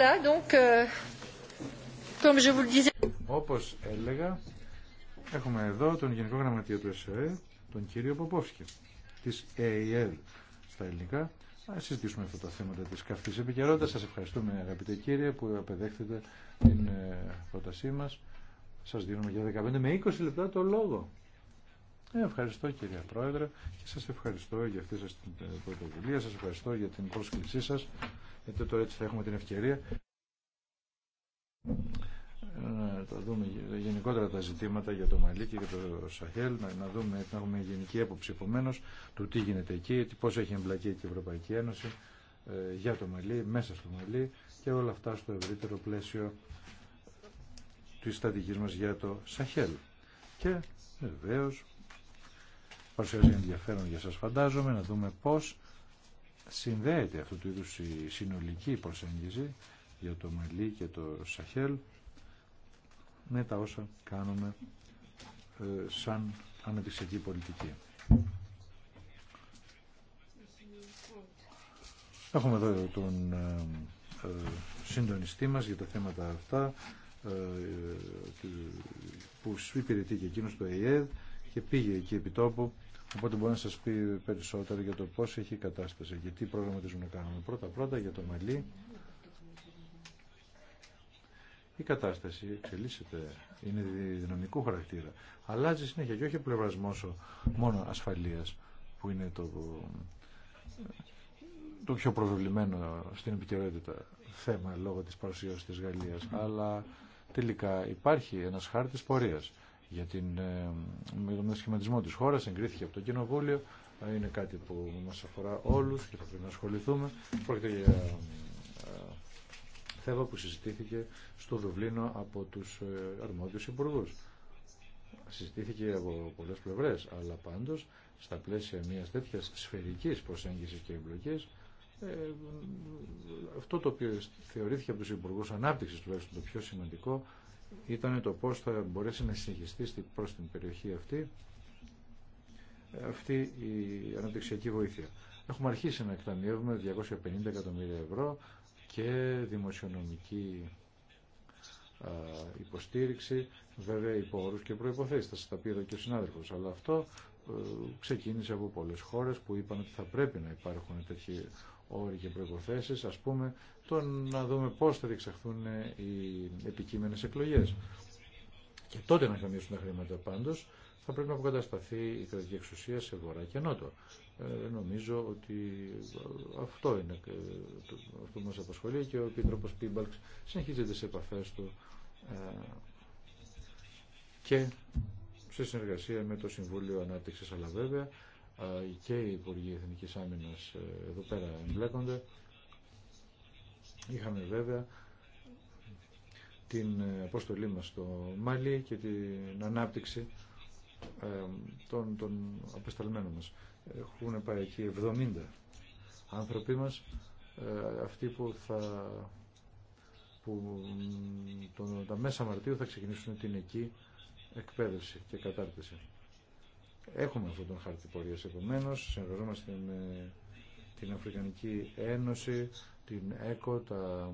Voilà, donc, euh, comme je vous le disais... Όπως έλεγα, έχουμε εδώ τον Γενικό Γραμματείο του ΕΣΕ, τον κύριο Ποπόφσκι, της ΕΕΛ στα ελληνικά. Να συζητήσουμε αυτά τα θέματα της καυτής επικαιρότητα. Σας ευχαριστούμε αγαπητέ κύριε που απεδέχτετε την ε, πρότασή μας. Σας δίνουμε για 15 με 20 λεπτά το λόγο. Ε, ευχαριστώ κυρία Πρόεδρε και σας ευχαριστώ για αυτή σας την ε, πρωτοβουλία, σας ευχαριστώ για την πρόσκλησή σας γιατί τώρα έτσι θα έχουμε την ευκαιρία να δούμε γενικότερα τα ζητήματα για το Μαλί και για το Σαχέλ, να, να δούμε, να έχουμε γενική έποψη επομένω του τι γίνεται εκεί, πώ έχει εμπλακεί και η Ευρωπαϊκή Ένωση ε, για το Μαλί, μέσα στο Μαλί και όλα αυτά στο ευρύτερο πλαίσιο της στρατηγής μας για το Σαχέλ. Και βεβαίω παρουσιάζει ενδιαφέρον για σας φαντάζομαι να δούμε πώς συνδέεται αυτού του είδου η συνολική προσέγγιση για το Μαλί και το Σαχέλ με τα όσα κάνουμε ε, σαν αναπτυξιακή πολιτική. Έχουμε εδώ τον ε, ε, συντονιστή μας για τα θέματα αυτά που υπηρετεί και εκείνος το ΕΕΔ και πήγε εκεί επί Οπότε μπορεί να σας πει περισσότερο για το πώς έχει η κατάσταση και τι προγραμματίζουμε να κάνουμε. Πρώτα πρώτα για το μαλλί, Η κατάσταση εξελίσσεται, είναι δυναμικού χαρακτήρα. Αλλάζει συνέχεια και όχι πλευρασμός μόνο ασφαλείας που είναι το, το πιο προβλημένο στην επικαιρότητα θέμα λόγω της παρουσίας της Γαλλίας, αλλά τελικά υπάρχει ένας χάρτης πορείας για, την, για ε, τον σχηματισμό της χώρας, εγκρίθηκε από το Κοινοβούλιο, ε, είναι κάτι που μας αφορά όλους και θα πρέπει να ασχοληθούμε. Πρόκειται για ε, θέμα που συζητήθηκε στο Δουβλίνο από τους αρμόδιους υπουργούς. Συζητήθηκε από πολλές πλευρές, αλλά πάντως στα πλαίσια μιας τέτοιας σφαιρικής προσέγγισης και εμπλοκής, αυτό το οποίο θεωρήθηκε από τους υπουργούς ανάπτυξης τουλάχιστον το πιο σημαντικό ήταν το πώς θα μπορέσει να συνεχιστεί προς την περιοχή αυτή αυτή η αναπτυξιακή βοήθεια. Έχουμε αρχίσει να εκταμιεύουμε 250 εκατομμύρια ευρώ και δημοσιονομική υποστήριξη, βέβαια υπό όρους και προϋποθέσεις, θα σας τα πει εδώ και ο συνάδελφος, αλλά αυτό ε, ξεκίνησε από πολλές χώρες που είπαν ότι θα πρέπει να υπάρχουν τέτοιοι όροι και προϋποθέσεις, ας πούμε, το να δούμε πώς θα διεξαχθούν οι επικείμενε εκλογέ. Και τότε να χαμηλήσουν τα χρήματα πάντω, θα πρέπει να αποκατασταθεί η κρατική εξουσία σε βορρά και νότο. Ε, νομίζω ότι αυτό είναι ε, το, αυτό που μας απασχολεί και ο Επίτροπος Πίμπαλξ συνεχίζεται σε επαφέ του ε, και σε συνεργασία με το Συμβούλιο Ανάπτυξη αλλά βέβαια και οι Υπουργοί Εθνική Άμυνα ε, εδώ πέρα εμπλέκονται. Είχαμε βέβαια την ε, αποστολή μας στο Μάλι και την ανάπτυξη ε, των, των απεσταλμένων μας. Έχουν πάει εκεί 70 άνθρωποι μας, αυτοί που θα που τα μέσα Μαρτίου θα ξεκινήσουν την εκεί εκπαίδευση και κατάρτιση. Έχουμε αυτόν τον χάρτη πορεία επομένω. συνεργαζόμαστε με την Αφρικανική Ένωση, την ΕΚΟ, τα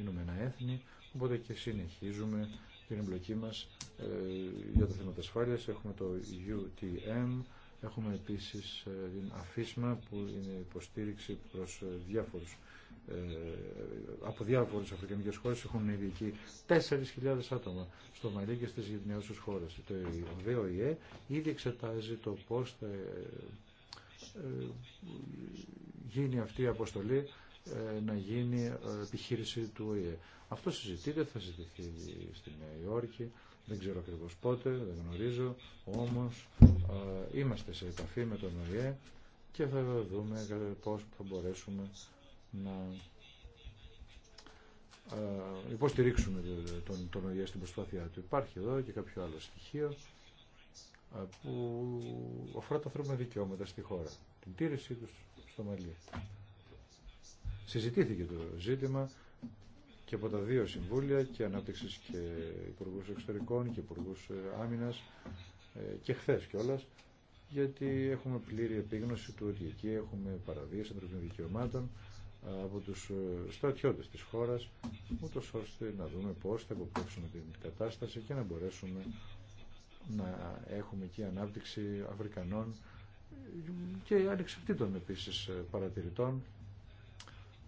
Ηνωμένα Έθνη, οπότε και συνεχίζουμε την εμπλοκή μας ε, για τα θέματα ασφάλεια. Έχουμε το UTM, έχουμε επίσης ε, την αφίσμα που είναι υποστήριξη προς ε, διάφορους ε, από διάφορε αφρικανικέ χώρε έχουν ήδη εκεί 4.000 άτομα στο Μαλί και στι γυρνιώσει χώρε. Το Ιε, ήδη εξετάζει το πώ θα ε, ε, γίνει αυτή η αποστολή να γίνει επιχείρηση του ΟΗΕ. Αυτό συζητείται, θα συζητηθεί στη Νέα Υόρκη, δεν ξέρω ακριβώ πότε, δεν γνωρίζω, όμως είμαστε σε επαφή με τον ΟΗΕ και θα δούμε πώς θα μπορέσουμε να ε, υποστηρίξουμε τον, τον στην προσπάθειά του. Υπάρχει εδώ και κάποιο άλλο στοιχείο ε, που αφορά τα ανθρώπινα δικαιώματα στη χώρα, την τήρησή τους στο Μαλί. Συζητήθηκε το ζήτημα και από τα δύο συμβούλια και ανάπτυξης και υπουργού εξωτερικών και υπουργού ε, άμυνας και χθες κιόλα, γιατί έχουμε πλήρη επίγνωση του ότι εκεί έχουμε παραβίαση ανθρωπίνων δικαιωμάτων από τους ε, στρατιώτες της χώρας ούτως ώστε να δούμε πώς θα υποπτεύσουμε την κατάσταση και να μπορέσουμε να έχουμε εκεί ανάπτυξη Αφρικανών και ανεξαρτήτων επίσης ε, παρατηρητών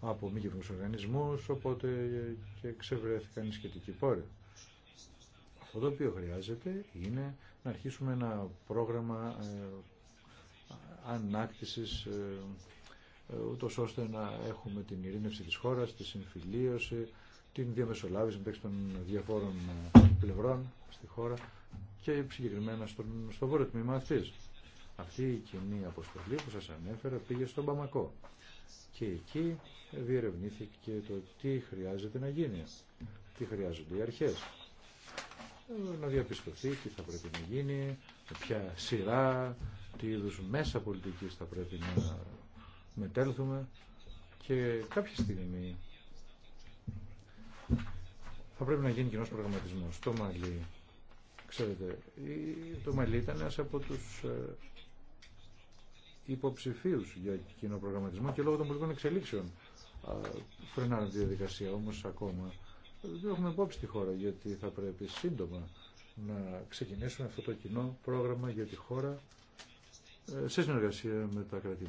από μη οργανισμούς, οπότε ε, και ξεβρέθηκαν οι σχετικοί πόροι. Αυτό το οποίο χρειάζεται είναι να αρχίσουμε ένα πρόγραμμα ανάκτησης ε, ούτω ώστε να έχουμε την ειρήνευση της χώρας, τη συμφιλίωση, την διαμεσολάβηση μεταξύ των διαφόρων ε, πλευρών στη χώρα και συγκεκριμένα στον, στο βόρειο τμήμα αυτή. Αυτή η κοινή αποστολή που σας ανέφερα πήγε στον Παμακό και εκεί διερευνήθηκε το τι χρειάζεται να γίνει, τι χρειάζονται οι αρχές, ε, να διαπιστωθεί τι θα πρέπει να γίνει, ποια σειρά, τι είδους μέσα πολιτικής θα πρέπει να μετέλθουμε και κάποια στιγμή θα πρέπει να γίνει κοινό προγραμματισμό. Το Μαλί, ξέρετε, το Μαλί ήταν ένα από του ε, υποψηφίου για κοινό προγραμματισμό και λόγω των πολιτικών εξελίξεων φρενάνε τη διαδικασία. Όμω ακόμα δεν έχουμε υπόψη τη χώρα γιατί θα πρέπει σύντομα να ξεκινήσουμε αυτό το κοινό πρόγραμμα για τη χώρα ε, σε συνεργασία με τα κρατη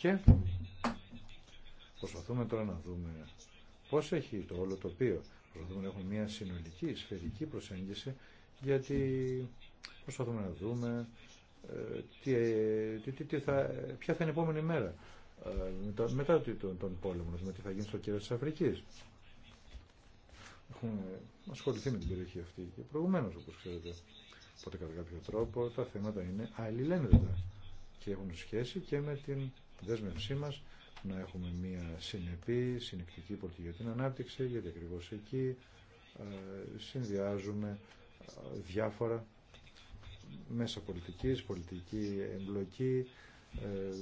και προσπαθούμε τώρα να δούμε πώς έχει το όλο τοπίο. Προσπαθούμε να έχουμε μια συνολική, σφαιρική προσέγγιση, γιατί προσπαθούμε να δούμε ε, ε, τι, τι, τι θα, ποια θα είναι η επόμενη μέρα ε, μετά, μετά τον, τον πόλεμο, με τι θα γίνει στο κέντρο της Αφρικής. Έχουμε ασχοληθεί με την περιοχή αυτή και προηγουμένως, όπως ξέρετε. Οπότε κατά κάποιο τρόπο τα θέματα είναι αλληλένδετα και έχουν σχέση και με την δέσμευσή μας να έχουμε μια συνεπή, συνεκτική πολιτική για την ανάπτυξη, γιατί ακριβώς εκεί ε, συνδυάζουμε ε, διάφορα μέσα πολιτικής, πολιτική εμπλοκή, ε,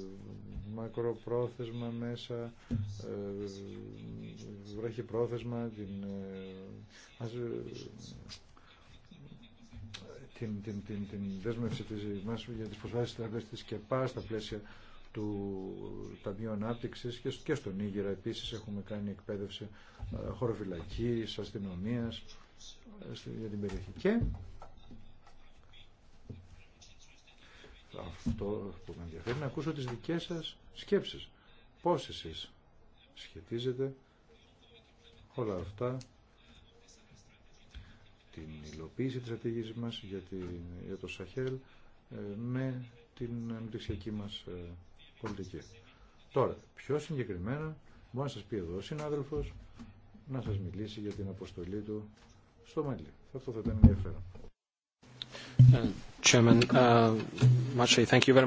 μακροπρόθεσμα μέσα, πρόθεσμα την, την, την, την, δέσμευση της, μας για τις προσπάθειες και πάρα στα πλαίσια του Ταμείου Ανάπτυξης και στον Νίγηρα επίσης έχουμε κάνει εκπαίδευση ε, χωροφυλακής, αστυνομίας ε, για την περιοχή. Και αυτό που με ενδιαφέρει να ακούσω τις δικές σας σκέψεις. Πώς εσείς σχετίζετε όλα αυτά την υλοποίηση της στρατηγικής μας για, για το Σαχέλ ε, με την ανεπτυξιακή μας πολιτική. Τώρα, πιο συγκεκριμένα, μπορεί να σας πει εδώ ο συνάδελφος να σας μιλήσει για την αποστολή του στο Μαλί. Αυτό θα ήταν ενδιαφέρον.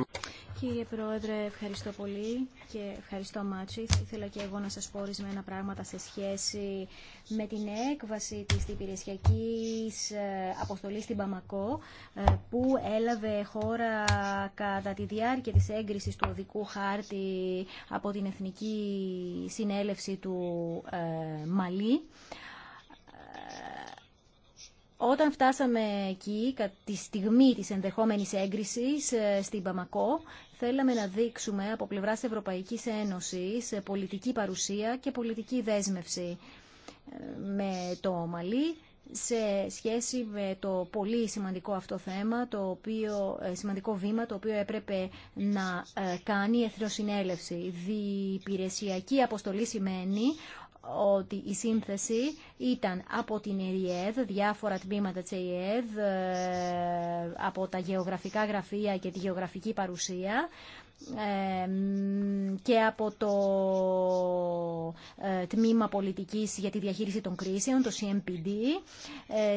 Uh, Κύριε Πρόεδρε, ευχαριστώ πολύ και ευχαριστώ Μάτσι. ήθελα και εγώ να σας πω ορισμένα πράγματα σε σχέση με την έκβαση της υπηρεσιακής ε, αποστολής στην Παμακό ε, που έλαβε χώρα κατά τη διάρκεια της έγκρισης του οδικού χάρτη από την Εθνική Συνέλευση του ε, Μαλή. Όταν φτάσαμε εκεί, τη στιγμή της ενδεχόμενης έγκρισης στην Παμακό, θέλαμε να δείξουμε από πλευράς Ευρωπαϊκής Ένωσης ε, πολιτική παρουσία και πολιτική δέσμευση ε, με το Μαλί σε σχέση με το πολύ σημαντικό αυτό θέμα, το οποίο, ε, σημαντικό βήμα το οποίο έπρεπε να κάνει η Εθνοσυνέλευση. υπηρεσιακή αποστολή σημαίνει ότι η σύνθεση ήταν από την ΕΡΙΕΔ, διάφορα τμήματα της ΕΡΙΕΔ, ε, από τα γεωγραφικά γραφεία και τη γεωγραφική παρουσία ε, και από το ε, Τμήμα Πολιτικής για τη Διαχείριση των Κρίσεων, το CMPD,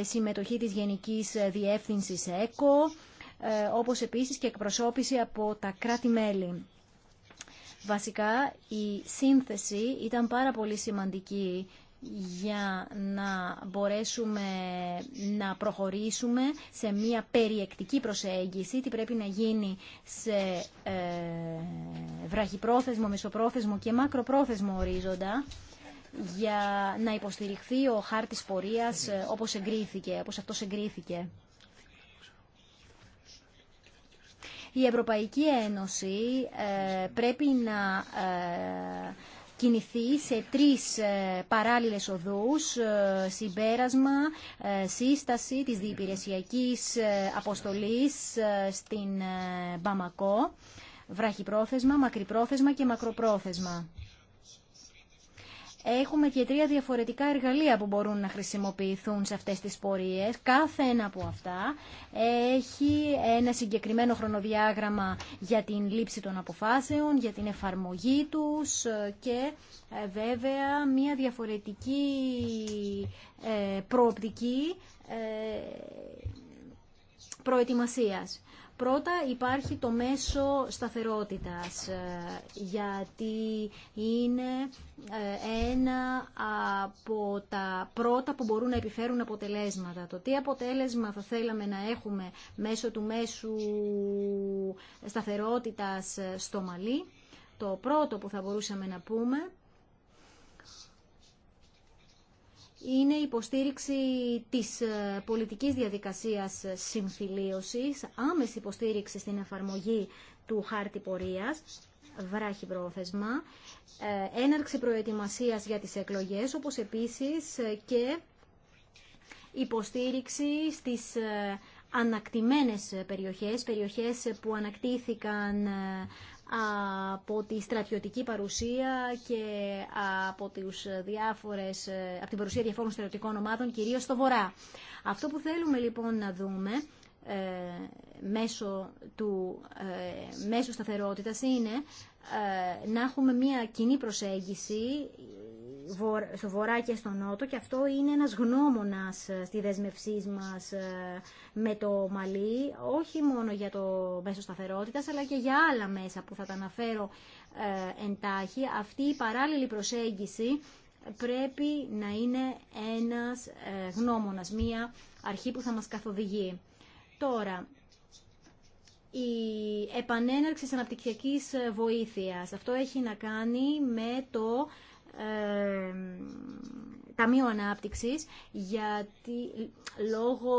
συμμετοχή της Γενικής Διεύθυνσης ΕΚΟ, όπως επίσης και εκπροσώπηση από τα κράτη-μέλη. Βασικά η σύνθεση ήταν πάρα πολύ σημαντική για να μπορέσουμε να προχωρήσουμε σε μια περιεκτική προσέγγιση, τι πρέπει να γίνει σε ε, βραχυπρόθεσμο, μεσοπρόθεσμο και μακροπρόθεσμο ορίζοντα για να υποστηριχθεί ο χάρτης πορείας ε, όπως εγκρίθηκε, όπως αυτό εγκρίθηκε. Η Ευρωπαϊκή Ένωση ε, πρέπει να ε, κινηθεί σε τρεις ε, παράλληλες οδούς, συμπέρασμα, σύσταση της διυπηρεσιακής αποστολής στην Μπαμακό, βραχυπρόθεσμα, μακρυπρόθεσμα και μακροπρόθεσμα. Έχουμε και τρία διαφορετικά εργαλεία που μπορούν να χρησιμοποιηθούν σε αυτές τις πορείες. Κάθε ένα από αυτά έχει ένα συγκεκριμένο χρονοδιάγραμμα για την λήψη των αποφάσεων, για την εφαρμογή τους και ε, βέβαια μια διαφορετική ε, προοπτική ε, προετοιμασίας. Πρώτα υπάρχει το μέσο σταθερότητας, ε, γιατί είναι ε, ένα από τα πρώτα που μπορούν να επιφέρουν αποτελέσματα. Το τι αποτέλεσμα θα θέλαμε να έχουμε μέσω του μέσου σταθερότητας ε, στο Μαλί, το πρώτο που θα μπορούσαμε να πούμε είναι η υποστήριξη της ε, πολιτικής διαδικασίας συμφιλίωσης, άμεση υποστήριξη στην εφαρμογή του χάρτη πορείας, βράχη πρόθεσμα, ε, έναρξη προετοιμασίας για τις εκλογές, όπως επίσης ε, και υποστήριξη στις ανακτημένες περιοχές, περιοχές που ανακτήθηκαν από τη στρατιωτική παρουσία και από, τους διάφορες, από την παρουσία διαφόρων στρατιωτικών ομάδων, κυρίως στο Βορρά. Αυτό που θέλουμε λοιπόν να δούμε ε, μέσω, του, ε, μέσω σταθερότητας είναι ε, να έχουμε μια κοινή προσέγγιση στο βορρά και στο νότο και αυτό είναι ένας γνώμονας ε, στη δέσμευσή μας ε, με το Μαλή, όχι μόνο για το μέσο σταθερότητας αλλά και για άλλα μέσα που θα τα αναφέρω ε, εντάχει. Αυτή η παράλληλη προσέγγιση πρέπει να είναι ένας γνώμονας, μία αρχή που θα μας καθοδηγεί. Τώρα, η επανέναρξη της αναπτυξιακής βοήθειας. Αυτό έχει να κάνει με το ε, Ταμείο Ανάπτυξης γιατί λόγω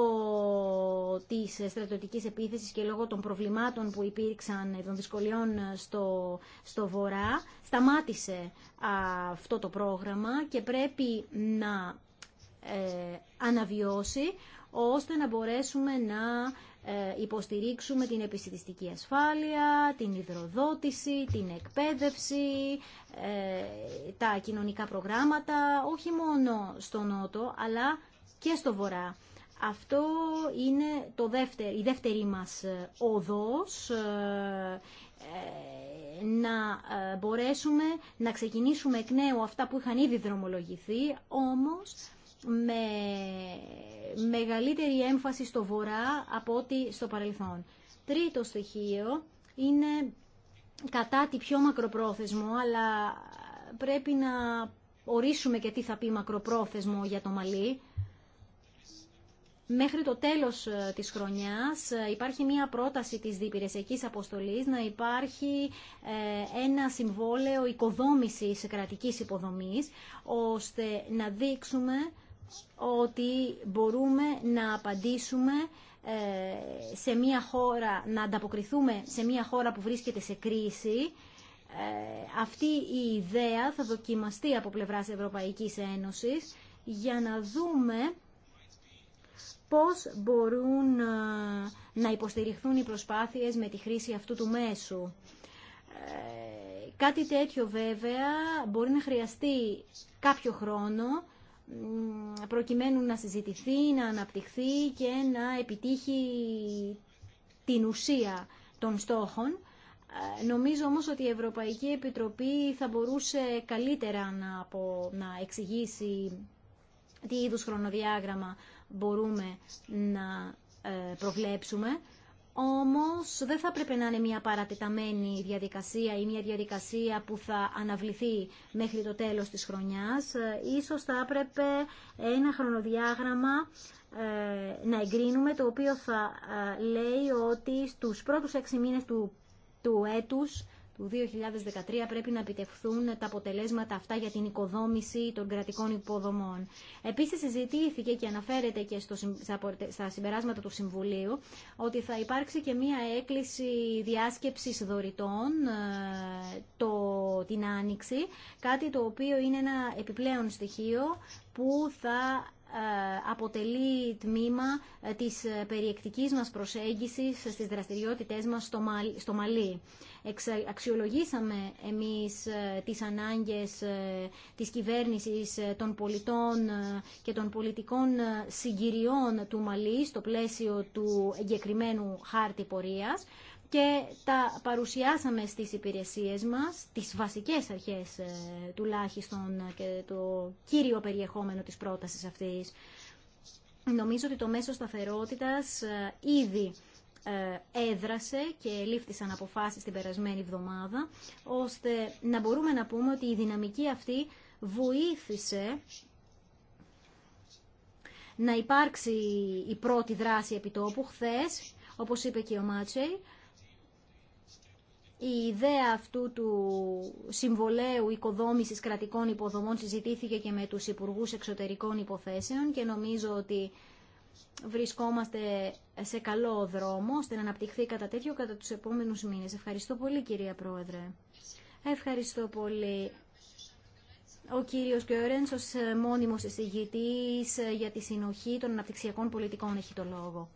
της στρατιωτικής επίθεσης και λόγω των προβλημάτων που υπήρξαν των δυσκολιών στο, στο Βορρά σταμάτησε αυτό το πρόγραμμα και πρέπει να ε, αναβιώσει ώστε να μπορέσουμε να ε, υποστηρίξουμε την επιστημιστική ασφάλεια, την υδροδότηση, την εκπαίδευση, ε, τα κοινωνικά προγράμματα, όχι μόνο στο Νότο, αλλά και στο Βορρά. Αυτό είναι το δεύτερο, η δεύτερη μας ε, οδός, να μπορέσουμε να ξεκινήσουμε εκ νέου αυτά που είχαν ήδη δρομολογηθεί, όμως με μεγαλύτερη έμφαση στο βορρά από ό,τι στο παρελθόν. Τρίτο στοιχείο είναι κατά τη πιο μακροπρόθεσμο, αλλά πρέπει να ορίσουμε και τι θα πει μακροπρόθεσμο για το μαλλί. Μέχρι το τέλος ε, της χρονιάς ε, υπάρχει μία πρόταση της διπηρεσιακής αποστολής να υπάρχει ε, ένα συμβόλαιο οικοδόμησης κρατικής υποδομής, ώστε να δείξουμε ότι μπορούμε να απαντήσουμε ε, σε μια χώρα, να ανταποκριθούμε σε μια χώρα που βρίσκεται σε κρίση. Ε, αυτή η ιδέα θα δοκιμαστεί από πλευράς Ευρωπαϊκής Ένωσης για να δούμε πώς μπορούν ε, να υποστηριχθούν οι προσπάθειες με τη χρήση αυτού του μέσου. Κάτι τέτοιο βέβαια μπορεί να χρειαστεί κάποιο χρόνο προκειμένου να συζητηθεί, να αναπτυχθεί και να επιτύχει την ουσία των στόχων. Ε, νομίζω όμως ότι η Ευρωπαϊκή Επιτροπή θα μπορούσε καλύτερα να, να εξηγήσει τι είδους χρονοδιάγραμμα μπορούμε να ε, προβλέψουμε όμως δεν θα πρέπει να είναι μια παρατεταμένη διαδικασία ή μια διαδικασία που θα αναβληθεί μέχρι το τέλος της χρονιάς. Ίσως θα έπρεπε ένα χρονοδιάγραμμα ε, να εγκρίνουμε το οποίο θα ε, λέει ότι στους πρώτους έξι μήνες του, του έτους του 2013 πρέπει να επιτευχθούν τα αποτελέσματα αυτά για την οικοδόμηση των κρατικών υποδομών. Επίσης συζητήθηκε και αναφέρεται και στο, στα συμπεράσματα του Συμβουλίου ότι θα υπάρξει και μία έκκληση διάσκεψης δωρητών ε, το, την Άνοιξη, κάτι το οποίο είναι ένα επιπλέον στοιχείο που θα ε, αποτελεί τμήμα ε, της περιεκτικής μας προσέγγισης στις δραστηριότητές μας στο Μαλί αξιολογήσαμε εμείς ε, τις ανάγκες ε, της κυβέρνησης ε, των πολιτών και των πολιτικών συγκυριών του Μαλή στο πλαίσιο του εγκεκριμένου χάρτη πορείας και τα παρουσιάσαμε στις υπηρεσίες μας, τις βασικές αρχές τουλάχιστον και το κύριο περιεχόμενο της πρότασης αυτής. Νομίζω ότι το μέσο σταθερότητας ήδη ε, έδρασε και λήφθησαν αποφάσεις την περασμένη εβδομάδα, ώστε να μπορούμε να πούμε ότι η δυναμική αυτή βοήθησε να υπάρξει η πρώτη δράση επιτόπου χθες, όπως είπε και ο Μάτσεϊ, η ιδέα αυτού του συμβολέου οικοδόμησης κρατικών υποδομών συζητήθηκε και με τους Υπουργούς Εξωτερικών Υποθέσεων και νομίζω ότι βρισκόμαστε σε καλό δρόμο ώστε να αναπτυχθεί κατά τέτοιο κατά τους επόμενους μήνες. Ευχαριστώ πολύ κυρία Πρόεδρε. Ευχαριστώ πολύ. Ο κύριος Κιόρενς ως μόνιμος εισηγητής για τη συνοχή των αναπτυξιακών πολιτικών έχει το λόγο.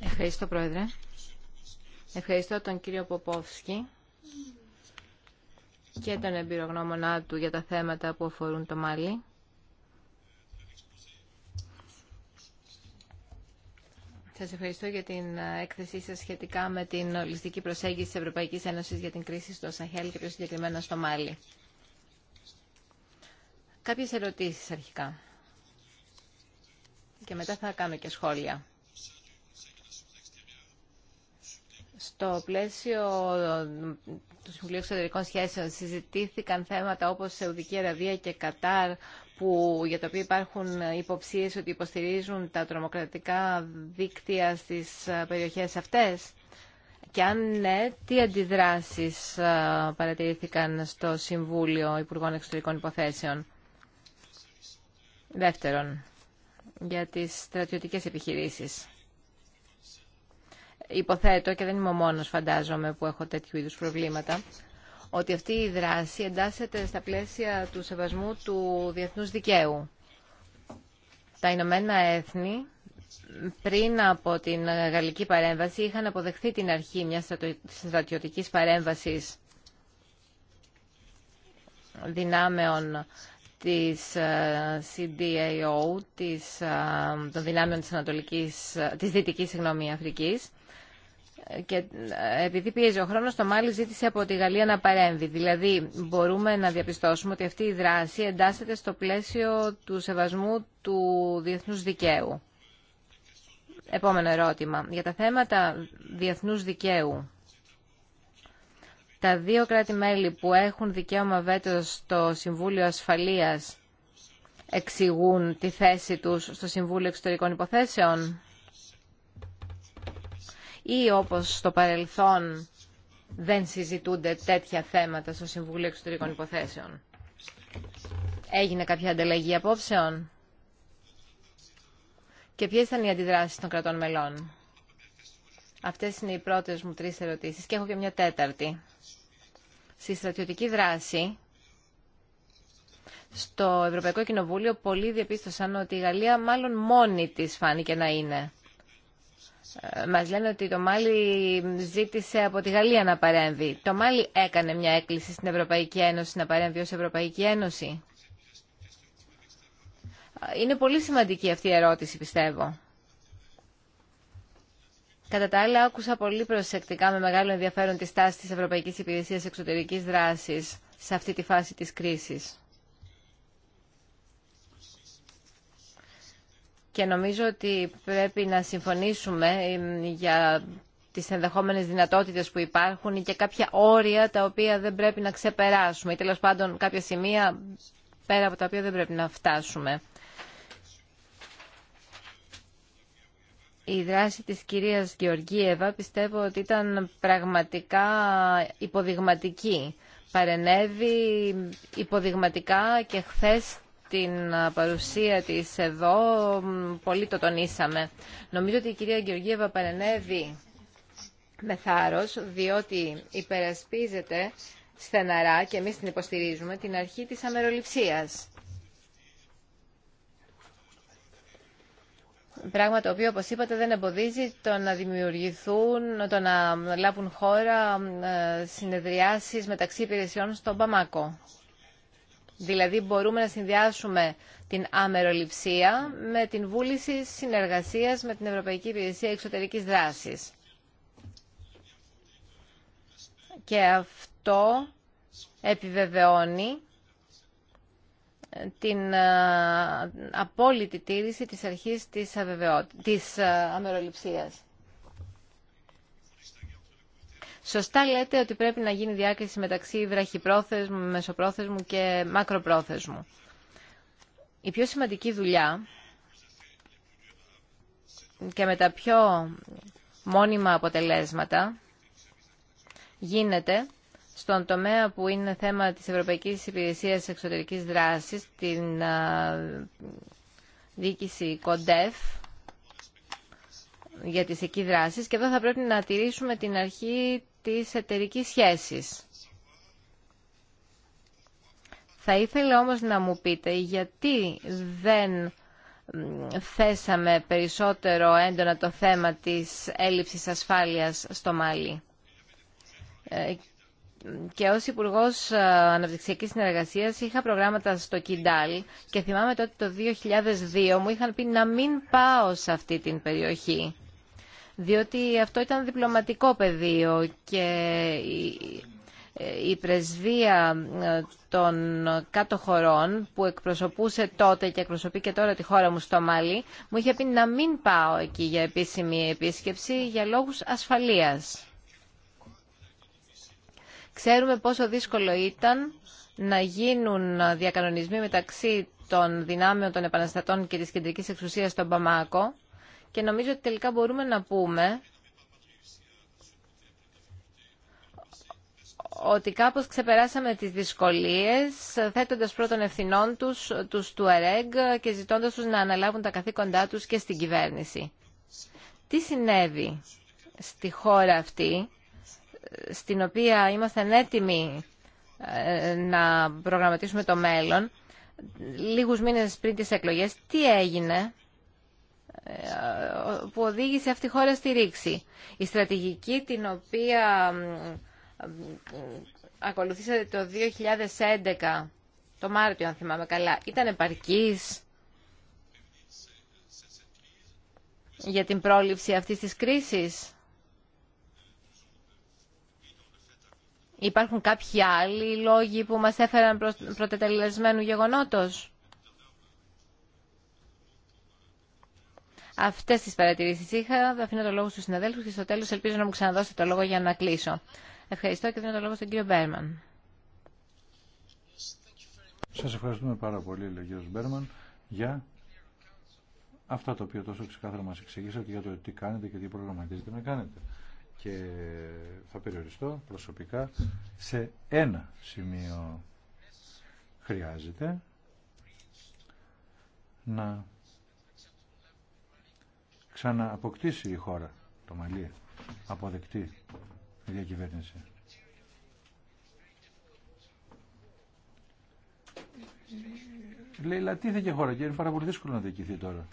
Ευχαριστώ Πρόεδρε. Ευχαριστώ τον κύριο Ποπόφσκι και τον εμπειρογνώμονά του για τα θέματα που αφορούν το Μάλι. Σας ευχαριστώ για την ε, έκθεσή σας σχετικά με την ολιστική προσέγγιση της Ευρωπαϊκής Ένωσης για την κρίση στο Σαχέλ και πιο συγκεκριμένα στο Μάλι. Κάποιες ερωτήσεις αρχικά. Και μετά θα κάνω και σχόλια. Στο πλαίσιο του Συμβουλίου Εξωτερικών Σχέσεων συζητήθηκαν θέματα όπως Σεουδική Αραβία και Κατάρ που, για τα οποία υπάρχουν υποψίες ότι υποστηρίζουν τα τρομοκρατικά δίκτυα στις ε, περιοχές αυτές. Και αν ναι, τι αντιδράσεις ε, παρατηρήθηκαν στο Συμβούλιο Υπουργών Εξωτερικών Υποθέσεων. Δεύτερον, για τις στρατιωτικές επιχειρήσεις υποθέτω και δεν είμαι ο μόνος φαντάζομαι που έχω τέτοιου είδους προβλήματα ότι αυτή η δράση εντάσσεται στα πλαίσια του σεβασμού του διεθνούς δικαίου. Τα Ηνωμένα Έθνη πριν από την γαλλική παρέμβαση είχαν αποδεχθεί την αρχή μιας στρατιωτικής παρέμβασης δυνάμεων της ε, CDAO, της, ε, των δυνάμεων της, Ανατολικής, ε, της Δυτικής συγγνώμη, Αφρικής. Και επειδή πίεζε ο χρόνος, το Μάλι ζήτησε από τη Γαλλία να παρέμβει. Δηλαδή, μπορούμε να διαπιστώσουμε ότι αυτή η δράση εντάσσεται στο πλαίσιο του σεβασμού του διεθνούς δικαίου. Επόμενο ερώτημα. Για τα θέματα διεθνούς δικαίου, τα δύο κράτη-μέλη που έχουν δικαίωμα βέτος στο Συμβούλιο Ασφαλείας εξηγούν τη θέση τους στο Συμβούλιο Εξωτερικών Υποθέσεων ή όπως στο παρελθόν δεν συζητούνται τέτοια θέματα στο Συμβούλιο Εξωτερικών Υποθέσεων. Έγινε κάποια ανταλλαγή απόψεων και ποιες ήταν οι αντιδράσεις των κρατών μελών. Αυτές είναι οι πρώτες μου τρεις ερωτήσεις και έχω και μια τέταρτη στη στρατιωτική δράση στο Ευρωπαϊκό Κοινοβούλιο πολλοί διαπίστωσαν ότι η Γαλλία μάλλον μόνη της φάνηκε να είναι. Ε, μας λένε ότι το Μάλι ζήτησε από τη Γαλλία να παρέμβει. Το Μάλι έκανε μια έκκληση στην Ευρωπαϊκή Ένωση να παρέμβει ως Ευρωπαϊκή Ένωση. Ε, είναι πολύ σημαντική αυτή η ερώτηση, πιστεύω. Κατά τα άλλα, άκουσα πολύ προσεκτικά με μεγάλο ενδιαφέρον τη στάση τη Ευρωπαϊκής Υπηρεσία Εξωτερικής Δράσης σε αυτή τη φάση της κρίσης. Και νομίζω ότι πρέπει να συμφωνήσουμε για τις ενδεχόμενες δυνατότητες που υπάρχουν και κάποια όρια τα οποία δεν πρέπει να ξεπεράσουμε ή τέλος πάντων κάποια σημεία πέρα από τα οποία δεν πρέπει να φτάσουμε. η δράση της κυρίας Γεωργίευα πιστεύω ότι ήταν πραγματικά υποδειγματική. Παρενέβη υποδειγματικά και χθες την παρουσία της εδώ πολύ το τονίσαμε. Νομίζω ότι η κυρία Γεωργίευα παρενέβη με θάρρος διότι υπερασπίζεται στεναρά και εμείς την υποστηρίζουμε την αρχή της αμεροληψίας. Πράγμα το οποίο, όπως είπατε, δεν εμποδίζει το να δημιουργηθούν, το να λάβουν χώρα ε, συνεδριάσεις μεταξύ υπηρεσιών στον Παμάκο. Δηλαδή μπορούμε να συνδυάσουμε την αμεροληψία με την βούληση συνεργασίας με την Ευρωπαϊκή Υπηρεσία Εξωτερικής Δράσης. Και αυτό επιβεβαιώνει την ε, απόλυτη τήρηση της αρχής της, αμεροληψία. της ε, αμεροληψίας. Σωστά λέτε ότι πρέπει να γίνει διάκριση μεταξύ βραχυπρόθεσμου, μεσοπρόθεσμου και μακροπρόθεσμου. Η πιο σημαντική δουλειά και με τα πιο μόνιμα αποτελέσματα γίνεται στον τομέα που είναι θέμα της Ευρωπαϊκής Υπηρεσίας Εξωτερικής Δράσης, την διοίκηση Κοντεφ, για τις εκεί δράσεις και εδώ θα πρέπει να τηρήσουμε την αρχή της εταιρικής σχέσης. Θα ήθελα όμως να μου πείτε γιατί δεν θέσαμε περισσότερο έντονα το θέμα της έλλειψης ασφάλειας στο Μάλι. Ε, και ως Υπουργός ε, Αναπτυξιακής Συνεργασίας είχα προγράμματα στο Κιντάλ και θυμάμαι τότε το 2002 μου είχαν πει να μην πάω σε αυτή την περιοχή διότι αυτό ήταν διπλωματικό πεδίο και η πρεσβεία ε, των κάτω χωρών που εκπροσωπούσε τότε και εκπροσωπεί και τώρα τη χώρα μου στο Μάλι μου είχε πει να μην πάω εκεί για επίσημη επίσκεψη για λόγους ασφαλείας. Ξέρουμε πόσο δύσκολο ήταν να γίνουν διακανονισμοί μεταξύ των δυνάμεων των επαναστατών και της κεντρικής εξουσίας στον Παμάκο και νομίζω ότι τελικά μπορούμε να πούμε ότι κάπως ξεπεράσαμε τις δυσκολίες θέτοντας πρώτων ευθυνών τους τους του ΑΡΕΓ και ζητώντας τους να αναλάβουν τα καθήκοντά τους και στην κυβέρνηση. Τι συνέβη στη χώρα αυτή στην οποία ήμασταν έτοιμοι ε, να προγραμματίσουμε το μέλλον, λίγους μήνες πριν τις εκλογές, τι έγινε ε, που οδήγησε αυτή η χώρα στη ρήξη. Η στρατηγική την οποία ακολουθήσατε το 2011, το Μάρτιο αν θυμάμαι καλά, ήταν επαρκής για την πρόληψη αυτής της κρίσης. Υπάρχουν κάποιοι άλλοι λόγοι που μας έφεραν προς προτετελεσμένου γεγονότος. Αυτές τις παρατηρήσεις είχα. Αφήνω το λόγο στους συναδέλφους και στο τέλος ελπίζω να μου ξαναδώσετε το λόγο για να κλείσω. Ευχαριστώ και δίνω το λόγο στον κύριο Μπέρμαν. Σας ευχαριστούμε πάρα πολύ, λέει ο κύριος Μπέρμαν, για αυτά τα οποία τόσο ξεκάθαρα μας εξηγήσατε για το τι κάνετε και τι προγραμματίζετε να κάνετε και θα περιοριστώ προσωπικά σε ένα σημείο χρειάζεται να ξανααποκτήσει η χώρα το Μαλί αποδεκτή διακυβέρνηση. Λέει, λατήθηκε η χώρα και είναι πάρα πολύ δύσκολο να διοικηθεί τώρα.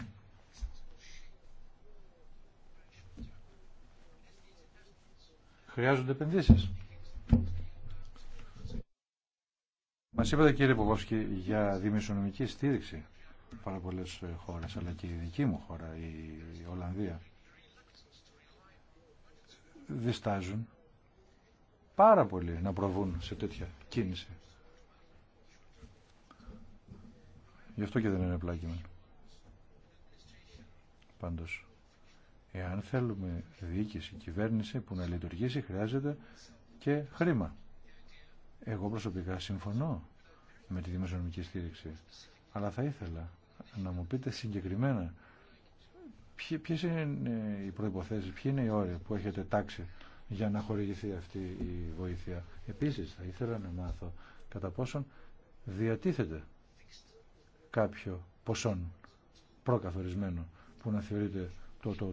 χρειάζονται επενδύσεις. Μας είπατε κύριε Ποβόσκη για δημοσιονομική στήριξη πάρα πολλέ ε, χώρες, αλλά και η δική μου χώρα, η Ολλανδία, διστάζουν πάρα πολύ να προβούν σε τέτοια κίνηση. Γι' αυτό και δεν είναι πλάκι. Πάντως. Εάν θέλουμε διοίκηση, κυβέρνηση που να λειτουργήσει χρειάζεται και χρήμα. Εγώ προσωπικά συμφωνώ με τη δημοσιονομική στήριξη, αλλά θα ήθελα να μου πείτε συγκεκριμένα ποιε είναι οι προϋποθέσεις, ποιοι είναι οι όροι που έχετε τάξει για να χορηγηθεί αυτή η βοήθεια. Επίσης θα ήθελα να μάθω κατά πόσον διατίθεται κάποιο ποσόν προκαθορισμένο που να θεωρείται το, το,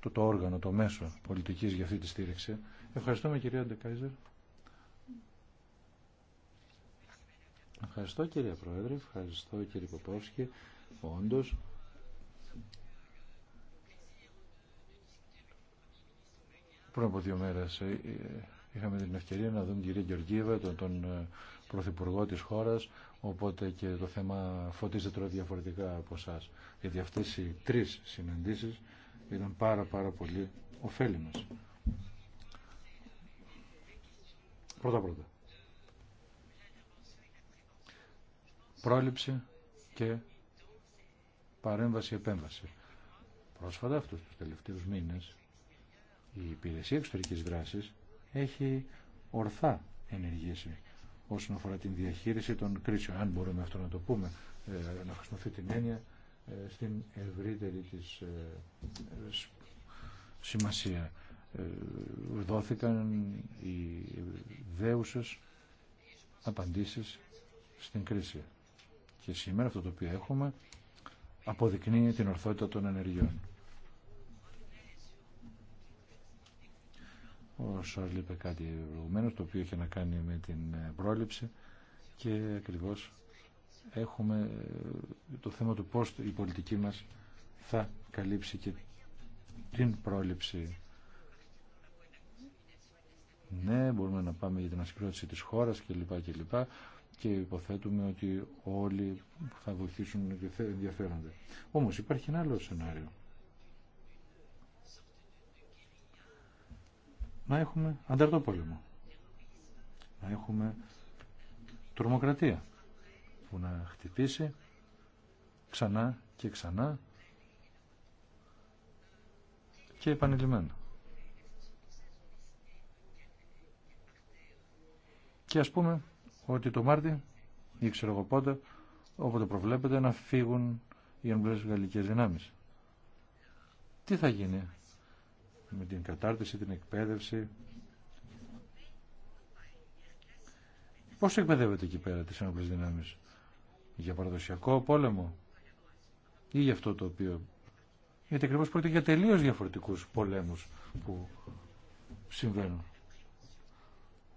το, το, όργανο, το μέσο πολιτικής για αυτή τη στήριξη. Ευχαριστούμε κυρία Ντεκάιζερ. Ευχαριστώ κυρία Πρόεδρε, ευχαριστώ κύριε Ποπόφσκι. Όντως, πριν από δύο μέρες ε, ε, είχαμε την ευκαιρία να δούμε την κυρία Γεωργίευα, τον, τον ε, Πρωθυπουργό της χώρας, οπότε και το θέμα φωτίζεται τώρα διαφορετικά από εσά. Γιατί αυτές οι τρεις συναντήσεις ήταν πάρα πάρα πολύ ωφέλιμες. Πρώτα πρώτα. Πρόληψη και παρέμβαση-επέμβαση. Πρόσφατα αυτούς τους τελευταίους μήνες η υπηρεσία εξωτερικής δράσης έχει ορθά ενεργήσει όσον αφορά την διαχείριση των κρίσεων, αν μπορούμε αυτό να το πούμε, ε, να χρησιμοποιηθεί την έννοια ε, στην ευρύτερη της ε, σημασία. Δόθηκαν οι δέουσες απαντήσεις στην κρίση. Και σήμερα αυτό το οποίο έχουμε αποδεικνύει την ορθότητα των ενεργειών. Ο Σάρλ είπε κάτι προηγουμένω το οποίο έχει να κάνει με την ε, πρόληψη και ακριβώ έχουμε ε, το θέμα του πώς η πολιτική μας θα καλύψει και την πρόληψη. Ναι, μπορούμε να πάμε για την ασυγκρότηση της χώρας κλπ. λοιπά Και υποθέτουμε ότι όλοι θα βοηθήσουν και ενδιαφέρονται. Όμως υπάρχει ένα άλλο σενάριο. να έχουμε ανταρτό πόλεμο. Να έχουμε τρομοκρατία που να χτυπήσει ξανά και ξανά και επανειλημμένα. Και ας πούμε ότι το Μάρτι ή ξέρω εγώ πότε, όποτε προβλέπετε να φύγουν οι εμπλές γαλλικές δυνάμεις. Τι θα γίνει με την κατάρτιση, την εκπαίδευση. Πώς εκπαιδεύεται εκεί πέρα τις ένοπλες δυνάμεις, για παραδοσιακό πόλεμο ή για αυτό το οποίο... Γιατί ακριβώς πρόκειται για τελείως διαφορετικούς πολέμους που συμβαίνουν.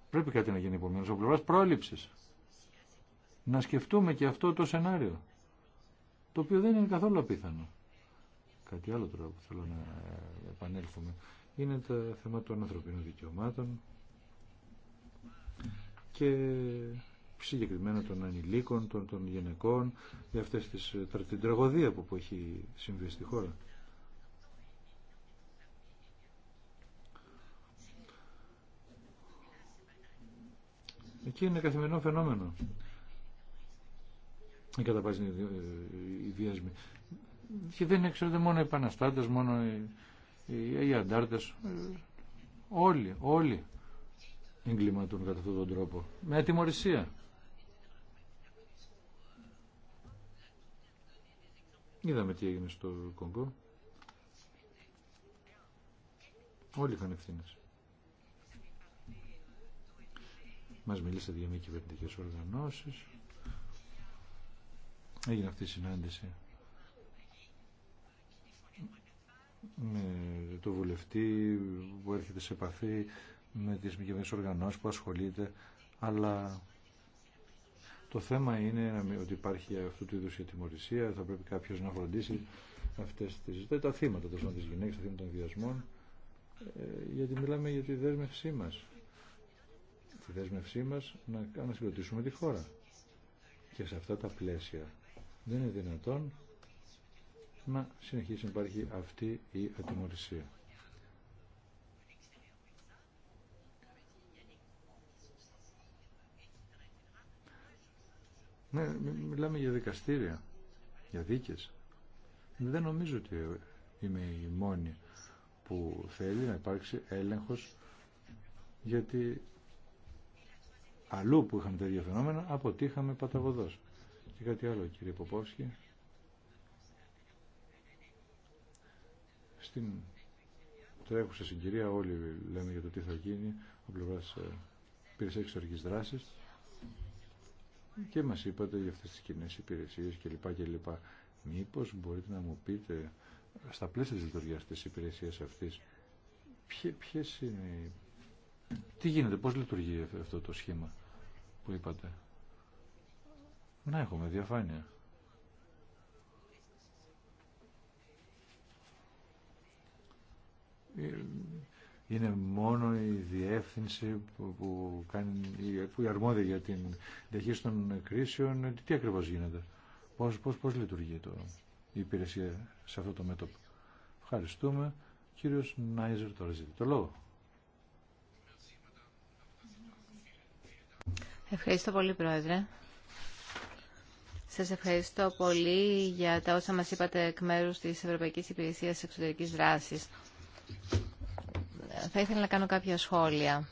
Πρέπει κάτι να γίνει επομένως από πλευράς πρόληψης. Να σκεφτούμε και αυτό το σενάριο, το οποίο δεν είναι καθόλου απίθανο κάτι άλλο τώρα που θέλω να επανέλθουμε είναι το θέμα των ανθρωπίνων δικαιωμάτων και συγκεκριμένα των ανηλίκων, των, των γυναικών για αυτές τις, την τραγωδία που, που έχει συμβεί στη χώρα. Εκεί είναι καθημερινό φαινόμενο. Η πάση ε, οι βιασμοί και δεν είναι μόνο οι επαναστάτες, μόνο οι, οι, οι αντάρτες. Όλοι, όλοι εγκληματούν κατά αυτόν τον τρόπο. Με ατιμορρησία. Είδαμε τι έγινε στο Κονγκό. Όλοι είχαν ευθύνε. Μας μιλήσατε για μη κυβερνητικές οργανώσεις. Έγινε αυτή η συνάντηση με το βουλευτή που έρχεται σε επαφή με τις μη οργανώσεις που ασχολείται, αλλά το θέμα είναι ότι υπάρχει αυτού του είδους η ατιμωρησία θα πρέπει κάποιος να φροντίσει αυτές τις, τα θύματα τόσο, της γυναίκας, τα θύματα των βιασμών, ε, γιατί μιλάμε για τη δέσμευσή μας. Τη δέσμευσή μας να ανασυγκροτήσουμε τη χώρα. Και σε αυτά τα πλαίσια δεν είναι δυνατόν να συνεχίσει να υπάρχει αυτή η ατιμορρησία. Ναι, μιλάμε για δικαστήρια, για δίκες. Δεν νομίζω ότι είμαι η μόνη που θέλει να υπάρξει έλεγχος γιατί αλλού που είχαμε τέτοια φαινόμενα αποτύχαμε παταγωδός. Και κάτι άλλο κύριε Ποπόφσκι. Στην τρέχουσα συγκυρία όλοι λέμε για το τι θα γίνει ο πλευρά ε, υπηρεσία εξωτερική δράση και μα είπατε για αυτέ τι κοινέ υπηρεσίε κλπ. κλπ. Μήπω μπορείτε να μου πείτε στα πλαίσια τη λειτουργία τη υπηρεσία αυτή ποιε είναι. Τι γίνεται, πώς λειτουργεί αυτό το σχήμα που είπατε. Να έχουμε διαφάνεια. Ε, είναι μόνο η διεύθυνση που, που, κάνει, που είναι αρμόδια για την διαχείριση των κρίσεων. Ε, τι ακριβώς γίνεται, πώς, πώς, πώς λειτουργεί το, η υπηρεσία σε αυτό το μέτωπο. Ευχαριστούμε. Κύριος Νάιζερ τώρα ζητεί το λόγο. Ευχαριστώ πολύ, Πρόεδρε. Σας ευχαριστώ πολύ για τα όσα μας είπατε εκ μέρους της Ευρωπαϊκής Υπηρεσίας Εξωτερικής Δράσης. Θα ήθελα να κάνω κάποια σχόλια.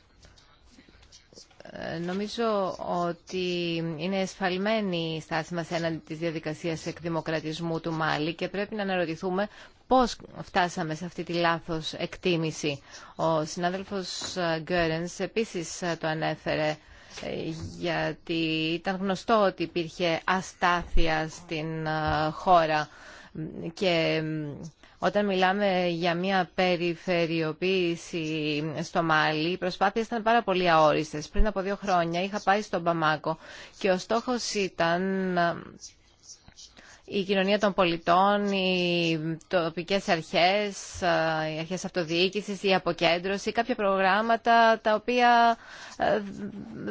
Ε, νομίζω ότι είναι εσφαλμένη η στάση μας έναντι της διαδικασίας εκδημοκρατισμού του Μάλι και πρέπει να αναρωτηθούμε πώς φτάσαμε σε αυτή τη λάθος εκτίμηση. Ο συνάδελφος Γκέρενς επίσης το ανέφερε ε, γιατί ήταν γνωστό ότι υπήρχε αστάθεια στην ε, χώρα και όταν μιλάμε για μια περιφερειοποίηση στο Μάλι, οι προσπάθειε ήταν πάρα πολύ αόριστε. Πριν από δύο χρόνια είχα πάει στον Παμάκο και ο στόχο ήταν η κοινωνία των πολιτών, οι τοπικές αρχές, οι αρχές αυτοδιοίκηση, η αποκέντρωση, κάποια προγράμματα τα οποία ε,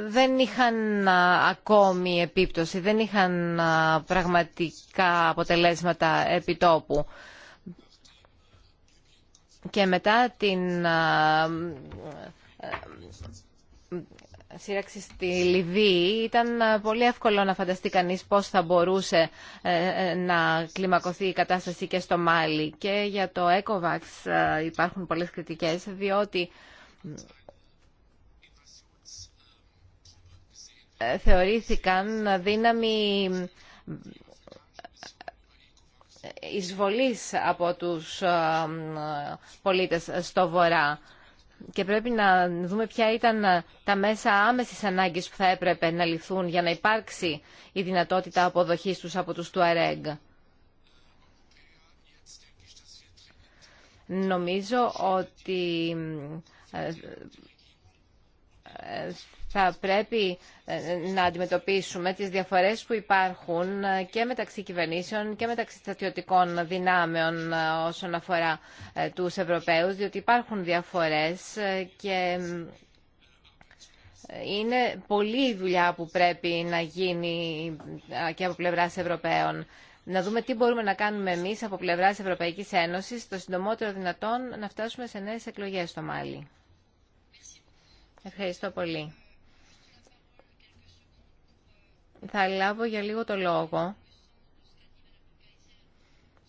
δεν είχαν ε, ακόμη επίπτωση, δεν είχαν ε, πραγματικά αποτελέσματα επιτόπου και μετά την σύραξη στη Λιβύη ήταν πολύ εύκολο να φανταστεί κανείς πώς θα μπορούσε ε, ε, να κλιμακωθεί η κατάσταση και στο Μάλι και για το ECOVAX υπάρχουν πολλές κριτικές διότι ε, θεωρήθηκαν δύναμη εισβολής από τους ε, πολίτες στο Βορρά. Και πρέπει να δούμε ποια ήταν τα μέσα άμεσης ανάγκης που θα έπρεπε να λυθούν για να υπάρξει η δυνατότητα αποδοχής τους από τους του ΑΡΕΓ. Νομίζω ότι ε, ε, θα πρέπει ε, να αντιμετωπίσουμε τις διαφορές που υπάρχουν ε, και μεταξύ κυβερνήσεων και μεταξύ στρατιωτικών δυνάμεων ε, όσον αφορά τους Ευρωπαίους, διότι υπάρχουν διαφορές και είναι πολλή η δουλειά που πρέπει να γίνει και από πλευράς Ευρωπαίων. Να δούμε τι μπορούμε να κάνουμε εμείς από πλευράς Ευρωπαϊκής Ένωσης, το συντομότερο δυνατόν να φτάσουμε σε νέες εκλογές στο Μάλι. Ευχαριστώ πολύ θα λάβω για λίγο το λόγο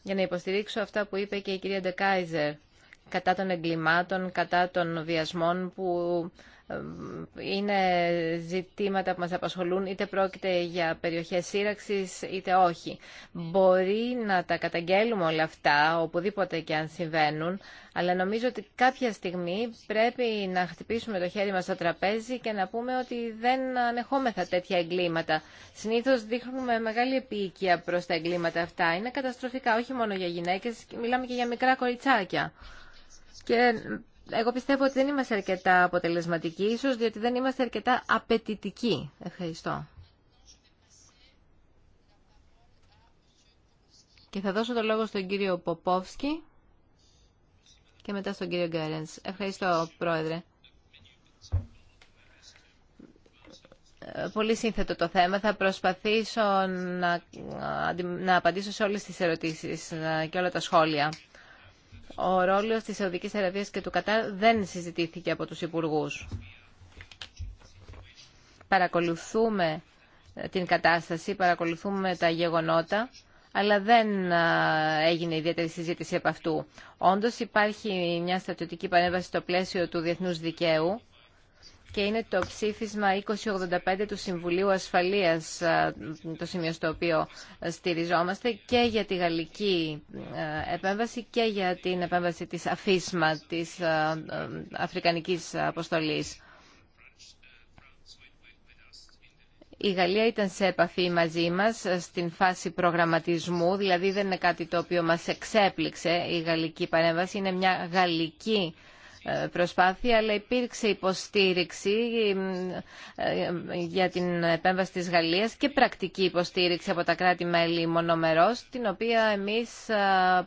για να υποστηρίξω αυτά που είπε και η κυρία Ντεκάιζερ κατά των εγκλημάτων, κατά των βιασμών που είναι ζητήματα που μας απασχολούν είτε πρόκειται για περιοχές σύραξης είτε όχι. Μπορεί να τα καταγγέλουμε όλα αυτά οπουδήποτε και αν συμβαίνουν αλλά νομίζω ότι κάποια στιγμή πρέπει να χτυπήσουμε το χέρι μας στο τραπέζι και να πούμε ότι δεν ανεχόμεθα τέτοια εγκλήματα. Συνήθως δείχνουμε μεγάλη επίοικια προς τα εγκλήματα αυτά. Είναι καταστροφικά όχι μόνο για γυναίκες, μιλάμε και για μικρά κοριτσάκια εγώ πιστεύω ότι δεν είμαστε αρκετά αποτελεσματικοί, ίσως διότι δεν είμαστε αρκετά απαιτητικοί. Ευχαριστώ. Και θα δώσω το λόγο στον κύριο Ποπόφσκι και μετά στον κύριο Γκέρενς. Ευχαριστώ, Πρόεδρε. Πολύ σύνθετο το θέμα. Θα προσπαθήσω να, να απαντήσω σε όλες τις ερωτήσεις ε, και όλα τα σχόλια. Ο ρόλος της Σαουδικής Αραβίας και του Κατάρ δεν συζητήθηκε από τους Υπουργούς. Παρακολουθούμε ε, την κατάσταση, παρακολουθούμε τα γεγονότα, αλλά δεν ε, έγινε ιδιαίτερη συζήτηση από αυτού. Όντως υπάρχει μια στρατιωτική παρέμβαση στο πλαίσιο του διεθνούς δικαίου, και είναι το ψήφισμα 2085 του Συμβουλίου Ασφαλείας το σημείο στο οποίο ε, στηριζόμαστε και για τη γαλλική ε, επέμβαση και για την επέμβαση της αφίσμα της ε, Αφρικανικής Αποστολής. Η Γαλλία ήταν σε επαφή μαζί μας στην φάση προγραμματισμού, δηλαδή δεν είναι κάτι το οποίο μας εξέπληξε η γαλλική παρέμβαση, είναι μια γαλλική προσπάθεια, αλλά υπήρξε υποστήριξη για την επέμβαση της Γαλλίας και πρακτική υποστήριξη από τα κράτη-μέλη μονομερός, την οποία εμείς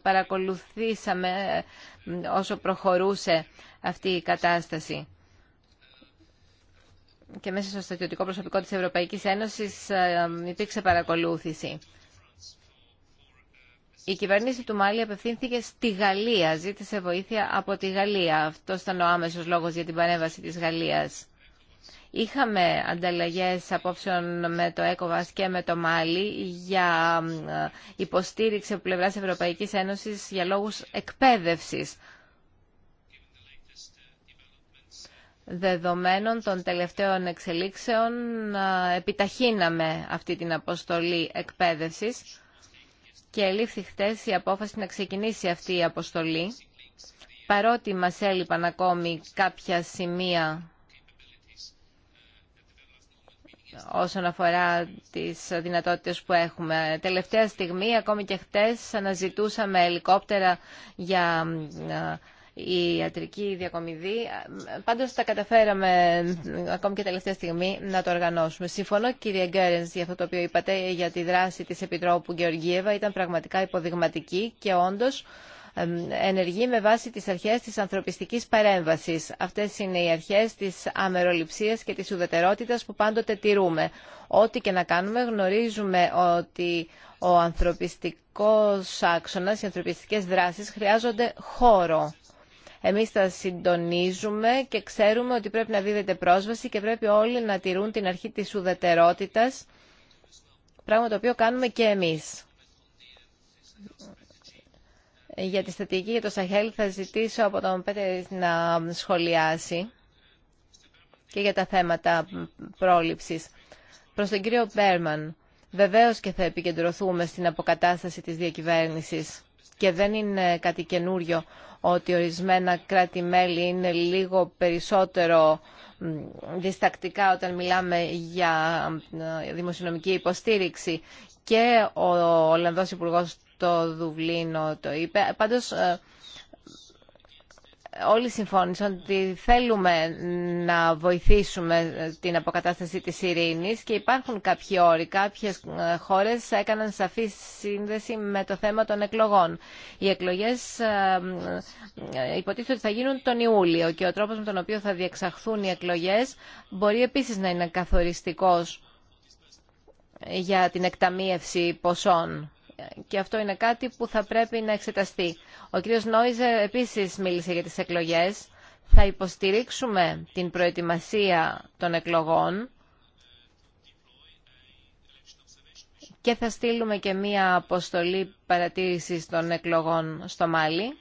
παρακολουθήσαμε όσο προχωρούσε αυτή η κατάσταση και μέσα στο στρατιωτικό προσωπικό της Ευρωπαϊκής Ένωσης υπήρξε παρακολούθηση. Η κυβέρνηση του Μάλι απευθύνθηκε στη Γαλλία, ζήτησε βοήθεια από τη Γαλλία. Αυτό ήταν ο άμεσος λόγος για την παρέμβαση της Γαλλίας. Είχαμε ανταλλαγέ απόψεων με το ΕΚΟΒΑΣ και με το Μάλι για ε, υποστήριξη από πλευράς Ευρωπαϊκής Ένωσης για λόγους εκπαίδευση. Δεδομένων των τελευταίων εξελίξεων ε, επιταχύναμε αυτή την αποστολή εκπαίδευσης και ελήφθη χθε η απόφαση να ξεκινήσει αυτή η αποστολή παρότι μας έλειπαν ακόμη κάποια σημεία όσον αφορά τις δυνατότητες που έχουμε. Τελευταία στιγμή, ακόμη και χτες, αναζητούσαμε ελικόπτερα για ε, η ιατρική διακομιδή. πάντω τα καταφέραμε ακόμη και τελευταία στιγμή να το οργανώσουμε. Συμφωνώ κύριε Γκέρεν, για αυτό το οποίο είπατε για τη δράση τη Επιτρόπου Γεωργίευα. Ήταν πραγματικά υποδειγματική και όντω ενεργεί με βάση τις αρχές της ανθρωπιστικής παρέμβασης. Αυτές είναι οι αρχές της αμεροληψίας και της ουδετερότητας που πάντοτε τηρούμε. Ό,τι και να κάνουμε γνωρίζουμε ότι ο ανθρωπιστικός άξονας, οι ανθρωπιστικές δράσεις χρειάζονται χώρο. Εμείς τα συντονίζουμε και ξέρουμε ότι πρέπει να δίδεται πρόσβαση και πρέπει όλοι να τηρούν την αρχή της ουδετερότητας, πράγμα το οποίο κάνουμε και εμείς. Για τη στατική για το Σαχέλ θα ζητήσω από τον Πέτερ να σχολιάσει και για τα θέματα πρόληψης. Προς τον κύριο Μπέρμαν, βεβαίως και θα επικεντρωθούμε στην αποκατάσταση της διακυβέρνησης και δεν είναι κάτι καινούριο ότι ορισμένα κράτη-μέλη είναι λίγο περισσότερο διστακτικά όταν μιλάμε για δημοσιονομική υποστήριξη και ο Ολλανδός Υπουργός το Δουβλίνο το είπε. Πάντως ε, όλοι συμφώνησαν ότι θέλουμε να βοηθήσουμε την αποκατάσταση της ειρήνης και υπάρχουν κάποιοι όροι. Κάποιες ε, χώρες έκαναν σαφή σύνδεση με το θέμα των εκλογών. Οι εκλογές ε, ε, υποτίθεται ότι θα γίνουν τον Ιούλιο και ο τρόπος με τον οποίο θα διεξαχθούν οι εκλογές μπορεί επίσης να είναι καθοριστικός για την εκταμίευση ποσών και αυτό είναι κάτι που θα πρέπει να εξεταστεί. Ο κύριος Νόιζερ επίσης μίλησε για τις εκλογές. Θα υποστηρίξουμε την προετοιμασία των εκλογών και θα στείλουμε και μία αποστολή παρατήρησης των εκλογών στο Μάλι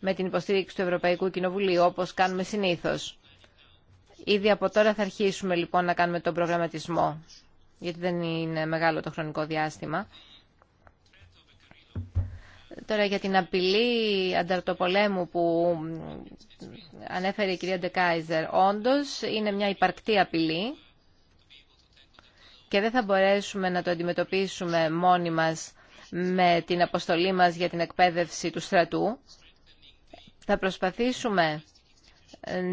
με την υποστήριξη του Ευρωπαϊκού Κοινοβουλίου, όπως κάνουμε συνήθως. Ήδη από τώρα θα αρχίσουμε λοιπόν να κάνουμε τον προγραμματισμό, γιατί δεν είναι μεγάλο το χρονικό διάστημα. Τώρα για την απειλή ανταρτοπολέμου που ανέφερε η κυρία Ντεκάιζερ, όντως είναι μια υπαρκτή απειλή και δεν θα μπορέσουμε να το αντιμετωπίσουμε μόνοι μας με την αποστολή μας για την εκπαίδευση του στρατού. Θα προσπαθήσουμε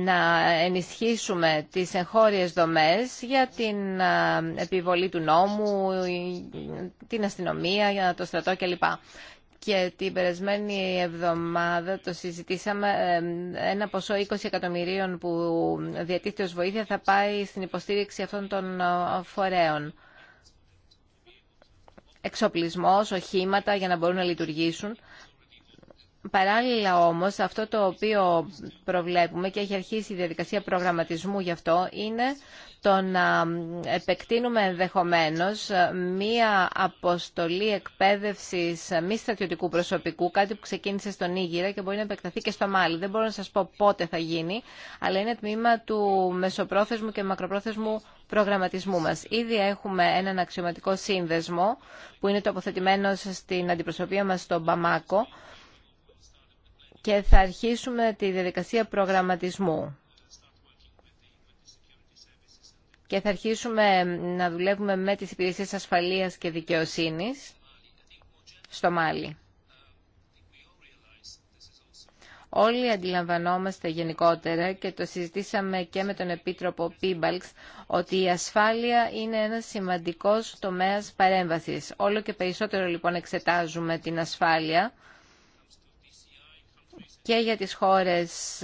να ενισχύσουμε τις εγχώριες δομές για την επιβολή του νόμου, την αστυνομία, για το στρατό κλπ και την περασμένη εβδομάδα το συζητήσαμε ένα ποσό 20 εκατομμυρίων που διατίθεται ως βοήθεια θα πάει στην υποστήριξη αυτών των φορέων. Εξοπλισμός, οχήματα για να μπορούν να λειτουργήσουν. Παράλληλα όμως αυτό το οποίο προβλέπουμε και έχει αρχίσει η διαδικασία προγραμματισμού γι' αυτό είναι το να επεκτείνουμε ενδεχομένως μία αποστολή εκπαίδευσης μη στρατιωτικού προσωπικού, κάτι που ξεκίνησε στον Ήγηρα και μπορεί να επεκταθεί και στο Μάλι. Δεν μπορώ να σας πω πότε θα γίνει, αλλά είναι τμήμα του μεσοπρόθεσμου και μακροπρόθεσμου προγραμματισμού μας. Ήδη έχουμε έναν αξιωματικό σύνδεσμο που είναι τοποθετημένο στην αντιπροσωπεία μα στο Μπαμάκο, και θα αρχίσουμε τη διαδικασία προγραμματισμού. Και θα αρχίσουμε να δουλεύουμε με τις υπηρεσίες ασφαλείας και δικαιοσύνης στο Μάλι. Όλοι αντιλαμβανόμαστε γενικότερα και το συζητήσαμε και με τον Επίτροπο Πίμπαλξ ότι η ασφάλεια είναι ένας σημαντικός τομέας παρέμβασης. Όλο και περισσότερο λοιπόν εξετάζουμε την ασφάλεια και για τις χώρες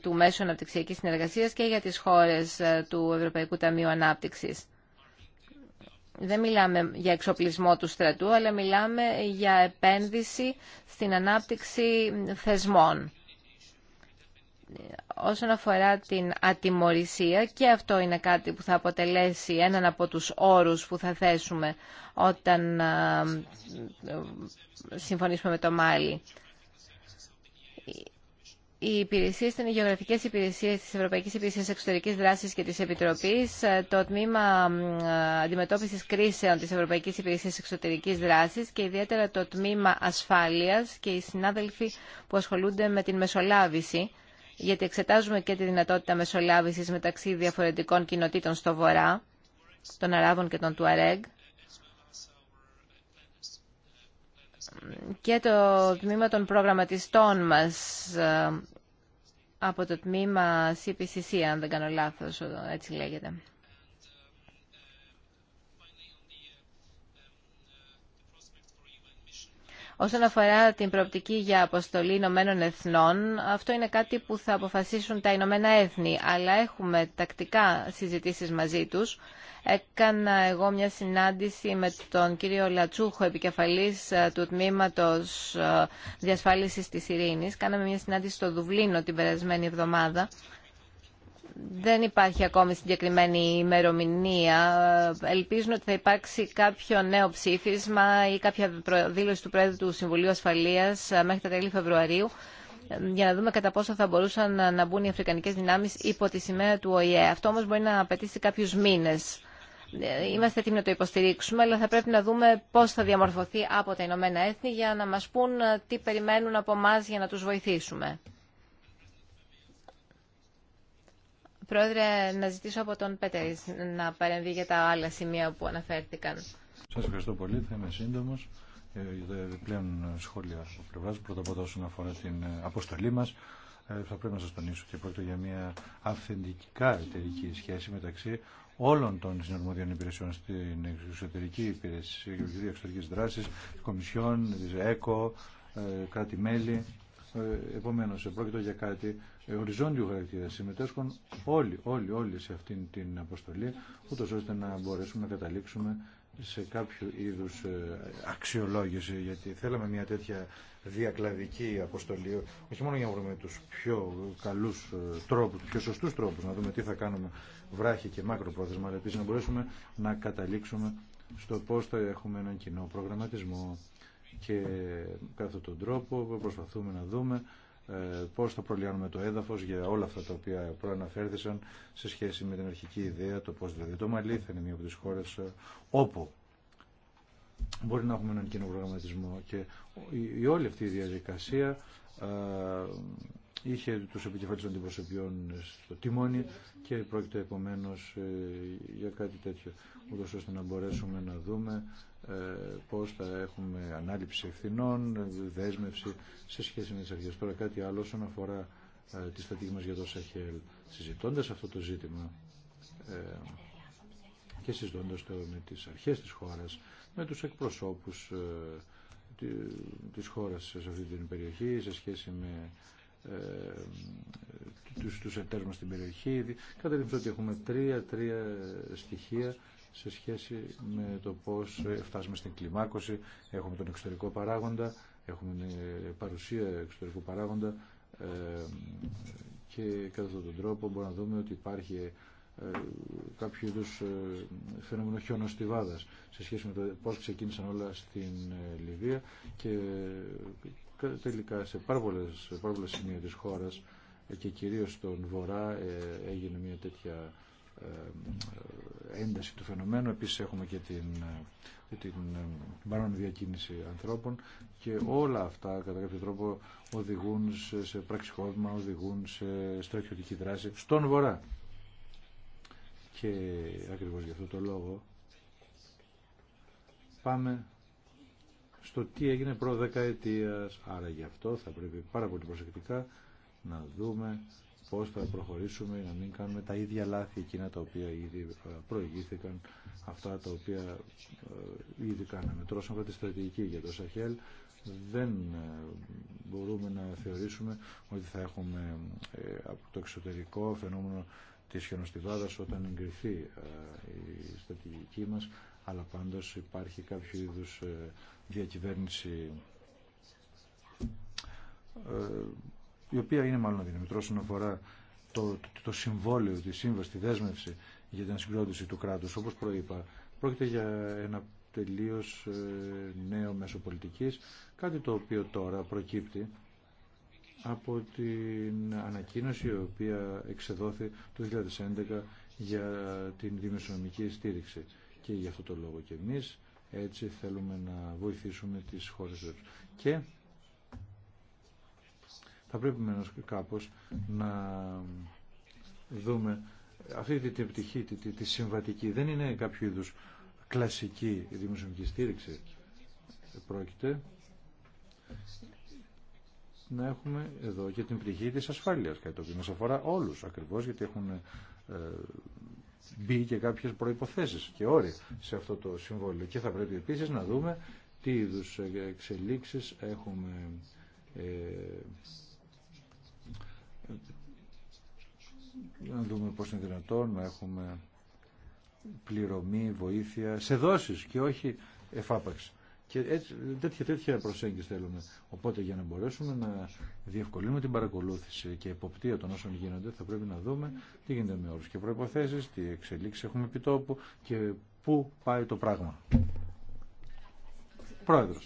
του Μέσου Αναπτυξιακής Συνεργασίας και για τις χώρες ε, του Ευρωπαϊκού Ταμείου Ανάπτυξης. Δεν μιλάμε για εξοπλισμό του στρατού, αλλά μιλάμε για επένδυση στην ανάπτυξη θεσμών. Όσον αφορά την ατιμορρησία, και αυτό είναι κάτι που θα αποτελέσει έναν από τους όρους που θα θέσουμε όταν συμφωνήσουμε με το Μάλι οι υπηρεσίε ήταν οι γεωγραφικέ υπηρεσίε τη Ευρωπαϊκή Υπηρεσία Εξωτερική Δράση και τη Επιτροπή, ε, το τμήμα ε, αντιμετώπιση κρίσεων τη Ευρωπαϊκή Υπηρεσία Εξωτερική Δράση και ιδιαίτερα το τμήμα ασφάλεια και οι συνάδελφοι που ασχολούνται με την μεσολάβηση, γιατί εξετάζουμε και τη δυνατότητα μεσολάβηση μεταξύ διαφορετικών κοινοτήτων στο Βορρά, των Αράβων και των Τουαρέγ. και το τμήμα των προγραμματιστών μας ε, από το τμήμα CPCC, αν δεν κάνω λάθος, έτσι λέγεται. Όσον αφορά την προοπτική για αποστολή Ηνωμένων Εθνών, αυτό είναι κάτι που θα αποφασίσουν τα Ηνωμένα Έθνη, αλλά έχουμε τακτικά συζητήσεις μαζί τους. Έκανα εγώ μια συνάντηση με τον κύριο Λατσούχο, επικεφαλής ε, του Τμήματος ε, Διασφάλισης της Ειρήνης. Κάναμε μια συνάντηση στο Δουβλίνο την περασμένη εβδομάδα δεν υπάρχει ακόμη συγκεκριμένη ημερομηνία. Ελπίζουν ότι θα υπάρξει κάποιο νέο ψήφισμα ή κάποια δήλωση του Πρόεδρου του Συμβουλίου Ασφαλείας ε, μέχρι τα τέλη Φεβρουαρίου ε, για να δούμε κατά πόσο θα μπορούσαν να μπουν οι αφρικανικές δυνάμεις υπό τη σημαία του ΟΗΕ. Αυτό όμως μπορεί να απαιτήσει κάποιους μήνες. Ε, είμαστε έτοιμοι να το υποστηρίξουμε, αλλά θα πρέπει να δούμε πώς θα διαμορφωθεί από τα Ηνωμένα Έθνη για να μας πούν τι περιμένουν από εμά για να τους βοηθήσουμε. Πρόεδρε, να ζητήσω από τον Πέτερη να παρεμβεί για τα άλλα σημεία που αναφέρθηκαν. Σα ευχαριστώ πολύ. Θα είμαι σύντομο. Ε, πλέον σχόλια από πλευρά. Πρώτα απ' όλα όσον αφορά την ε, αποστολή μα, ε, θα πρέπει να σα τονίσω ότι πρόκειται για μια αυθεντικά εταιρική σχέση μεταξύ όλων των συναρμόδιων υπηρεσιών στην εξωτερική υπηρεσία, εξωτερική δράση, Κομισιόν, ΕΚΟ, κράτη-μέλη ε, επομένως, πρόκειται για κάτι ε, οριζόντιου χαρακτήρα. Συμμετέσχουν όλοι, όλοι, όλοι σε αυτήν την αποστολή, ούτως ώστε να μπορέσουμε να καταλήξουμε σε κάποιο είδους ε, αξιολόγηση, γιατί θέλαμε μια τέτοια διακλαδική αποστολή, όχι μόνο για να βρούμε τους πιο καλούς τρόπους, τους πιο σωστούς τρόπους, να δούμε τι θα κάνουμε βράχη και μάκρο πρόθεσμα, αλλά επίσης να μπορέσουμε να καταλήξουμε στο πώς θα έχουμε έναν κοινό προγραμματισμό και κάθε τον τρόπο προσπαθούμε να δούμε ε, πώς θα προλιάνουμε το έδαφος για όλα αυτά τα οποία προαναφέρθησαν σε σχέση με την αρχική ιδέα, το πώς δηλαδή το Μαλί θα είναι μία από τις χώρες ε, όπου μπορεί να έχουμε έναν κοινό προγραμματισμό και η, όλη αυτή η διαδικασία ε, είχε τους επικεφαλής των αντιπροσωπιών στο τιμόνι και πρόκειται επομένως ε, για κάτι τέτοιο, ούτως ώστε να μπορέσουμε να δούμε ε, πώς θα έχουμε ανάληψη ευθυνών, δέσμευση σε σχέση με τις αρχές. Τώρα κάτι άλλο όσον αφορά ε, τη στατική μας για το Σαχέλ. Συζητώντας αυτό το ζήτημα και συζητώντας το με τις αρχές της χώρας, με τους εκπροσώπους της χώρας σε αυτή την περιοχή σε σχέση με ε, τους, τους εταίρους μας στην περιοχή. Καταλήφθω ότι έχουμε τρία-τρία στοιχεία σε σχέση με το πώς φτάσουμε στην κλιμάκωση. Έχουμε τον εξωτερικό παράγοντα, έχουμε ε, παρουσία εξωτερικού παράγοντα ε, και κατά αυτόν τον τρόπο μπορούμε να δούμε ότι υπάρχει ε, κάποιο είδου φαινόμενο χιονοστιβάδας σε σχέση με το πώς ξεκίνησαν όλα στην Λιβύα και τελικά σε πάρα, πολλές, πάρα σημεία της χώρας ε, και κυρίως στον Βορρά ε, έγινε μια τέτοια ε, ένταση του φαινομένου. Επίσης έχουμε και την, την παράνομη διακίνηση ανθρώπων και όλα αυτά κατά κάποιο τρόπο οδηγούν σε, σε πραξικόπημα, οδηγούν σε στρατιωτική δράση στον Βορρά. Και ακριβώς γι' αυτό το λόγο πάμε στο τι έγινε προ δεκαετίας. Άρα γι' αυτό θα πρέπει πάρα πολύ προσεκτικά να δούμε πώς θα προχωρήσουμε, να μην κάνουμε τα ίδια λάθη εκείνα τα οποία ήδη ε, προηγήθηκαν, αυτά τα οποία ε, ήδη κάναμε. Τώρα, τη στρατηγική για το Σαχέλ, δεν ε, μπορούμε να θεωρήσουμε ότι θα έχουμε από το εξωτερικό φαινόμενο της χιονοστιβάδας όταν εγκριθεί η στρατηγική μας, αλλά πάντως υπάρχει κάποιο είδους διακυβέρνηση ε, η οποία είναι μάλλον αδυναμητρό όσον αφορά το, το συμβόλαιο, τη σύμβαση, τη δέσμευση για την συγκρότηση του κράτους. Όπως προείπα, πρόκειται για ένα τελείως ε, νέο μέσο πολιτικής, κάτι το οποίο τώρα προκύπτει από την ανακοίνωση η οποία εξεδόθη το 2011 για την δημοσιονομική στήριξη. Και γι' αυτό το λόγο και εμείς έτσι θέλουμε να βοηθήσουμε τις χώρες τους. Και θα πρέπει μενός κάπως να δούμε αυτή την πτυχή, τη, τη, συμβατική. Δεν είναι κάποιο είδους κλασική δημοσιονομική στήριξη. Πρόκειται να έχουμε εδώ και την πτυχή της ασφάλειας, κάτι το οποίο μας αφορά όλους ακριβώς, γιατί έχουν ε, μπει και κάποιες προϋποθέσεις και όρια σε αυτό το συμβόλαιο. Και θα πρέπει επίσης να δούμε τι είδους εξελίξεις έχουμε ε, να δούμε πώς είναι δυνατόν να έχουμε πληρωμή, βοήθεια, σε δόσεις και όχι εφάπαξη. Και έτσι, τέτοια, τέτοια προσέγγιση θέλουμε. Οπότε για να μπορέσουμε να διευκολύνουμε την παρακολούθηση και υποπτία των όσων γίνονται, θα πρέπει να δούμε τι γίνεται με όρου και προποθέσει, τι εξελίξει έχουμε επιτόπου και πού πάει το πράγμα. Πρόεδρο.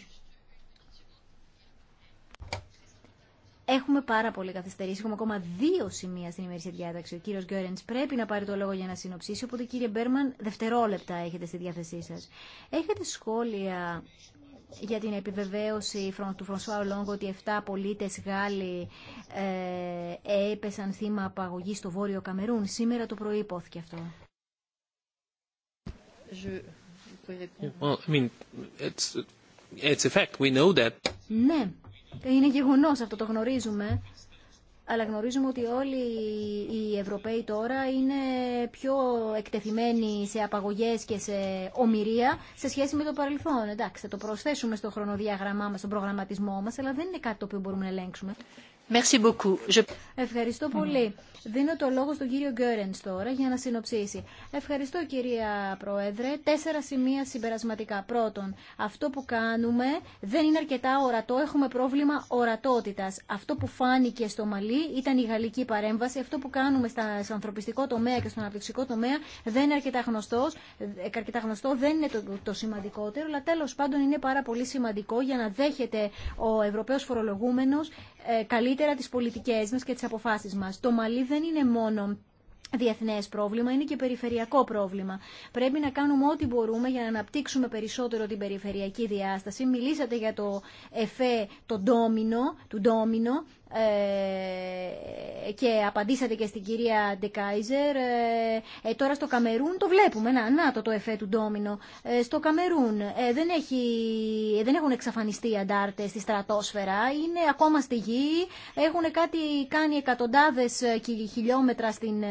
Έχουμε πάρα πολύ καθυστερήσει. Έχουμε ακόμα δύο σημεία στην ημερήσια διάταξη. Ο κύριο Γκέρεν πρέπει να πάρει το λόγο για να συνοψίσει. Οπότε, κύριε Μπέρμαν, δευτερόλεπτα έχετε στη διάθεσή σα. Έχετε σχόλια για την επιβεβαίωση του Φρονσουά Ολόγκο ότι 7 πολίτες Γάλλοι ε, έπεσαν θύμα απαγωγή στο Βόρειο Καμερούν. Σήμερα το πρωί αυτό. Ναι, είναι γεγονός αυτό, το γνωρίζουμε αλλά γνωρίζουμε ότι όλοι οι Ευρωπαίοι τώρα είναι πιο εκτεθειμένοι σε απαγωγές και σε ομοιρία σε σχέση με το παρελθόν. Εντάξει, θα το προσθέσουμε στο χρονοδιάγραμμά μας, στον προγραμματισμό μας, αλλά δεν είναι κάτι το οποίο μπορούμε να ελέγξουμε. Ευχαριστώ πολύ. Δίνω το λόγο στον κύριο Γκέρεν τώρα για να συνοψίσει. Ευχαριστώ κυρία Πρόεδρε. Τέσσερα σημεία συμπερασματικά. Πρώτον, αυτό που κάνουμε δεν είναι αρκετά ορατό. Έχουμε πρόβλημα ορατότητα. Αυτό που φάνηκε στο Μαλί ήταν η γαλλική παρέμβαση. Αυτό που κάνουμε στα, στο ανθρωπιστικό τομέα και στον αναπτυξικό τομέα δεν είναι αρκετά, γνωστός, ε, αρκετά γνωστό. Δεν είναι το, το σημαντικότερο, αλλά τέλο πάντων είναι πάρα πολύ σημαντικό για να δέχεται ο Ευρωπαίο φορολογούμενο ε, καλύτερα τι πολιτικέ μα και τι αποφάσει μα. Το Μαλί δεν είναι μόνο διεθνέ πρόβλημα, είναι και περιφερειακό πρόβλημα. Πρέπει να κάνουμε ό,τι μπορούμε για να αναπτύξουμε περισσότερο την περιφερειακή διάσταση. Μιλήσατε για το εφέ το ντόμινο, του ντόμινο. Ε, και απαντήσατε και στην κυρία Ντεκάιζερ ε, τώρα στο Καμερούν το βλέπουμε να, να το το εφέ του ντόμινο ε, στο Καμερούν ε, δεν, έχει, δεν έχουν εξαφανιστεί οι αντάρτες στη στρατόσφαιρα είναι ακόμα στη γη έχουν κάτι κάνει εκατοντάδες χιλιόμετρα στην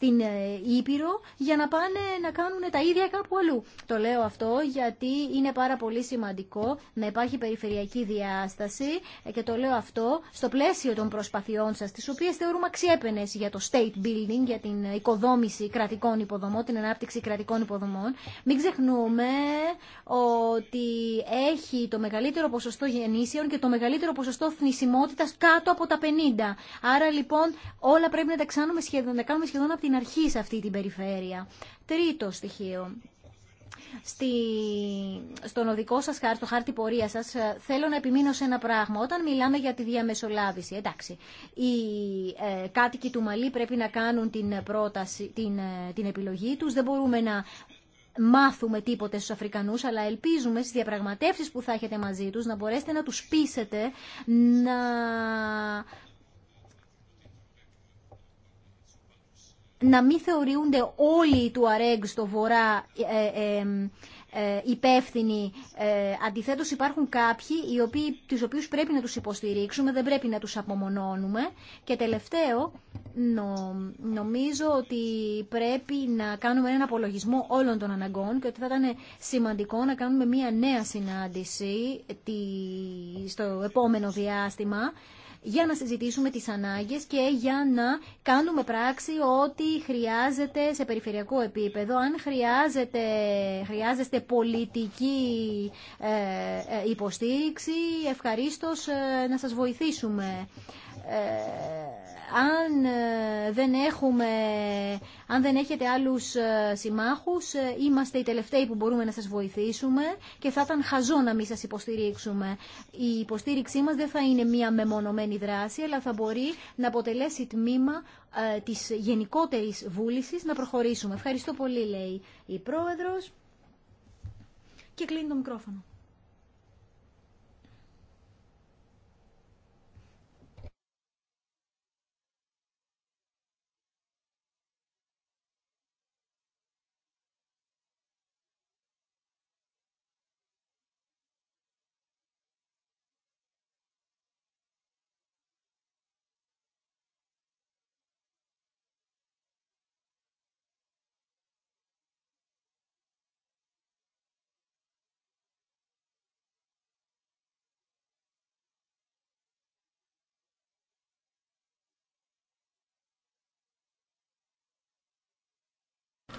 στην ε, Ήπειρο για να πάνε να κάνουν τα ίδια κάπου αλλού. Το λέω αυτό γιατί είναι πάρα πολύ σημαντικό να υπάρχει περιφερειακή διάσταση ε, και το λέω αυτό στο πλαίσιο των προσπαθειών σας, τις οποίες θεωρούμε αξιέπαινες για το state building, για την οικοδόμηση κρατικών υποδομών, την ανάπτυξη κρατικών υποδομών. Μην ξεχνούμε ότι έχει το μεγαλύτερο ποσοστό γεννήσεων και το μεγαλύτερο ποσοστό θνησιμότητας κάτω από τα 50. Άρα λοιπόν όλα πρέπει να τα, σχεδόν, να τα κάνουμε σχεδόν από την αρχή σε αυτή την περιφέρεια. Τρίτο στοιχείο. Στη... Στον οδικό σα χάρτη, στο χάρτη πορεία σα, ε, θέλω να επιμείνω σε ένα πράγμα. Όταν μιλάμε για τη διαμεσολάβηση, εντάξει, οι ε, κάτοικοι του Μαλή πρέπει να κάνουν την, πρόταση, την, ε, την επιλογή του. Δεν μπορούμε να μάθουμε τίποτε στους Αφρικανούς, αλλά ελπίζουμε στις διαπραγματεύσεις που θα έχετε μαζί τους να μπορέσετε να τους πείσετε να να μην θεωρούνται όλοι οι Τουαρέγ στο βορρά ε, ε, ε, υπεύθυνοι. Ε, αντιθέτω, υπάρχουν κάποιοι οι οποίοι, τους οποίους πρέπει να τους υποστηρίξουμε, δεν πρέπει να τους απομονώνουμε. Και τελευταίο, νομίζω ότι πρέπει να κάνουμε έναν απολογισμό όλων των αναγκών και ότι θα ήταν σημαντικό να κάνουμε μια νέα συνάντηση τη, στο επόμενο διάστημα για να συζητήσουμε τις ανάγκες και για να κάνουμε πράξη ό,τι χρειάζεται σε περιφερειακό επίπεδο. Αν χρειάζεται, χρειάζεστε πολιτική ε, ε, υποστήριξη, ευχαρίστως ε, να σας βοηθήσουμε. Ε, αν ε, δεν έχουμε, αν δεν έχετε άλλους ε, συμμάχους, είμαστε οι τελευταίοι που μπορούμε να σας βοηθήσουμε και θα ήταν χαζό να μην σας υποστηρίξουμε. Η υποστήριξή μας δεν θα είναι μία μεμονωμένη δράση, αλλά θα μπορεί να αποτελέσει τμήμα της γενικότερης βούλησης να προχωρήσουμε. Ευχαριστώ πολύ, λέει η Πρόεδρος. Και κλείνει το μικρόφωνο.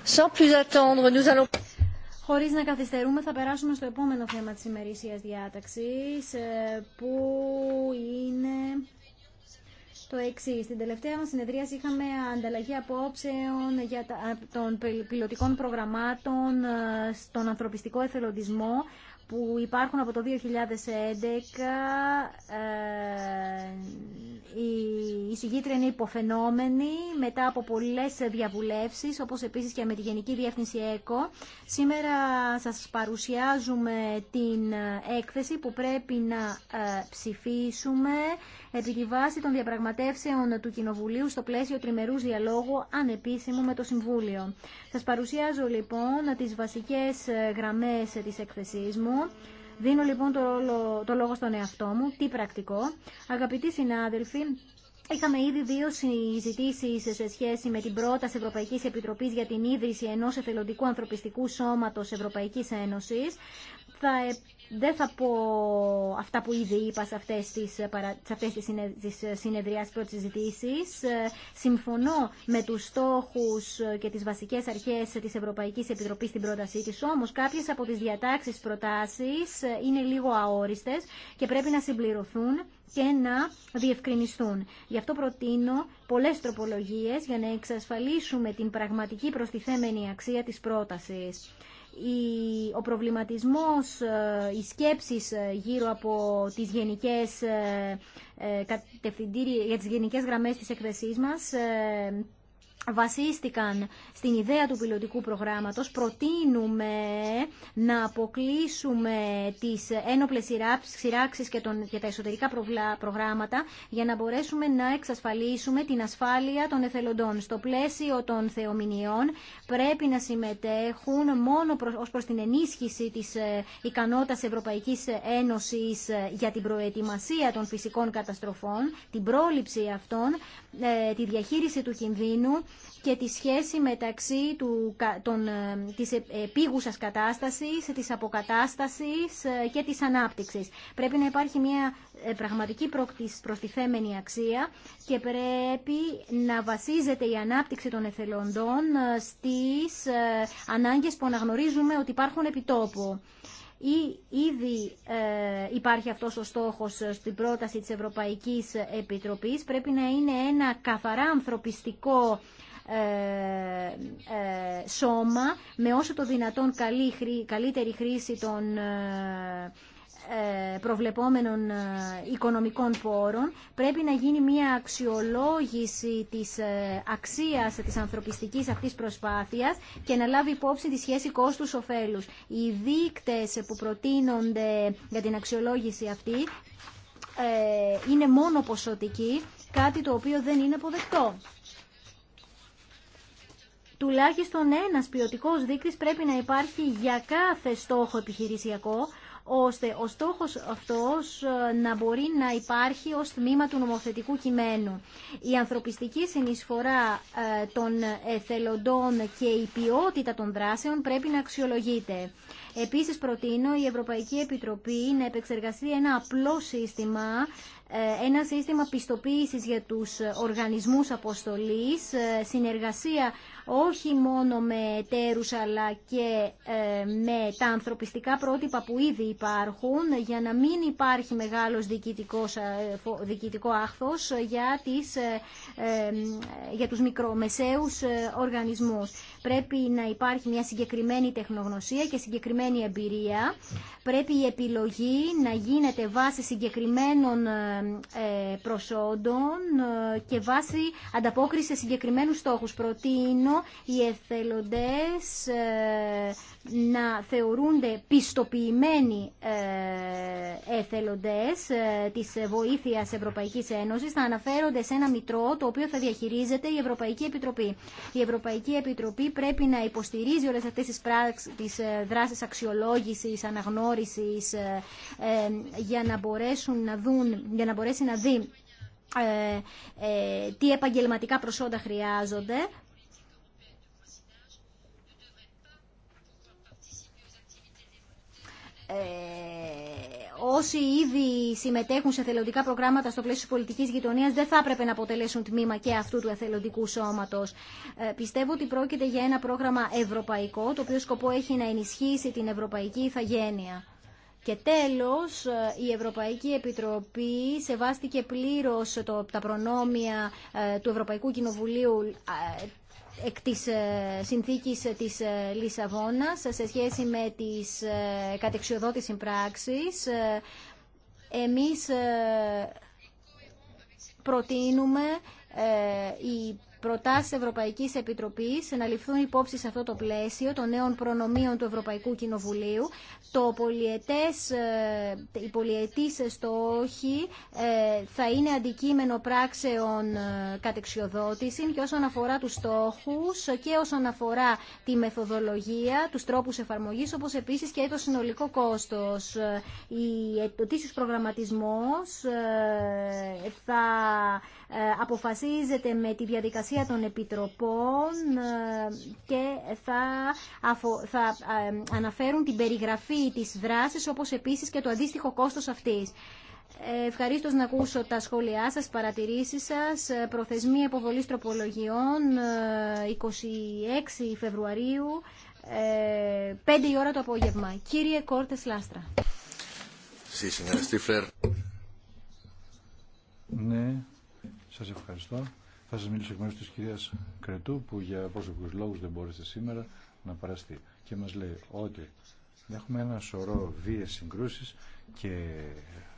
Sans Χωρίς να καθυστερούμε θα περάσουμε στο επόμενο θέμα της ημερήσιας διάταξης ε, που είναι το εξή. Στην τελευταία μας συνεδρία είχαμε ανταλλαγή απόψεων για τα, των πιλωτικών προγραμμάτων ε, στον ανθρωπιστικό εθελοντισμό που υπάρχουν από το 2011 ε, η συγκήτρια είναι υποφαινόμενη μετά από πολλές διαβουλεύσεις όπως επίσης και με τη Γενική Διεύθυνση ΕΚΟ. Σήμερα σας παρουσιάζουμε την έκθεση που πρέπει να ε, ψηφίσουμε επί τη βάση των διαπραγματεύσεων του Κοινοβουλίου στο πλαίσιο τριμερούς διαλόγου ανεπίσημου με το Συμβούλιο. Σας παρουσιάζω λοιπόν τι βασικέ ε, γραμμέ τη εκθεσή μου. Δίνω λοιπόν το λόγο στον εαυτό μου, τι πρακτικό. Αγαπητοί συνάδελφοι, Είχαμε ήδη δύο συζητήσει σε σχέση με την πρόταση Ευρωπαϊκή Επιτροπή για την ίδρυση ενό εθελοντικού ανθρωπιστικού σώματο Ευρωπαϊκή Ένωση. Δεν θα πω αυτά που ήδη είπα σε αυτές τις, ε, σε αυτές τις, ε, ε, Συμφωνώ με τους στόχους και τις βασικές αρχές της Ευρωπαϊκής Επιτροπής στην πρότασή της. Όμως κάποιες από τις διατάξεις προτάσεις είναι λίγο αόριστες και πρέπει να συμπληρωθούν και να διευκρινιστούν. Γι' αυτό προτείνω πολλές τροπολογίες για να εξασφαλίσουμε την πραγματική προστιθέμενη αξία της πρότασης ο προβληματισμός, ε, οι σκέψεις ε, γύρω από τις γενικές, ε, για τις γενικές γραμμές της εκθεσής μας βασίστηκαν στην ιδέα του πιλωτικού προγράμματος. Προτείνουμε να αποκλείσουμε τις ένοπλες σειράξεις και, τον, και τα εσωτερικά προγράμματα για να μπορέσουμε να εξασφαλίσουμε την ασφάλεια των εθελοντών. Στο πλαίσιο των θεομηνιών πρέπει να συμμετέχουν μόνο προς, ως προς την ενίσχυση της ε, ικανότητας Ευρωπαϊκής Ένωσης ε, για την προετοιμασία των φυσικών καταστροφών, την πρόληψη αυτών, ε, τη διαχείριση του κινδύνου και τη σχέση μεταξύ του, των, ε, της ε, επίγουσας κατάστασης, της αποκατάστασης και της ανάπτυξης. Πρέπει να υπάρχει μια πραγματική προστιθέμενη αξία και πρέπει να βασίζεται η ανάπτυξη των εθελοντών στις ανάγκες που αναγνωρίζουμε ότι υπάρχουν επιτόπου ή ήδη ε, υπάρχει αυτός ο στόχος ε, στην πρόταση της Ευρωπαϊκής Επιτροπής. Πρέπει να είναι ένα καθαρά ανθρωπιστικό ε, σώμα με όσο το δυνατόν καλύτερη χρήση των ε, προβλεπόμενων ε, οικονομικών πόρων. Πρέπει να γίνει μια αξιολόγηση της ε, αξίας της ανθρωπιστικής αυτής προσπάθειας και να λάβει υπόψη τη σχέση κόστους-οφέλους. Οι δείκτες που προτείνονται για την αξιολόγηση αυτή είναι μόνο ποσοτικοί, κάτι το οποίο δεν είναι αποδεκτό τουλάχιστον ένας ποιοτικός δείκτης πρέπει να υπάρχει για κάθε στόχο επιχειρησιακό, ώστε ο στόχος αυτός ε, να μπορεί να υπάρχει ως τμήμα του νομοθετικού κειμένου. Η ανθρωπιστική συνεισφορά ε, των εθελοντών και η ποιότητα των δράσεων πρέπει να αξιολογείται. Επίσης προτείνω η Ευρωπαϊκή Επιτροπή να επεξεργαστεί ένα απλό σύστημα ε, ένα σύστημα πιστοποίησης για τους οργανισμούς αποστολής, συνεργασία όχι μόνο με εταίρους αλλά και ε, με τα ανθρωπιστικά πρότυπα που ήδη υπάρχουν για να μην υπάρχει μεγάλος διοικητικός, ε, διοικητικό άχθος για, τις, ε, για τους μικρομεσαίους οργανισμούς. Πρέπει να υπάρχει μια συγκεκριμένη τεχνογνωσία και συγκεκριμένη εμπειρία. Πρέπει η επιλογή να γίνεται βάσει συγκεκριμένων προσόντων και βάσει ανταπόκριση σε συγκεκριμένους στόχους. Προτείνω οι εθελοντές ε, να θεωρούνται πιστοποιημένοι ε, εθελοντές ε, της βοήθειας Ευρωπαϊκής Ένωσης θα αναφέρονται σε ένα μητρό το οποίο θα διαχειρίζεται η Ευρωπαϊκή Επιτροπή. Η Ευρωπαϊκή Επιτροπή πρέπει να υποστηρίζει όλες αυτές τις, πράξεις, τις δράσεις αξιολόγησης, αναγνώρισης για να, μπορέσουν να δουν, για να μπορέσει να δει τι επαγγελματικά προσόντα χρειάζονται Ε, όσοι ήδη συμμετέχουν σε εθελοντικά προγράμματα στο πλαίσιο της πολιτικής γειτονίας δεν θα έπρεπε να αποτελέσουν τμήμα και αυτού του εθελοντικού σώματος. Ε, πιστεύω ότι πρόκειται για ένα πρόγραμμα ευρωπαϊκό, το οποίο σκοπό έχει να ενισχύσει την ευρωπαϊκή ηθαγένεια. Και τέλος, ε, η Ευρωπαϊκή Επιτροπή σεβάστηκε πλήρως το, τα προνόμια του Ευρωπαϊκού Κοινοβουλίου εκ της ε, συνθήκης ε, της ε, Λισαβόνας σε σχέση με τις κατεξιοδότης συμπράξεις. Εμείς προτείνουμε η Προτάσει Ευρωπαϊκής Επιτροπής να ληφθούν υπόψη σε αυτό το πλαίσιο των νέων προνομίων του Ευρωπαϊκού Κοινοβουλίου. Το πολιετές, οι ε, πολιετής στόχοι ε, θα είναι αντικείμενο πράξεων ε, κατεξιοδότηση και όσον αφορά τους στόχους και όσον αφορά τη μεθοδολογία, τους τρόπους εφαρμογής, όπως επίσης και το συνολικό κόστος. Ο προγραμματισμός θα ε, αποφασίζεται με τη διαδικασία των επιτροπών ε, και θα, ε, αναφέρουν την περιγραφή της δράσης όπως επίσης και το αντίστοιχο κόστος αυτής. Ευχαρίστως να ακούσω τα σχόλιά σας, παρατηρήσεις σας. Προθεσμία υποβολής τροπολογιών 26 Φεβρουαρίου, 5 η ώρα το απόγευμα. Κύριε Κόρτες Λάστρα. Ναι, Σα ευχαριστώ. Θα σα μιλήσω εκ μέρου τη κυρία Κρετού που για πρόσωπου λόγου δεν μπόρεσε σήμερα να παραστεί. Και μα λέει ότι έχουμε ένα σωρό βίες συγκρούσει και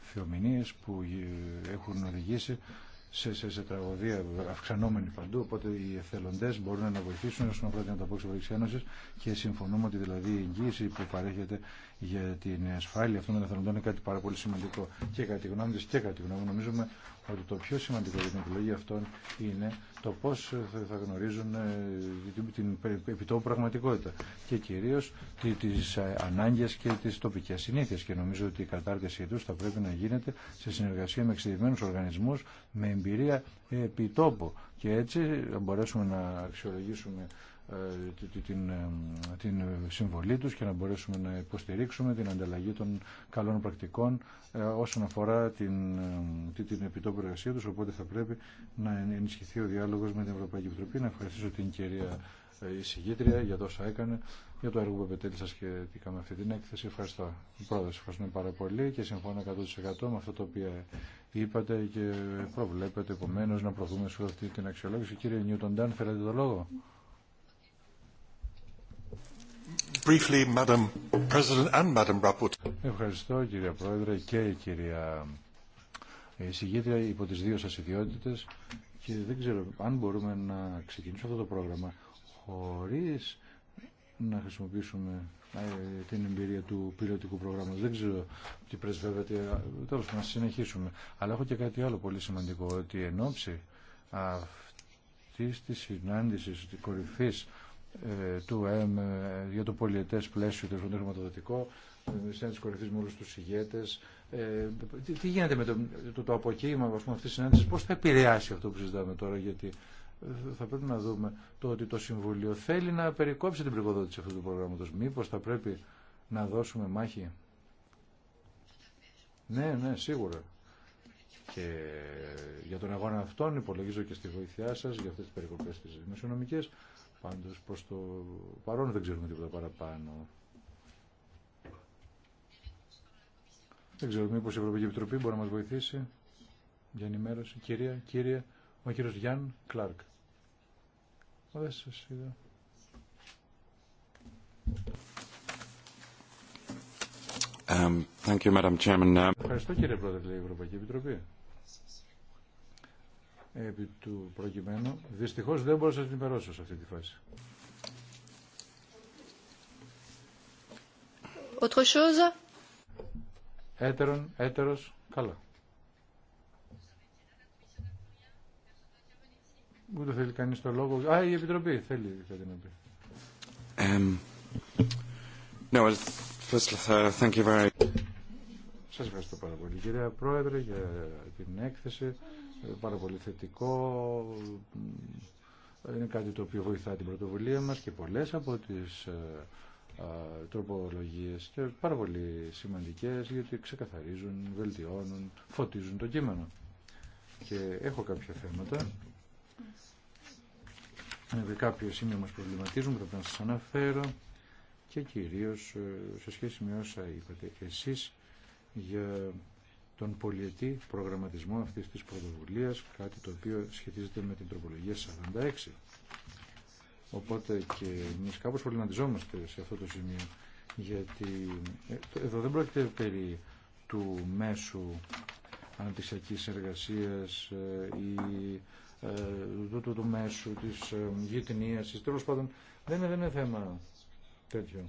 θεομηνίε που έχουν οδηγήσει σε, σε, σε τραγωδία αυξανόμενη παντού. Οπότε οι εθελοντέ μπορούν να βοηθήσουν όσον αφορά την ανταπόκριση τη Ένωση και συμφωνούμε ότι δηλαδή η εγγύηση που παρέχεται για την ασφάλεια αυτών των εθελοντών είναι κάτι πάρα πολύ σημαντικό και κατά τη γνώμη τη και κατά τη γνώμη νομίζουμε ότι το πιο σημαντικό για την επιλογή αυτών είναι το πώ θα γνωρίζουν ε, την επιτόπου πραγματικότητα και κυρίω τι ε, ανάγκε και τι τοπικέ συνήθειε. Και νομίζω ότι η κατάρτισή του θα πρέπει να γίνεται σε συνεργασία με εξειδικευμένου οργανισμού με εμπειρία επί και έτσι μπορέσουμε να αξιολογήσουμε ε, την, ε, την συμβολή τους και να μπορέσουμε να υποστηρίξουμε την ανταλλαγή των καλών πρακτικών ε, όσον αφορά την, την επιτόπου εργασία τους οπότε θα πρέπει να ενισχυθεί ο διάλογος με την Ευρωπαϊκή Επιτροπή να ευχαριστήσω την κυρία η εισηγήτρια για τόσα έκανε για το έργο που σχετικά με αυτή την έκθεση ευχαριστώ πρόεδρος ευχαριστούμε πάρα πολύ και συμφωνώ 100% με αυτό το οποίο είπατε και προβλέπετε επομένω να προβούμε σε αυτή την αξιολόγηση. Κύριε Νιούτον Ντάν, θέλετε το λόγο. Briefly, Madam President and Madam Ευχαριστώ κύριε Πρόεδρε και κυρία εισηγήτρια υπό τις δύο σας ιδιότητες και δεν ξέρω αν μπορούμε να ξεκινήσουμε αυτό το πρόγραμμα χωρίς να χρησιμοποιήσουμε ε, την εμπειρία του πιλωτικού προγράμματος. Δεν ξέρω τι πρεσβεύεται, ε, τέλος να συνεχίσουμε. Αλλά έχω και κάτι άλλο πολύ σημαντικό, ότι εν ώψη αυτής της συνάντησης της κορυφής ε, του ΕΜ για το πολιετές πλαίσιο, το χρηματοδοτικό, συνάντηση κορυφή με όλου του ηγέτε. τι, γίνεται με το, το, αποκύημα αυτή τη συνάντηση, πώ θα επηρεάσει αυτό που συζητάμε τώρα, γιατί θα πρέπει να δούμε το ότι το Συμβούλιο θέλει να περικόψει την πρικοδότηση αυτού του προγράμματος. Μήπως θα πρέπει να δώσουμε μάχη. Ναι, ναι, σίγουρα. Και για τον αγώνα αυτόν υπολογίζω και στη βοήθειά σας για αυτές τις περικοπές της δημοσιονομικής. Πάντως προς το παρόν δεν ξέρουμε τίποτα παραπάνω. Δεν ξέρω μήπως η Ευρωπαϊκή Επιτροπή μπορεί να μας βοηθήσει για ενημέρωση. Κυρία, κύριε, ο κύριο Γιάνν Κλάρκ. Um, um, Ευχαριστώ κύριε Πρόεδρε, της Ευρωπαϊκής Επιτροπής. Επί του προκειμένου, δυστυχώς δεν μπορώ να σας ενημερώσω σε αυτή τη φάση. Έτερον, έτερος, καλά. Ούτε θέλει κανεί το λόγο. Α, η Επιτροπή θέλει κάτι να πει. Um, first, uh, thank you very... Σας ευχαριστώ πάρα πολύ κυρία Πρόεδρε για την έκθεση. Ε, πάρα πολύ θετικό. Ε, είναι κάτι το οποίο βοηθά την πρωτοβουλία μας και πολλές από τις ε, τροπολογίες και πάρα πολύ σημαντικές γιατί ξεκαθαρίζουν, βελτιώνουν, φωτίζουν το κείμενο. Και έχω κάποια θέματα είναι κάποιο σημείο μας προβληματίζουν, πρέπει να σας αναφέρω και κυρίως ε, σε σχέση με όσα είπατε εσείς για τον πολιετή προγραμματισμό αυτής της πρωτοβουλίας, κάτι το οποίο σχετίζεται με την τροπολογία 46. Οπότε και εμείς κάπως προβληματιζόμαστε σε αυτό το σημείο, γιατί ε, εδώ δεν πρόκειται περί του μέσου αναπτυξιακής εργασίας ε, ή ε, του, του, μέσου, της ε, γειτονίας, τέλο πάντων δεν είναι, δεν είναι θέμα τέτοιο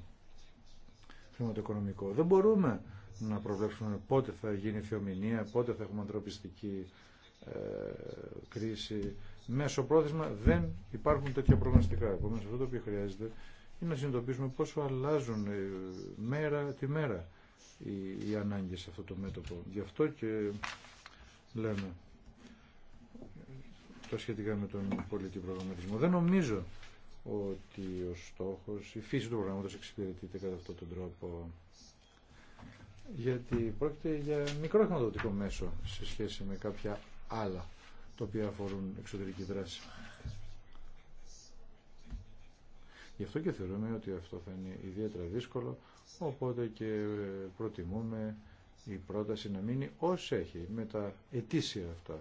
χρηματοοικονομικό. Δεν μπορούμε να προβλέψουμε πότε θα γίνει θεομηνία, πότε θα έχουμε ανθρωπιστική ε, κρίση. Μέσω πρόθεσμα δεν υπάρχουν τέτοια προγνωστικά. επομενω αυτό το οποίο χρειάζεται είναι να συνειδητοποιήσουμε πόσο αλλάζουν μέρα τη μέρα οι, οι σε αυτό το μέτωπο. Γι' αυτό και λέμε αυτά σχετικά με τον πολιτικό προγραμματισμό. Δεν νομίζω ότι ο στόχος, η φύση του προγράμματος εξυπηρετείται κατά αυτόν τον τρόπο. Γιατί πρόκειται για μικρό χρηματοδοτικό μέσο σε σχέση με κάποια άλλα τα οποία αφορούν εξωτερική δράση. Γι' αυτό και θεωρούμε ότι αυτό θα είναι ιδιαίτερα δύσκολο, οπότε και ε, προτιμούμε η πρόταση να μείνει όσο έχει με τα αιτήσια αυτά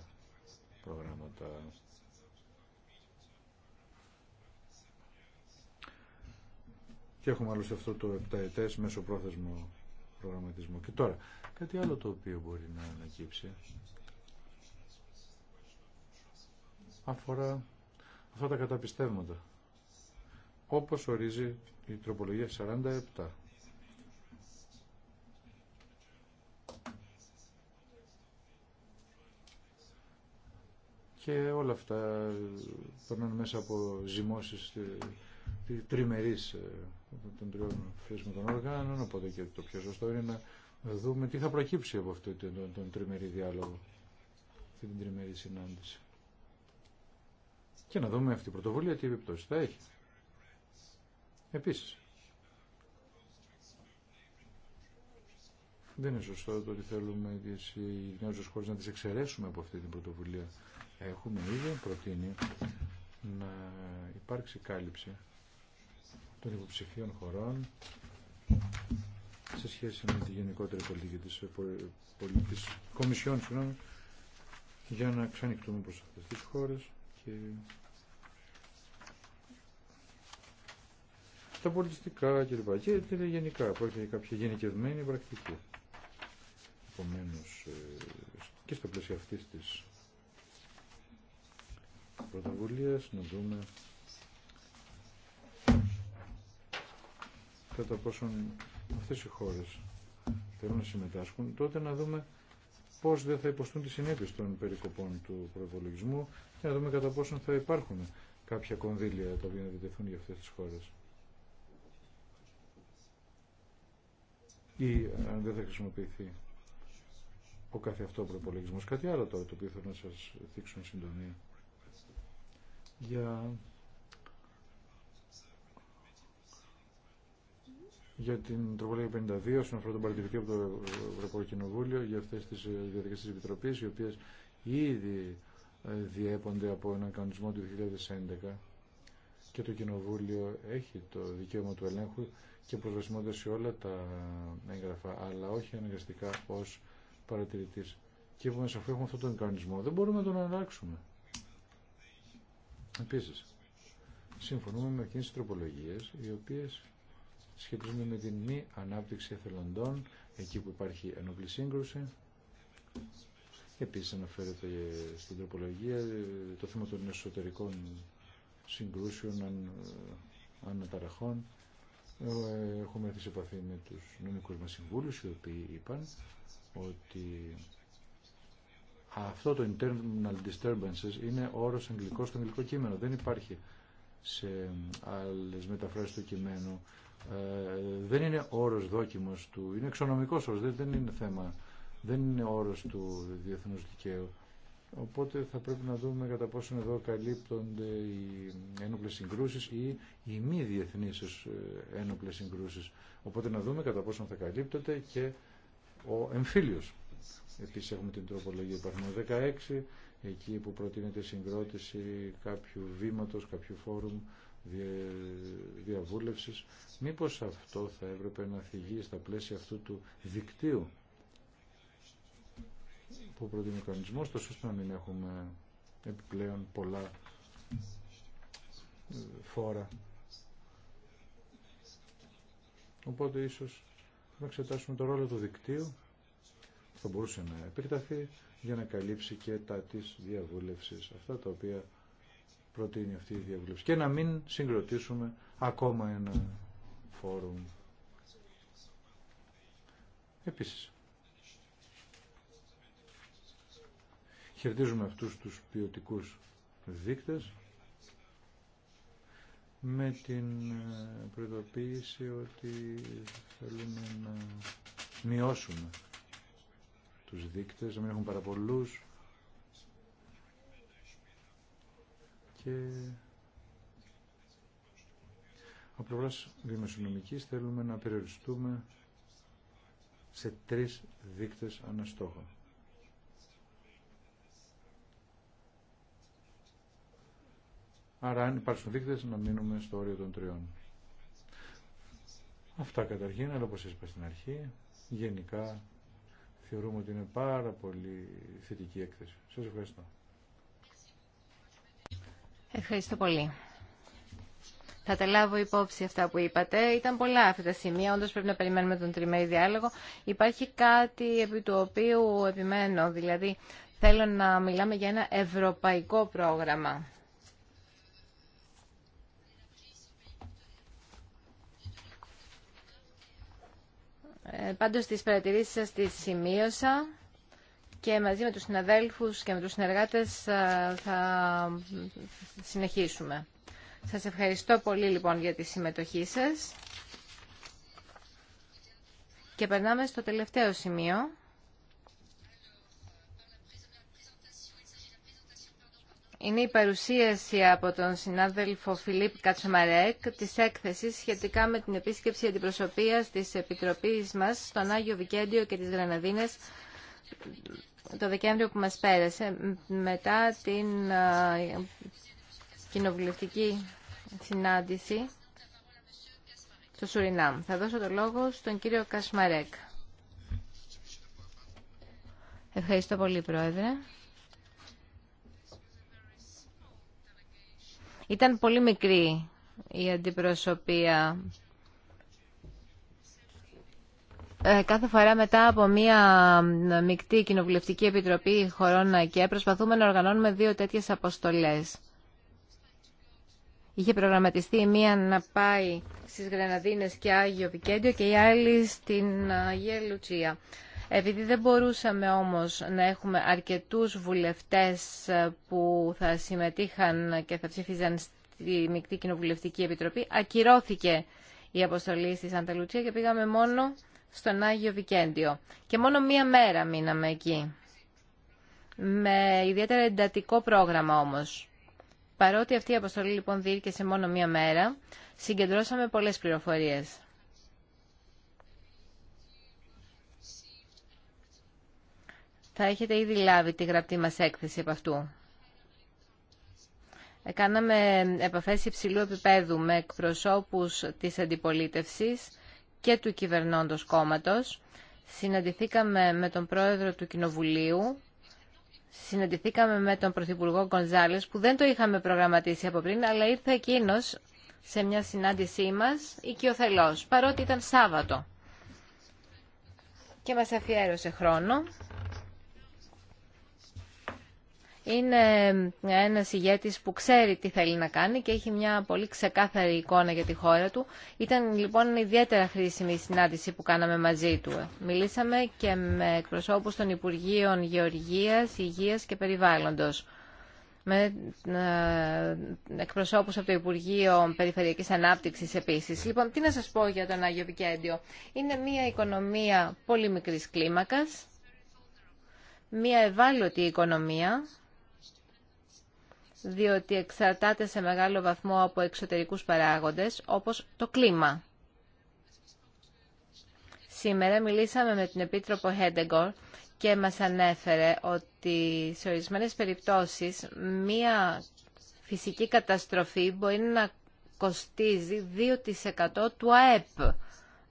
προγράμματα. Και έχουμε άλλωστε αυτό το επταετές μέσω πρόθεσμο προγραμματισμό. Και τώρα, κάτι άλλο το οποίο μπορεί να ανακύψει αφορά αυτά τα καταπιστεύματα. Όπως ορίζει η τροπολογία 47. και όλα αυτά περνάνε μέσα από ζυμώσεις τριμερεί των τριών των οργάνων, οπότε και το πιο σωστό είναι να δούμε τι θα προκύψει από αυτόν τον, τον τριμερή διάλογο, την τριμερή συνάντηση. Και να δούμε αυτή η πρωτοβουλία τι επιπτώσεις θα έχει. Επίσης, δεν είναι σωστό το ότι θέλουμε τις νέε χώρες να τις εξαιρέσουμε από αυτή την πρωτοβουλία έχουμε ήδη προτείνει να υπάρξει κάλυψη των υποψηφίων χωρών σε σχέση με τη γενικότερη πολιτική της, της Κομισιόν για να ξανοιχτούμε προς αυτές τις χώρες και τα πολιτιστικά κλπ. Και, και γενικά, πρόκειται έχει κάποια γενικευμένη πρακτική. Επομένως, ε, και στο πλαίσια αυτής της πρωτοβουλίε να δούμε κατά πόσον αυτές οι χώρες θέλουν να συμμετάσχουν, τότε να δούμε πώς δεν θα υποστούν τις συνέπειες των περικοπών του προπολογισμού και να δούμε κατά πόσον θα υπάρχουν κάποια κονδύλια τα οποία να διτεθούν για αυτές τις χώρες. Ή αν δεν θα χρησιμοποιηθεί ο κάθε αυτό προπολογισμό. Κάτι άλλο τώρα το οποίο θέλω να σας δείξω συντομία για, για την τροπολογία 52 όσον αφορά τον παρατηρητή από το Ευρωπαϊκό Κοινοβούλιο για αυτές τις ε, διαδικασίες Επιτροπής οι οποίες ήδη ε, διέπονται από έναν κανονισμό του 2011 και το Κοινοβούλιο έχει το δικαίωμα του ελέγχου και προσβασιμότητα σε όλα τα έγγραφα, αλλά όχι αναγκαστικά ως παρατηρητής. Και επομένως αφού έχουμε αυτόν τον κανονισμό δεν μπορούμε να τον αλλάξουμε. Επίσης, συμφωνούμε με εκείνες τις τροπολογίες οι οποίες σχετίζονται με την μη ανάπτυξη εθελοντών εκεί που υπάρχει ενόπλη σύγκρουση. Επίσης αναφέρεται στην τροπολογία ε, το θέμα των εσωτερικών συγκρούσεων αν, ε, αναταραχών. Ε, έχουμε έρθει σε επαφή με τους νομικούς μας συμβούλους οι οποίοι είπαν ότι αυτό το internal disturbances είναι όρος αγγλικός στο αγγλικό κείμενο. Δεν υπάρχει σε άλλες μεταφράσεις του κειμένου. Ε, δεν είναι όρος δόκιμος του, είναι εξονομικός όρος, δεν, είναι θέμα, δεν είναι όρος του διεθνούς δικαίου. Οπότε θα πρέπει να δούμε κατά πόσο εδώ καλύπτονται οι ένοπλες συγκρούσεις ή οι μη διεθνείς ε, ένοπλες συγκρούσεις. Οπότε να δούμε κατά πόσο θα καλύπτονται και ο εμφύλιος. Επίση έχουμε την τροπολογία έχουμε 16, εκεί που προτείνεται συγκρότηση κάποιου βήματος, κάποιου φόρουμ διαβούλευσης. Μήπως αυτό θα έπρεπε να θυγεί στα πλαίσια αυτού του δικτύου που προτείνει ο κανονισμός, τόσο ώστε να μην έχουμε επιπλέον πολλά ε, φόρα. Οπότε ίσως να εξετάσουμε το ρόλο του δικτύου θα μπορούσε να επεκταθεί για να καλύψει και τα της διαβούλευσης, αυτά τα οποία προτείνει αυτή η διαβούλευση. Και να μην συγκροτήσουμε ακόμα ένα φόρουμ. Επίσης, χαιρετίζουμε αυτούς τους ποιοτικού δείκτες με την ε, προειδοποίηση ότι θέλουμε να μειώσουμε τους δείκτες, να μην έχουν παραπολούς και από πλευρά δημοσιονομική θέλουμε να περιοριστούμε σε τρεις δείκτες αναστόχων. Άρα αν υπάρξουν δείκτες να μείνουμε στο όριο των τριών. Αυτά καταρχήν, αλλά όπως είπα στην αρχή, γενικά θεωρούμε ότι είναι πάρα πολύ θετική έκθεση. Σας ευχαριστώ. Ευχαριστώ πολύ. Θα τα λάβω υπόψη αυτά που είπατε. Ήταν πολλά αυτά τα σημεία. Όντω πρέπει να περιμένουμε τον τριμερή διάλογο. Υπάρχει κάτι επί του οποίου επιμένω. Δηλαδή θέλω να μιλάμε για ένα ευρωπαϊκό πρόγραμμα. Ε, πάντως τις παρατηρήσεις σας τις σημείωσα και μαζί με τους συναδέλφους και με τους συνεργάτες ε, θα συνεχίσουμε. Σας ευχαριστώ πολύ λοιπόν για τη συμμετοχή σας. Και περνάμε στο τελευταίο σημείο. είναι η παρουσίαση από τον συνάδελφο Φιλίπ Κατσομαρέκ της έκθεσης σχετικά με την επίσκεψη αντιπροσωπείας της Επιτροπής μας στον Άγιο Βικέντιο και τις Γραναδίνες το Δεκέμβριο που μας πέρασε μετά την κοινοβουλευτική συνάντηση στο Σουρινάμ. Θα δώσω το λόγο στον κύριο Κασμαρέκ. Ευχαριστώ πολύ, Πρόεδρε. Ήταν πολύ μικρή η αντιπροσωπεία. Ε, κάθε φορά μετά από μία μεικτή κοινοβουλευτική επιτροπή χωρών και προσπαθούμε να οργανώνουμε δύο τέτοιες αποστολές. Είχε προγραμματιστεί μία να πάει στις Γρεναδίνες και Άγιο Πικέντιο και η άλλη στην Αγία Λουτσία. Επειδή δεν μπορούσαμε όμως να έχουμε αρκετούς βουλευτές ε, που θα συμμετείχαν και θα ψήφιζαν στη Μικτή Κοινοβουλευτική Επιτροπή, ακυρώθηκε η αποστολή στη Σανταλουτσία και πήγαμε μόνο στον Άγιο Βικέντιο. Και μόνο μία μέρα μείναμε εκεί. Με ιδιαίτερα εντατικό πρόγραμμα όμως. Παρότι αυτή η αποστολή λοιπόν διήρκεσε μόνο μία μέρα, συγκεντρώσαμε πολλές πληροφορίες. Θα έχετε ήδη λάβει τη γραπτή μας έκθεση από αυτού. Ε, κάναμε επαφές υψηλού επίπεδου με εκπροσώπους της αντιπολίτευσης και του κυβερνώντος κόμματος. Συναντηθήκαμε με τον πρόεδρο του Κοινοβουλίου, συναντηθήκαμε με τον πρωθυπουργό Γκονζάλες που δεν το είχαμε προγραμματίσει από πριν, αλλά ήρθε εκείνο σε μια συνάντησή μας οικειοθελώς, παρότι ήταν Σάββατο. Και μας αφιέρωσε χρόνο είναι ένας ηγέτης που ξέρει τι θέλει να κάνει και έχει μια πολύ ξεκάθαρη εικόνα για τη χώρα του. Ήταν λοιπόν ιδιαίτερα χρήσιμη η συνάντηση που κάναμε μαζί του. Μιλήσαμε και με εκπροσώπους των Υπουργείων Γεωργίας, Υγείας και Περιβάλλοντος με ε, εκπροσώπους από το Υπουργείο Περιφερειακής Ανάπτυξης επίσης. Λοιπόν, τι να σας πω για τον Άγιο Βικέντιο. Είναι μια οικονομία πολύ μικρής κλίμακας, μια ευάλωτη οικονομία διότι εξαρτάται σε μεγάλο βαθμό από εξωτερικούς παράγοντες, όπως το κλίμα. Σήμερα μιλήσαμε με την Επίτροπο Χέντεγκορ και μας ανέφερε ότι σε ορισμένες περιπτώσεις μία φυσική καταστροφή μπορεί να κοστίζει 2% του ΑΕΠ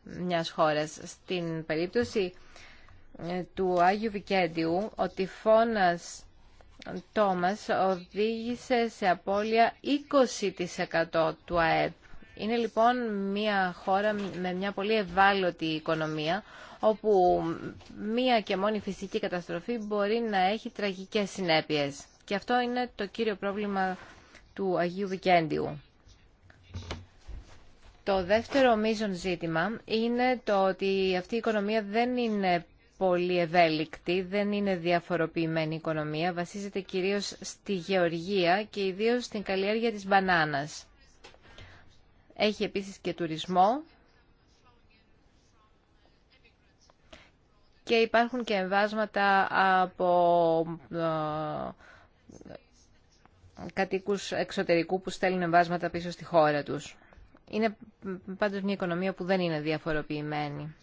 μιας χώρας. Στην περίπτωση ε, του Άγιου Βικέντιου, ο τυφώνας Τόμας οδήγησε σε απώλεια 20% του ΑΕΠ. Είναι λοιπόν μια χώρα με μια πολύ ευάλωτη οικονομία, όπου μία και μόνη φυσική καταστροφή μπορεί να έχει τραγικές συνέπειες. Και αυτό είναι το κύριο πρόβλημα του Αγίου Βικέντιου. Το δεύτερο μείζον ζήτημα είναι το ότι αυτή η οικονομία δεν είναι πολύ ευέλικτη, δεν είναι διαφοροποιημένη οικονομία, βασίζεται κυρίως στη γεωργία και ιδίως στην καλλιέργεια της μπανάνας. Έχει επίσης και τουρισμό και υπάρχουν και εμβάσματα από ε, κατοίκους εξωτερικού που στέλνουν εμβάσματα πίσω στη χώρα τους. Είναι πάντως μια οικονομία που δεν είναι διαφοροποιημένη.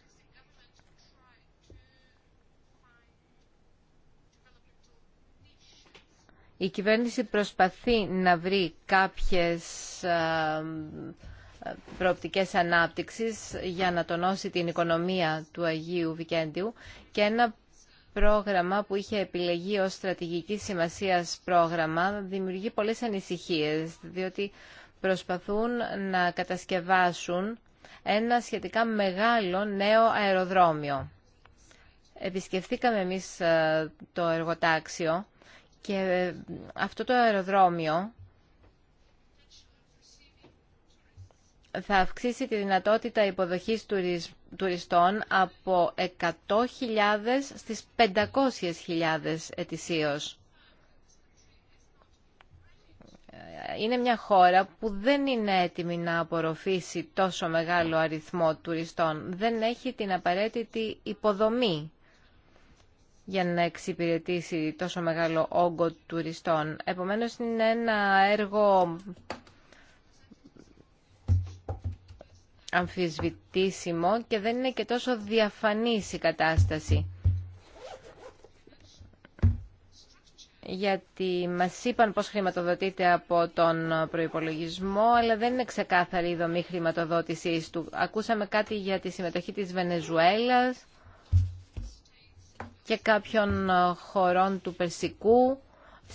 Η κυβέρνηση προσπαθεί να βρει κάποιες ε, προοπτικές ανάπτυξης για να τονώσει την οικονομία του Αγίου Βικέντιου και ένα πρόγραμμα που είχε επιλεγεί ως στρατηγική σημασίας πρόγραμμα δημιουργεί πολλές ανησυχίες διότι προσπαθούν να κατασκευάσουν ένα σχετικά μεγάλο νέο αεροδρόμιο. Επισκεφθήκαμε εμείς ε, το εργοτάξιο και ε, αυτό το αεροδρόμιο θα αυξήσει τη δυνατότητα υποδοχής τουριστών από 100.000 στις 500.000 ετησίως. Ε, είναι μια χώρα που δεν είναι έτοιμη να απορροφήσει τόσο μεγάλο αριθμό τουριστών. Δεν έχει την απαραίτητη υποδομή για να εξυπηρετήσει τόσο μεγάλο όγκο τουριστών. Επομένως είναι ένα έργο αμφισβητήσιμο και δεν είναι και τόσο διαφανής η κατάσταση. Γιατί μας είπαν πώς χρηματοδοτείται από τον προϋπολογισμό, αλλά δεν είναι ξεκάθαρη η δομή χρηματοδότησής του. Ακούσαμε κάτι για τη συμμετοχή της Βενεζουέλας και κάποιων ε, χωρών του Περσικού.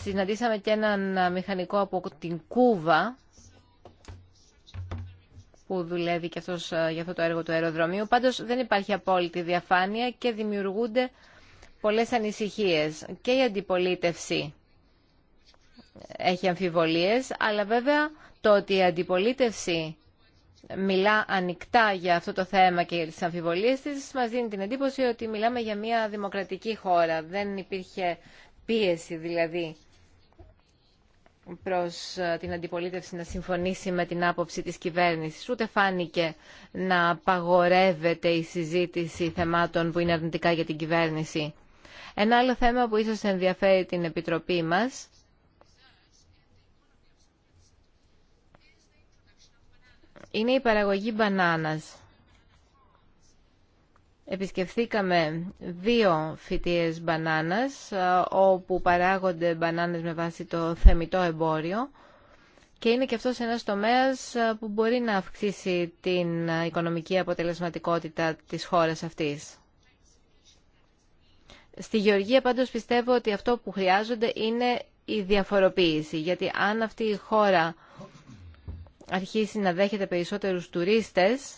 Συναντήσαμε και έναν ε, μηχανικό από την Κούβα που δουλεύει και αυτός ε, για αυτό το έργο του αεροδρομίου. Πάντως δεν υπάρχει απόλυτη διαφάνεια και δημιουργούνται πολλές ανησυχίες. Και η αντιπολίτευση έχει αμφιβολίες, αλλά βέβαια το ότι η αντιπολίτευση μιλά ανοιχτά για αυτό το θέμα και για τις αμφιβολίες της, μας δίνει την εντύπωση ότι μιλάμε για μια δημοκρατική χώρα. Δεν υπήρχε πίεση δηλαδή προς ε, την αντιπολίτευση να συμφωνήσει με την άποψη της κυβέρνησης. Ούτε φάνηκε να απαγορεύεται η συζήτηση θεμάτων που είναι αρνητικά για την κυβέρνηση. Ένα άλλο θέμα που ίσως ενδιαφέρει την Επιτροπή μας είναι η παραγωγή μπανάνας. Επισκεφθήκαμε δύο φυτίες μπανάνας, όπου παράγονται μπανάνες με βάση το θεμητό εμπόριο και είναι και αυτός ένας τομέας που μπορεί να αυξήσει την οικονομική αποτελεσματικότητα της χώρας αυτής. Στη Γεωργία πάντως πιστεύω ότι αυτό που χρειάζονται είναι η διαφοροποίηση, γιατί αν αυτή η χώρα αρχίσει να δέχεται περισσότερους τουρίστες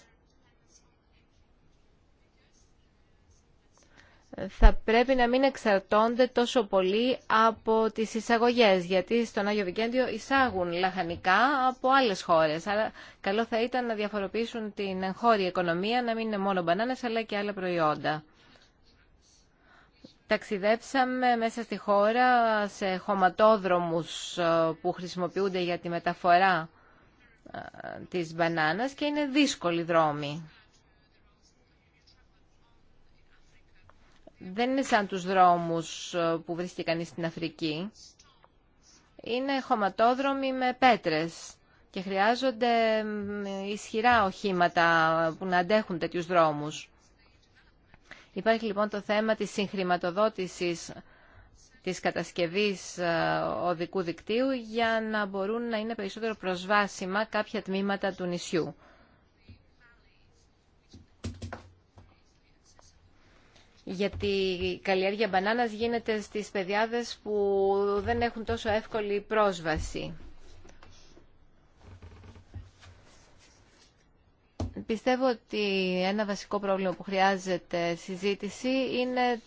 θα πρέπει να μην εξαρτώνται τόσο πολύ από τις εισαγωγές, γιατί στον Άγιο Βικέντιο εισάγουν λαχανικά από άλλες χώρες. αλλά καλό θα ήταν να διαφοροποιήσουν την εγχώρια οικονομία, να μην είναι μόνο μπανάνες αλλά και άλλα προϊόντα. Ταξιδέψαμε μέσα στη χώρα σε χωματόδρομους ε, που χρησιμοποιούνται για τη μεταφορά της μπανάνας και είναι δύσκολη δρόμοι. Δεν είναι σαν τους δρόμους ε, που βρίσκεται κανείς στην Αφρική. Είναι χωματόδρομοι με πέτρες και χρειάζονται ισχυρά οχήματα που να αντέχουν τέτοιους δρόμους. Υπάρχει λοιπόν το θέμα της συγχρηματοδότησης της κατασκευής ε, οδικού δικτύου για να μπορούν να είναι περισσότερο προσβάσιμα κάποια τμήματα του νησιού. γιατί η καλλιέργεια μπανάνας γίνεται στις παιδιάδες που δεν έχουν τόσο εύκολη πρόσβαση. Πιστεύω ότι ένα βασικό πρόβλημα που χρειάζεται συζήτηση είναι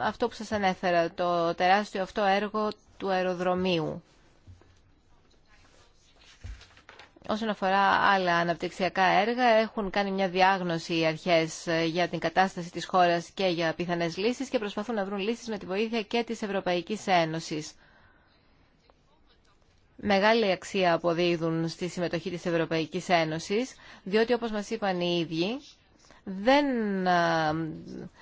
αυτό που σας ανέφερα, το τεράστιο αυτό έργο του αεροδρομίου. Όσον αφορά άλλα αναπτυξιακά έργα, έχουν κάνει μια διάγνωση οι αρχές για την κατάσταση της χώρας και για πιθανές λύσεις και προσπαθούν να βρουν λύσεις με τη βοήθεια και της Ευρωπαϊκής Ένωσης. Μεγάλη αξία αποδίδουν στη συμμετοχή της Ευρωπαϊκής Ένωσης, διότι όπως μας είπαν οι ίδιοι, δεν ε,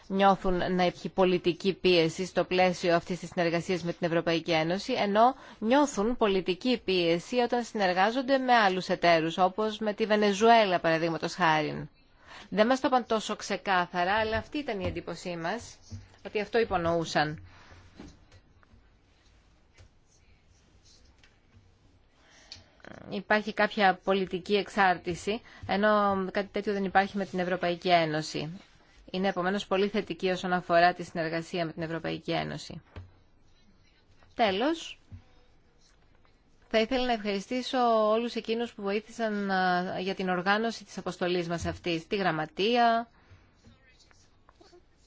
νιώθουν να υπάρχει πολιτική πίεση στο πλαίσιο αυτής της συνεργασίας με την Ευρωπαϊκή Ένωση, ενώ νιώθουν πολιτική πίεση όταν συνεργάζονται με άλλους εταίρους, όπως με τη Βενεζουέλα, παραδείγματος χάρη. Δεν μας το είπαν τόσο ξεκάθαρα, αλλά αυτή ήταν η εντύπωσή μας, ότι αυτό υπονοούσαν. υπάρχει κάποια πολιτική εξάρτηση, ενώ κάτι τέτοιο δεν υπάρχει με την Ευρωπαϊκή Ένωση. Είναι επομένως πολύ θετική όσον αφορά τη συνεργασία με την Ευρωπαϊκή Ένωση. Τέλος, θα ήθελα να ευχαριστήσω όλους εκείνους που βοήθησαν για την οργάνωση της αποστολής μας αυτής, τη Γραμματεία,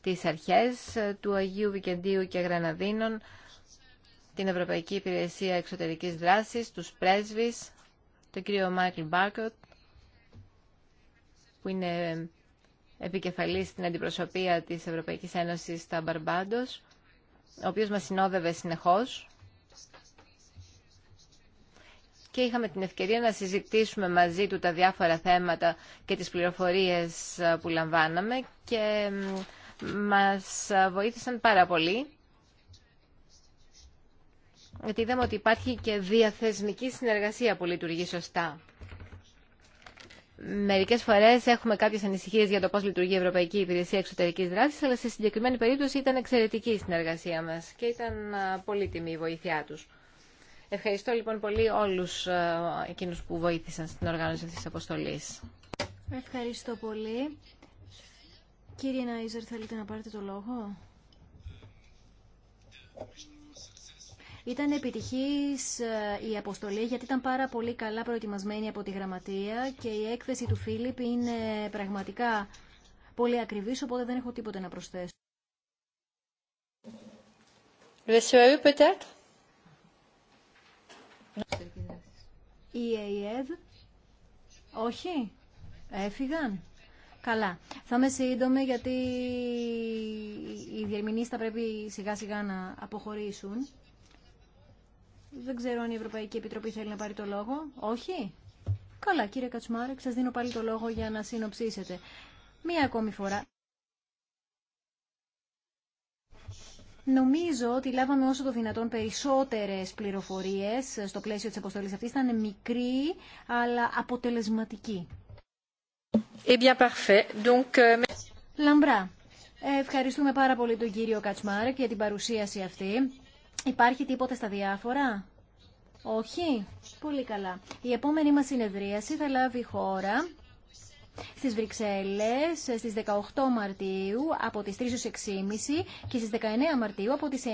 τις αρχές ε, του Αγίου Βικεντίου και Γραναδίνων, την Ευρωπαϊκή Υπηρεσία Εξωτερικής Δράσης, τους πρέσβεις, τον κύριο Μάικλ Μπάρκοτ, που είναι επικεφαλής στην αντιπροσωπεία της Ευρωπαϊκής Ένωσης στα Μπαρμπάντος, ο οποίος μας συνόδευε συνεχώς. Και είχαμε την ευκαιρία να συζητήσουμε μαζί του τα διάφορα θέματα και τις πληροφορίες που λαμβάναμε και μας βοήθησαν πάρα πολύ γιατί είδαμε ότι υπάρχει και διαθεσμική συνεργασία που λειτουργεί σωστά. Μερικέ φορέ έχουμε κάποιε ανησυχίε για το πώ λειτουργεί η Ευρωπαϊκή Υπηρεσία Εξωτερική Δράση, αλλά σε συγκεκριμένη περίπτωση ήταν εξαιρετική η συνεργασία μα και ήταν πολύτιμη η βοήθειά του. Ευχαριστώ λοιπόν πολύ όλου εκείνου που βοήθησαν στην οργάνωση αυτή τη αποστολή. Ευχαριστώ πολύ. Κύριε Νάιζερ, θέλετε να πάρετε το λόγο. Ήταν επιτυχής ε, η αποστολή γιατί ήταν πάρα πολύ καλά προετοιμασμένη από τη γραμματεία και η έκθεση του Φίλιπ είναι πραγματικά πολύ ακριβής, οπότε δεν έχω τίποτα να προσθέσω. E e η ΕΕΔ, e όχι, έφυγαν. Καλά. Θα είμαι σύντομη γιατί οι διερμηνείς θα πρέπει σιγά σιγά να αποχωρήσουν. Δεν ξέρω αν η Ευρωπαϊκή Επιτροπή θέλει να πάρει το λόγο. Όχι. Καλά, κύριε Κατσμάρεκ, σας δίνω πάλι το λόγο για να συνοψίσετε. Μία ακόμη φορά. Νομίζω ότι λάβαμε όσο το δυνατόν περισσότερες πληροφορίες στο πλαίσιο της αποστολής αυτής. Ήταν μικρή, αλλά αποτελεσματική. Eh bien, parfait. Donc, euh, Λαμπρά. Ευχαριστούμε πάρα πολύ τον κύριο Κατσμάρεκ για την παρουσίαση αυτή. Υπάρχει τίποτα στα διάφορα? Όχι. Πολύ καλά. Η επόμενη μας συνεδρίαση θα λάβει χώρα στις Βρυξέλλες στις 18 Μαρτίου από τις 3 6.30 και στις 19 Μαρτίου από τις 9.30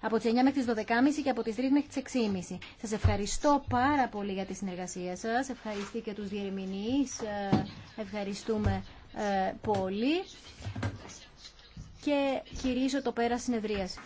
από τις 9 μέχρι τις 12.30 και από τις 3 μέχρι τις 6.30. Σας ευχαριστώ πάρα πολύ για τη συνεργασία σας. Ευχαριστή και τους διερμηνείς. Ε, ευχαριστούμε ε, πολύ και κυρίζω το πέρα συνεδρίας.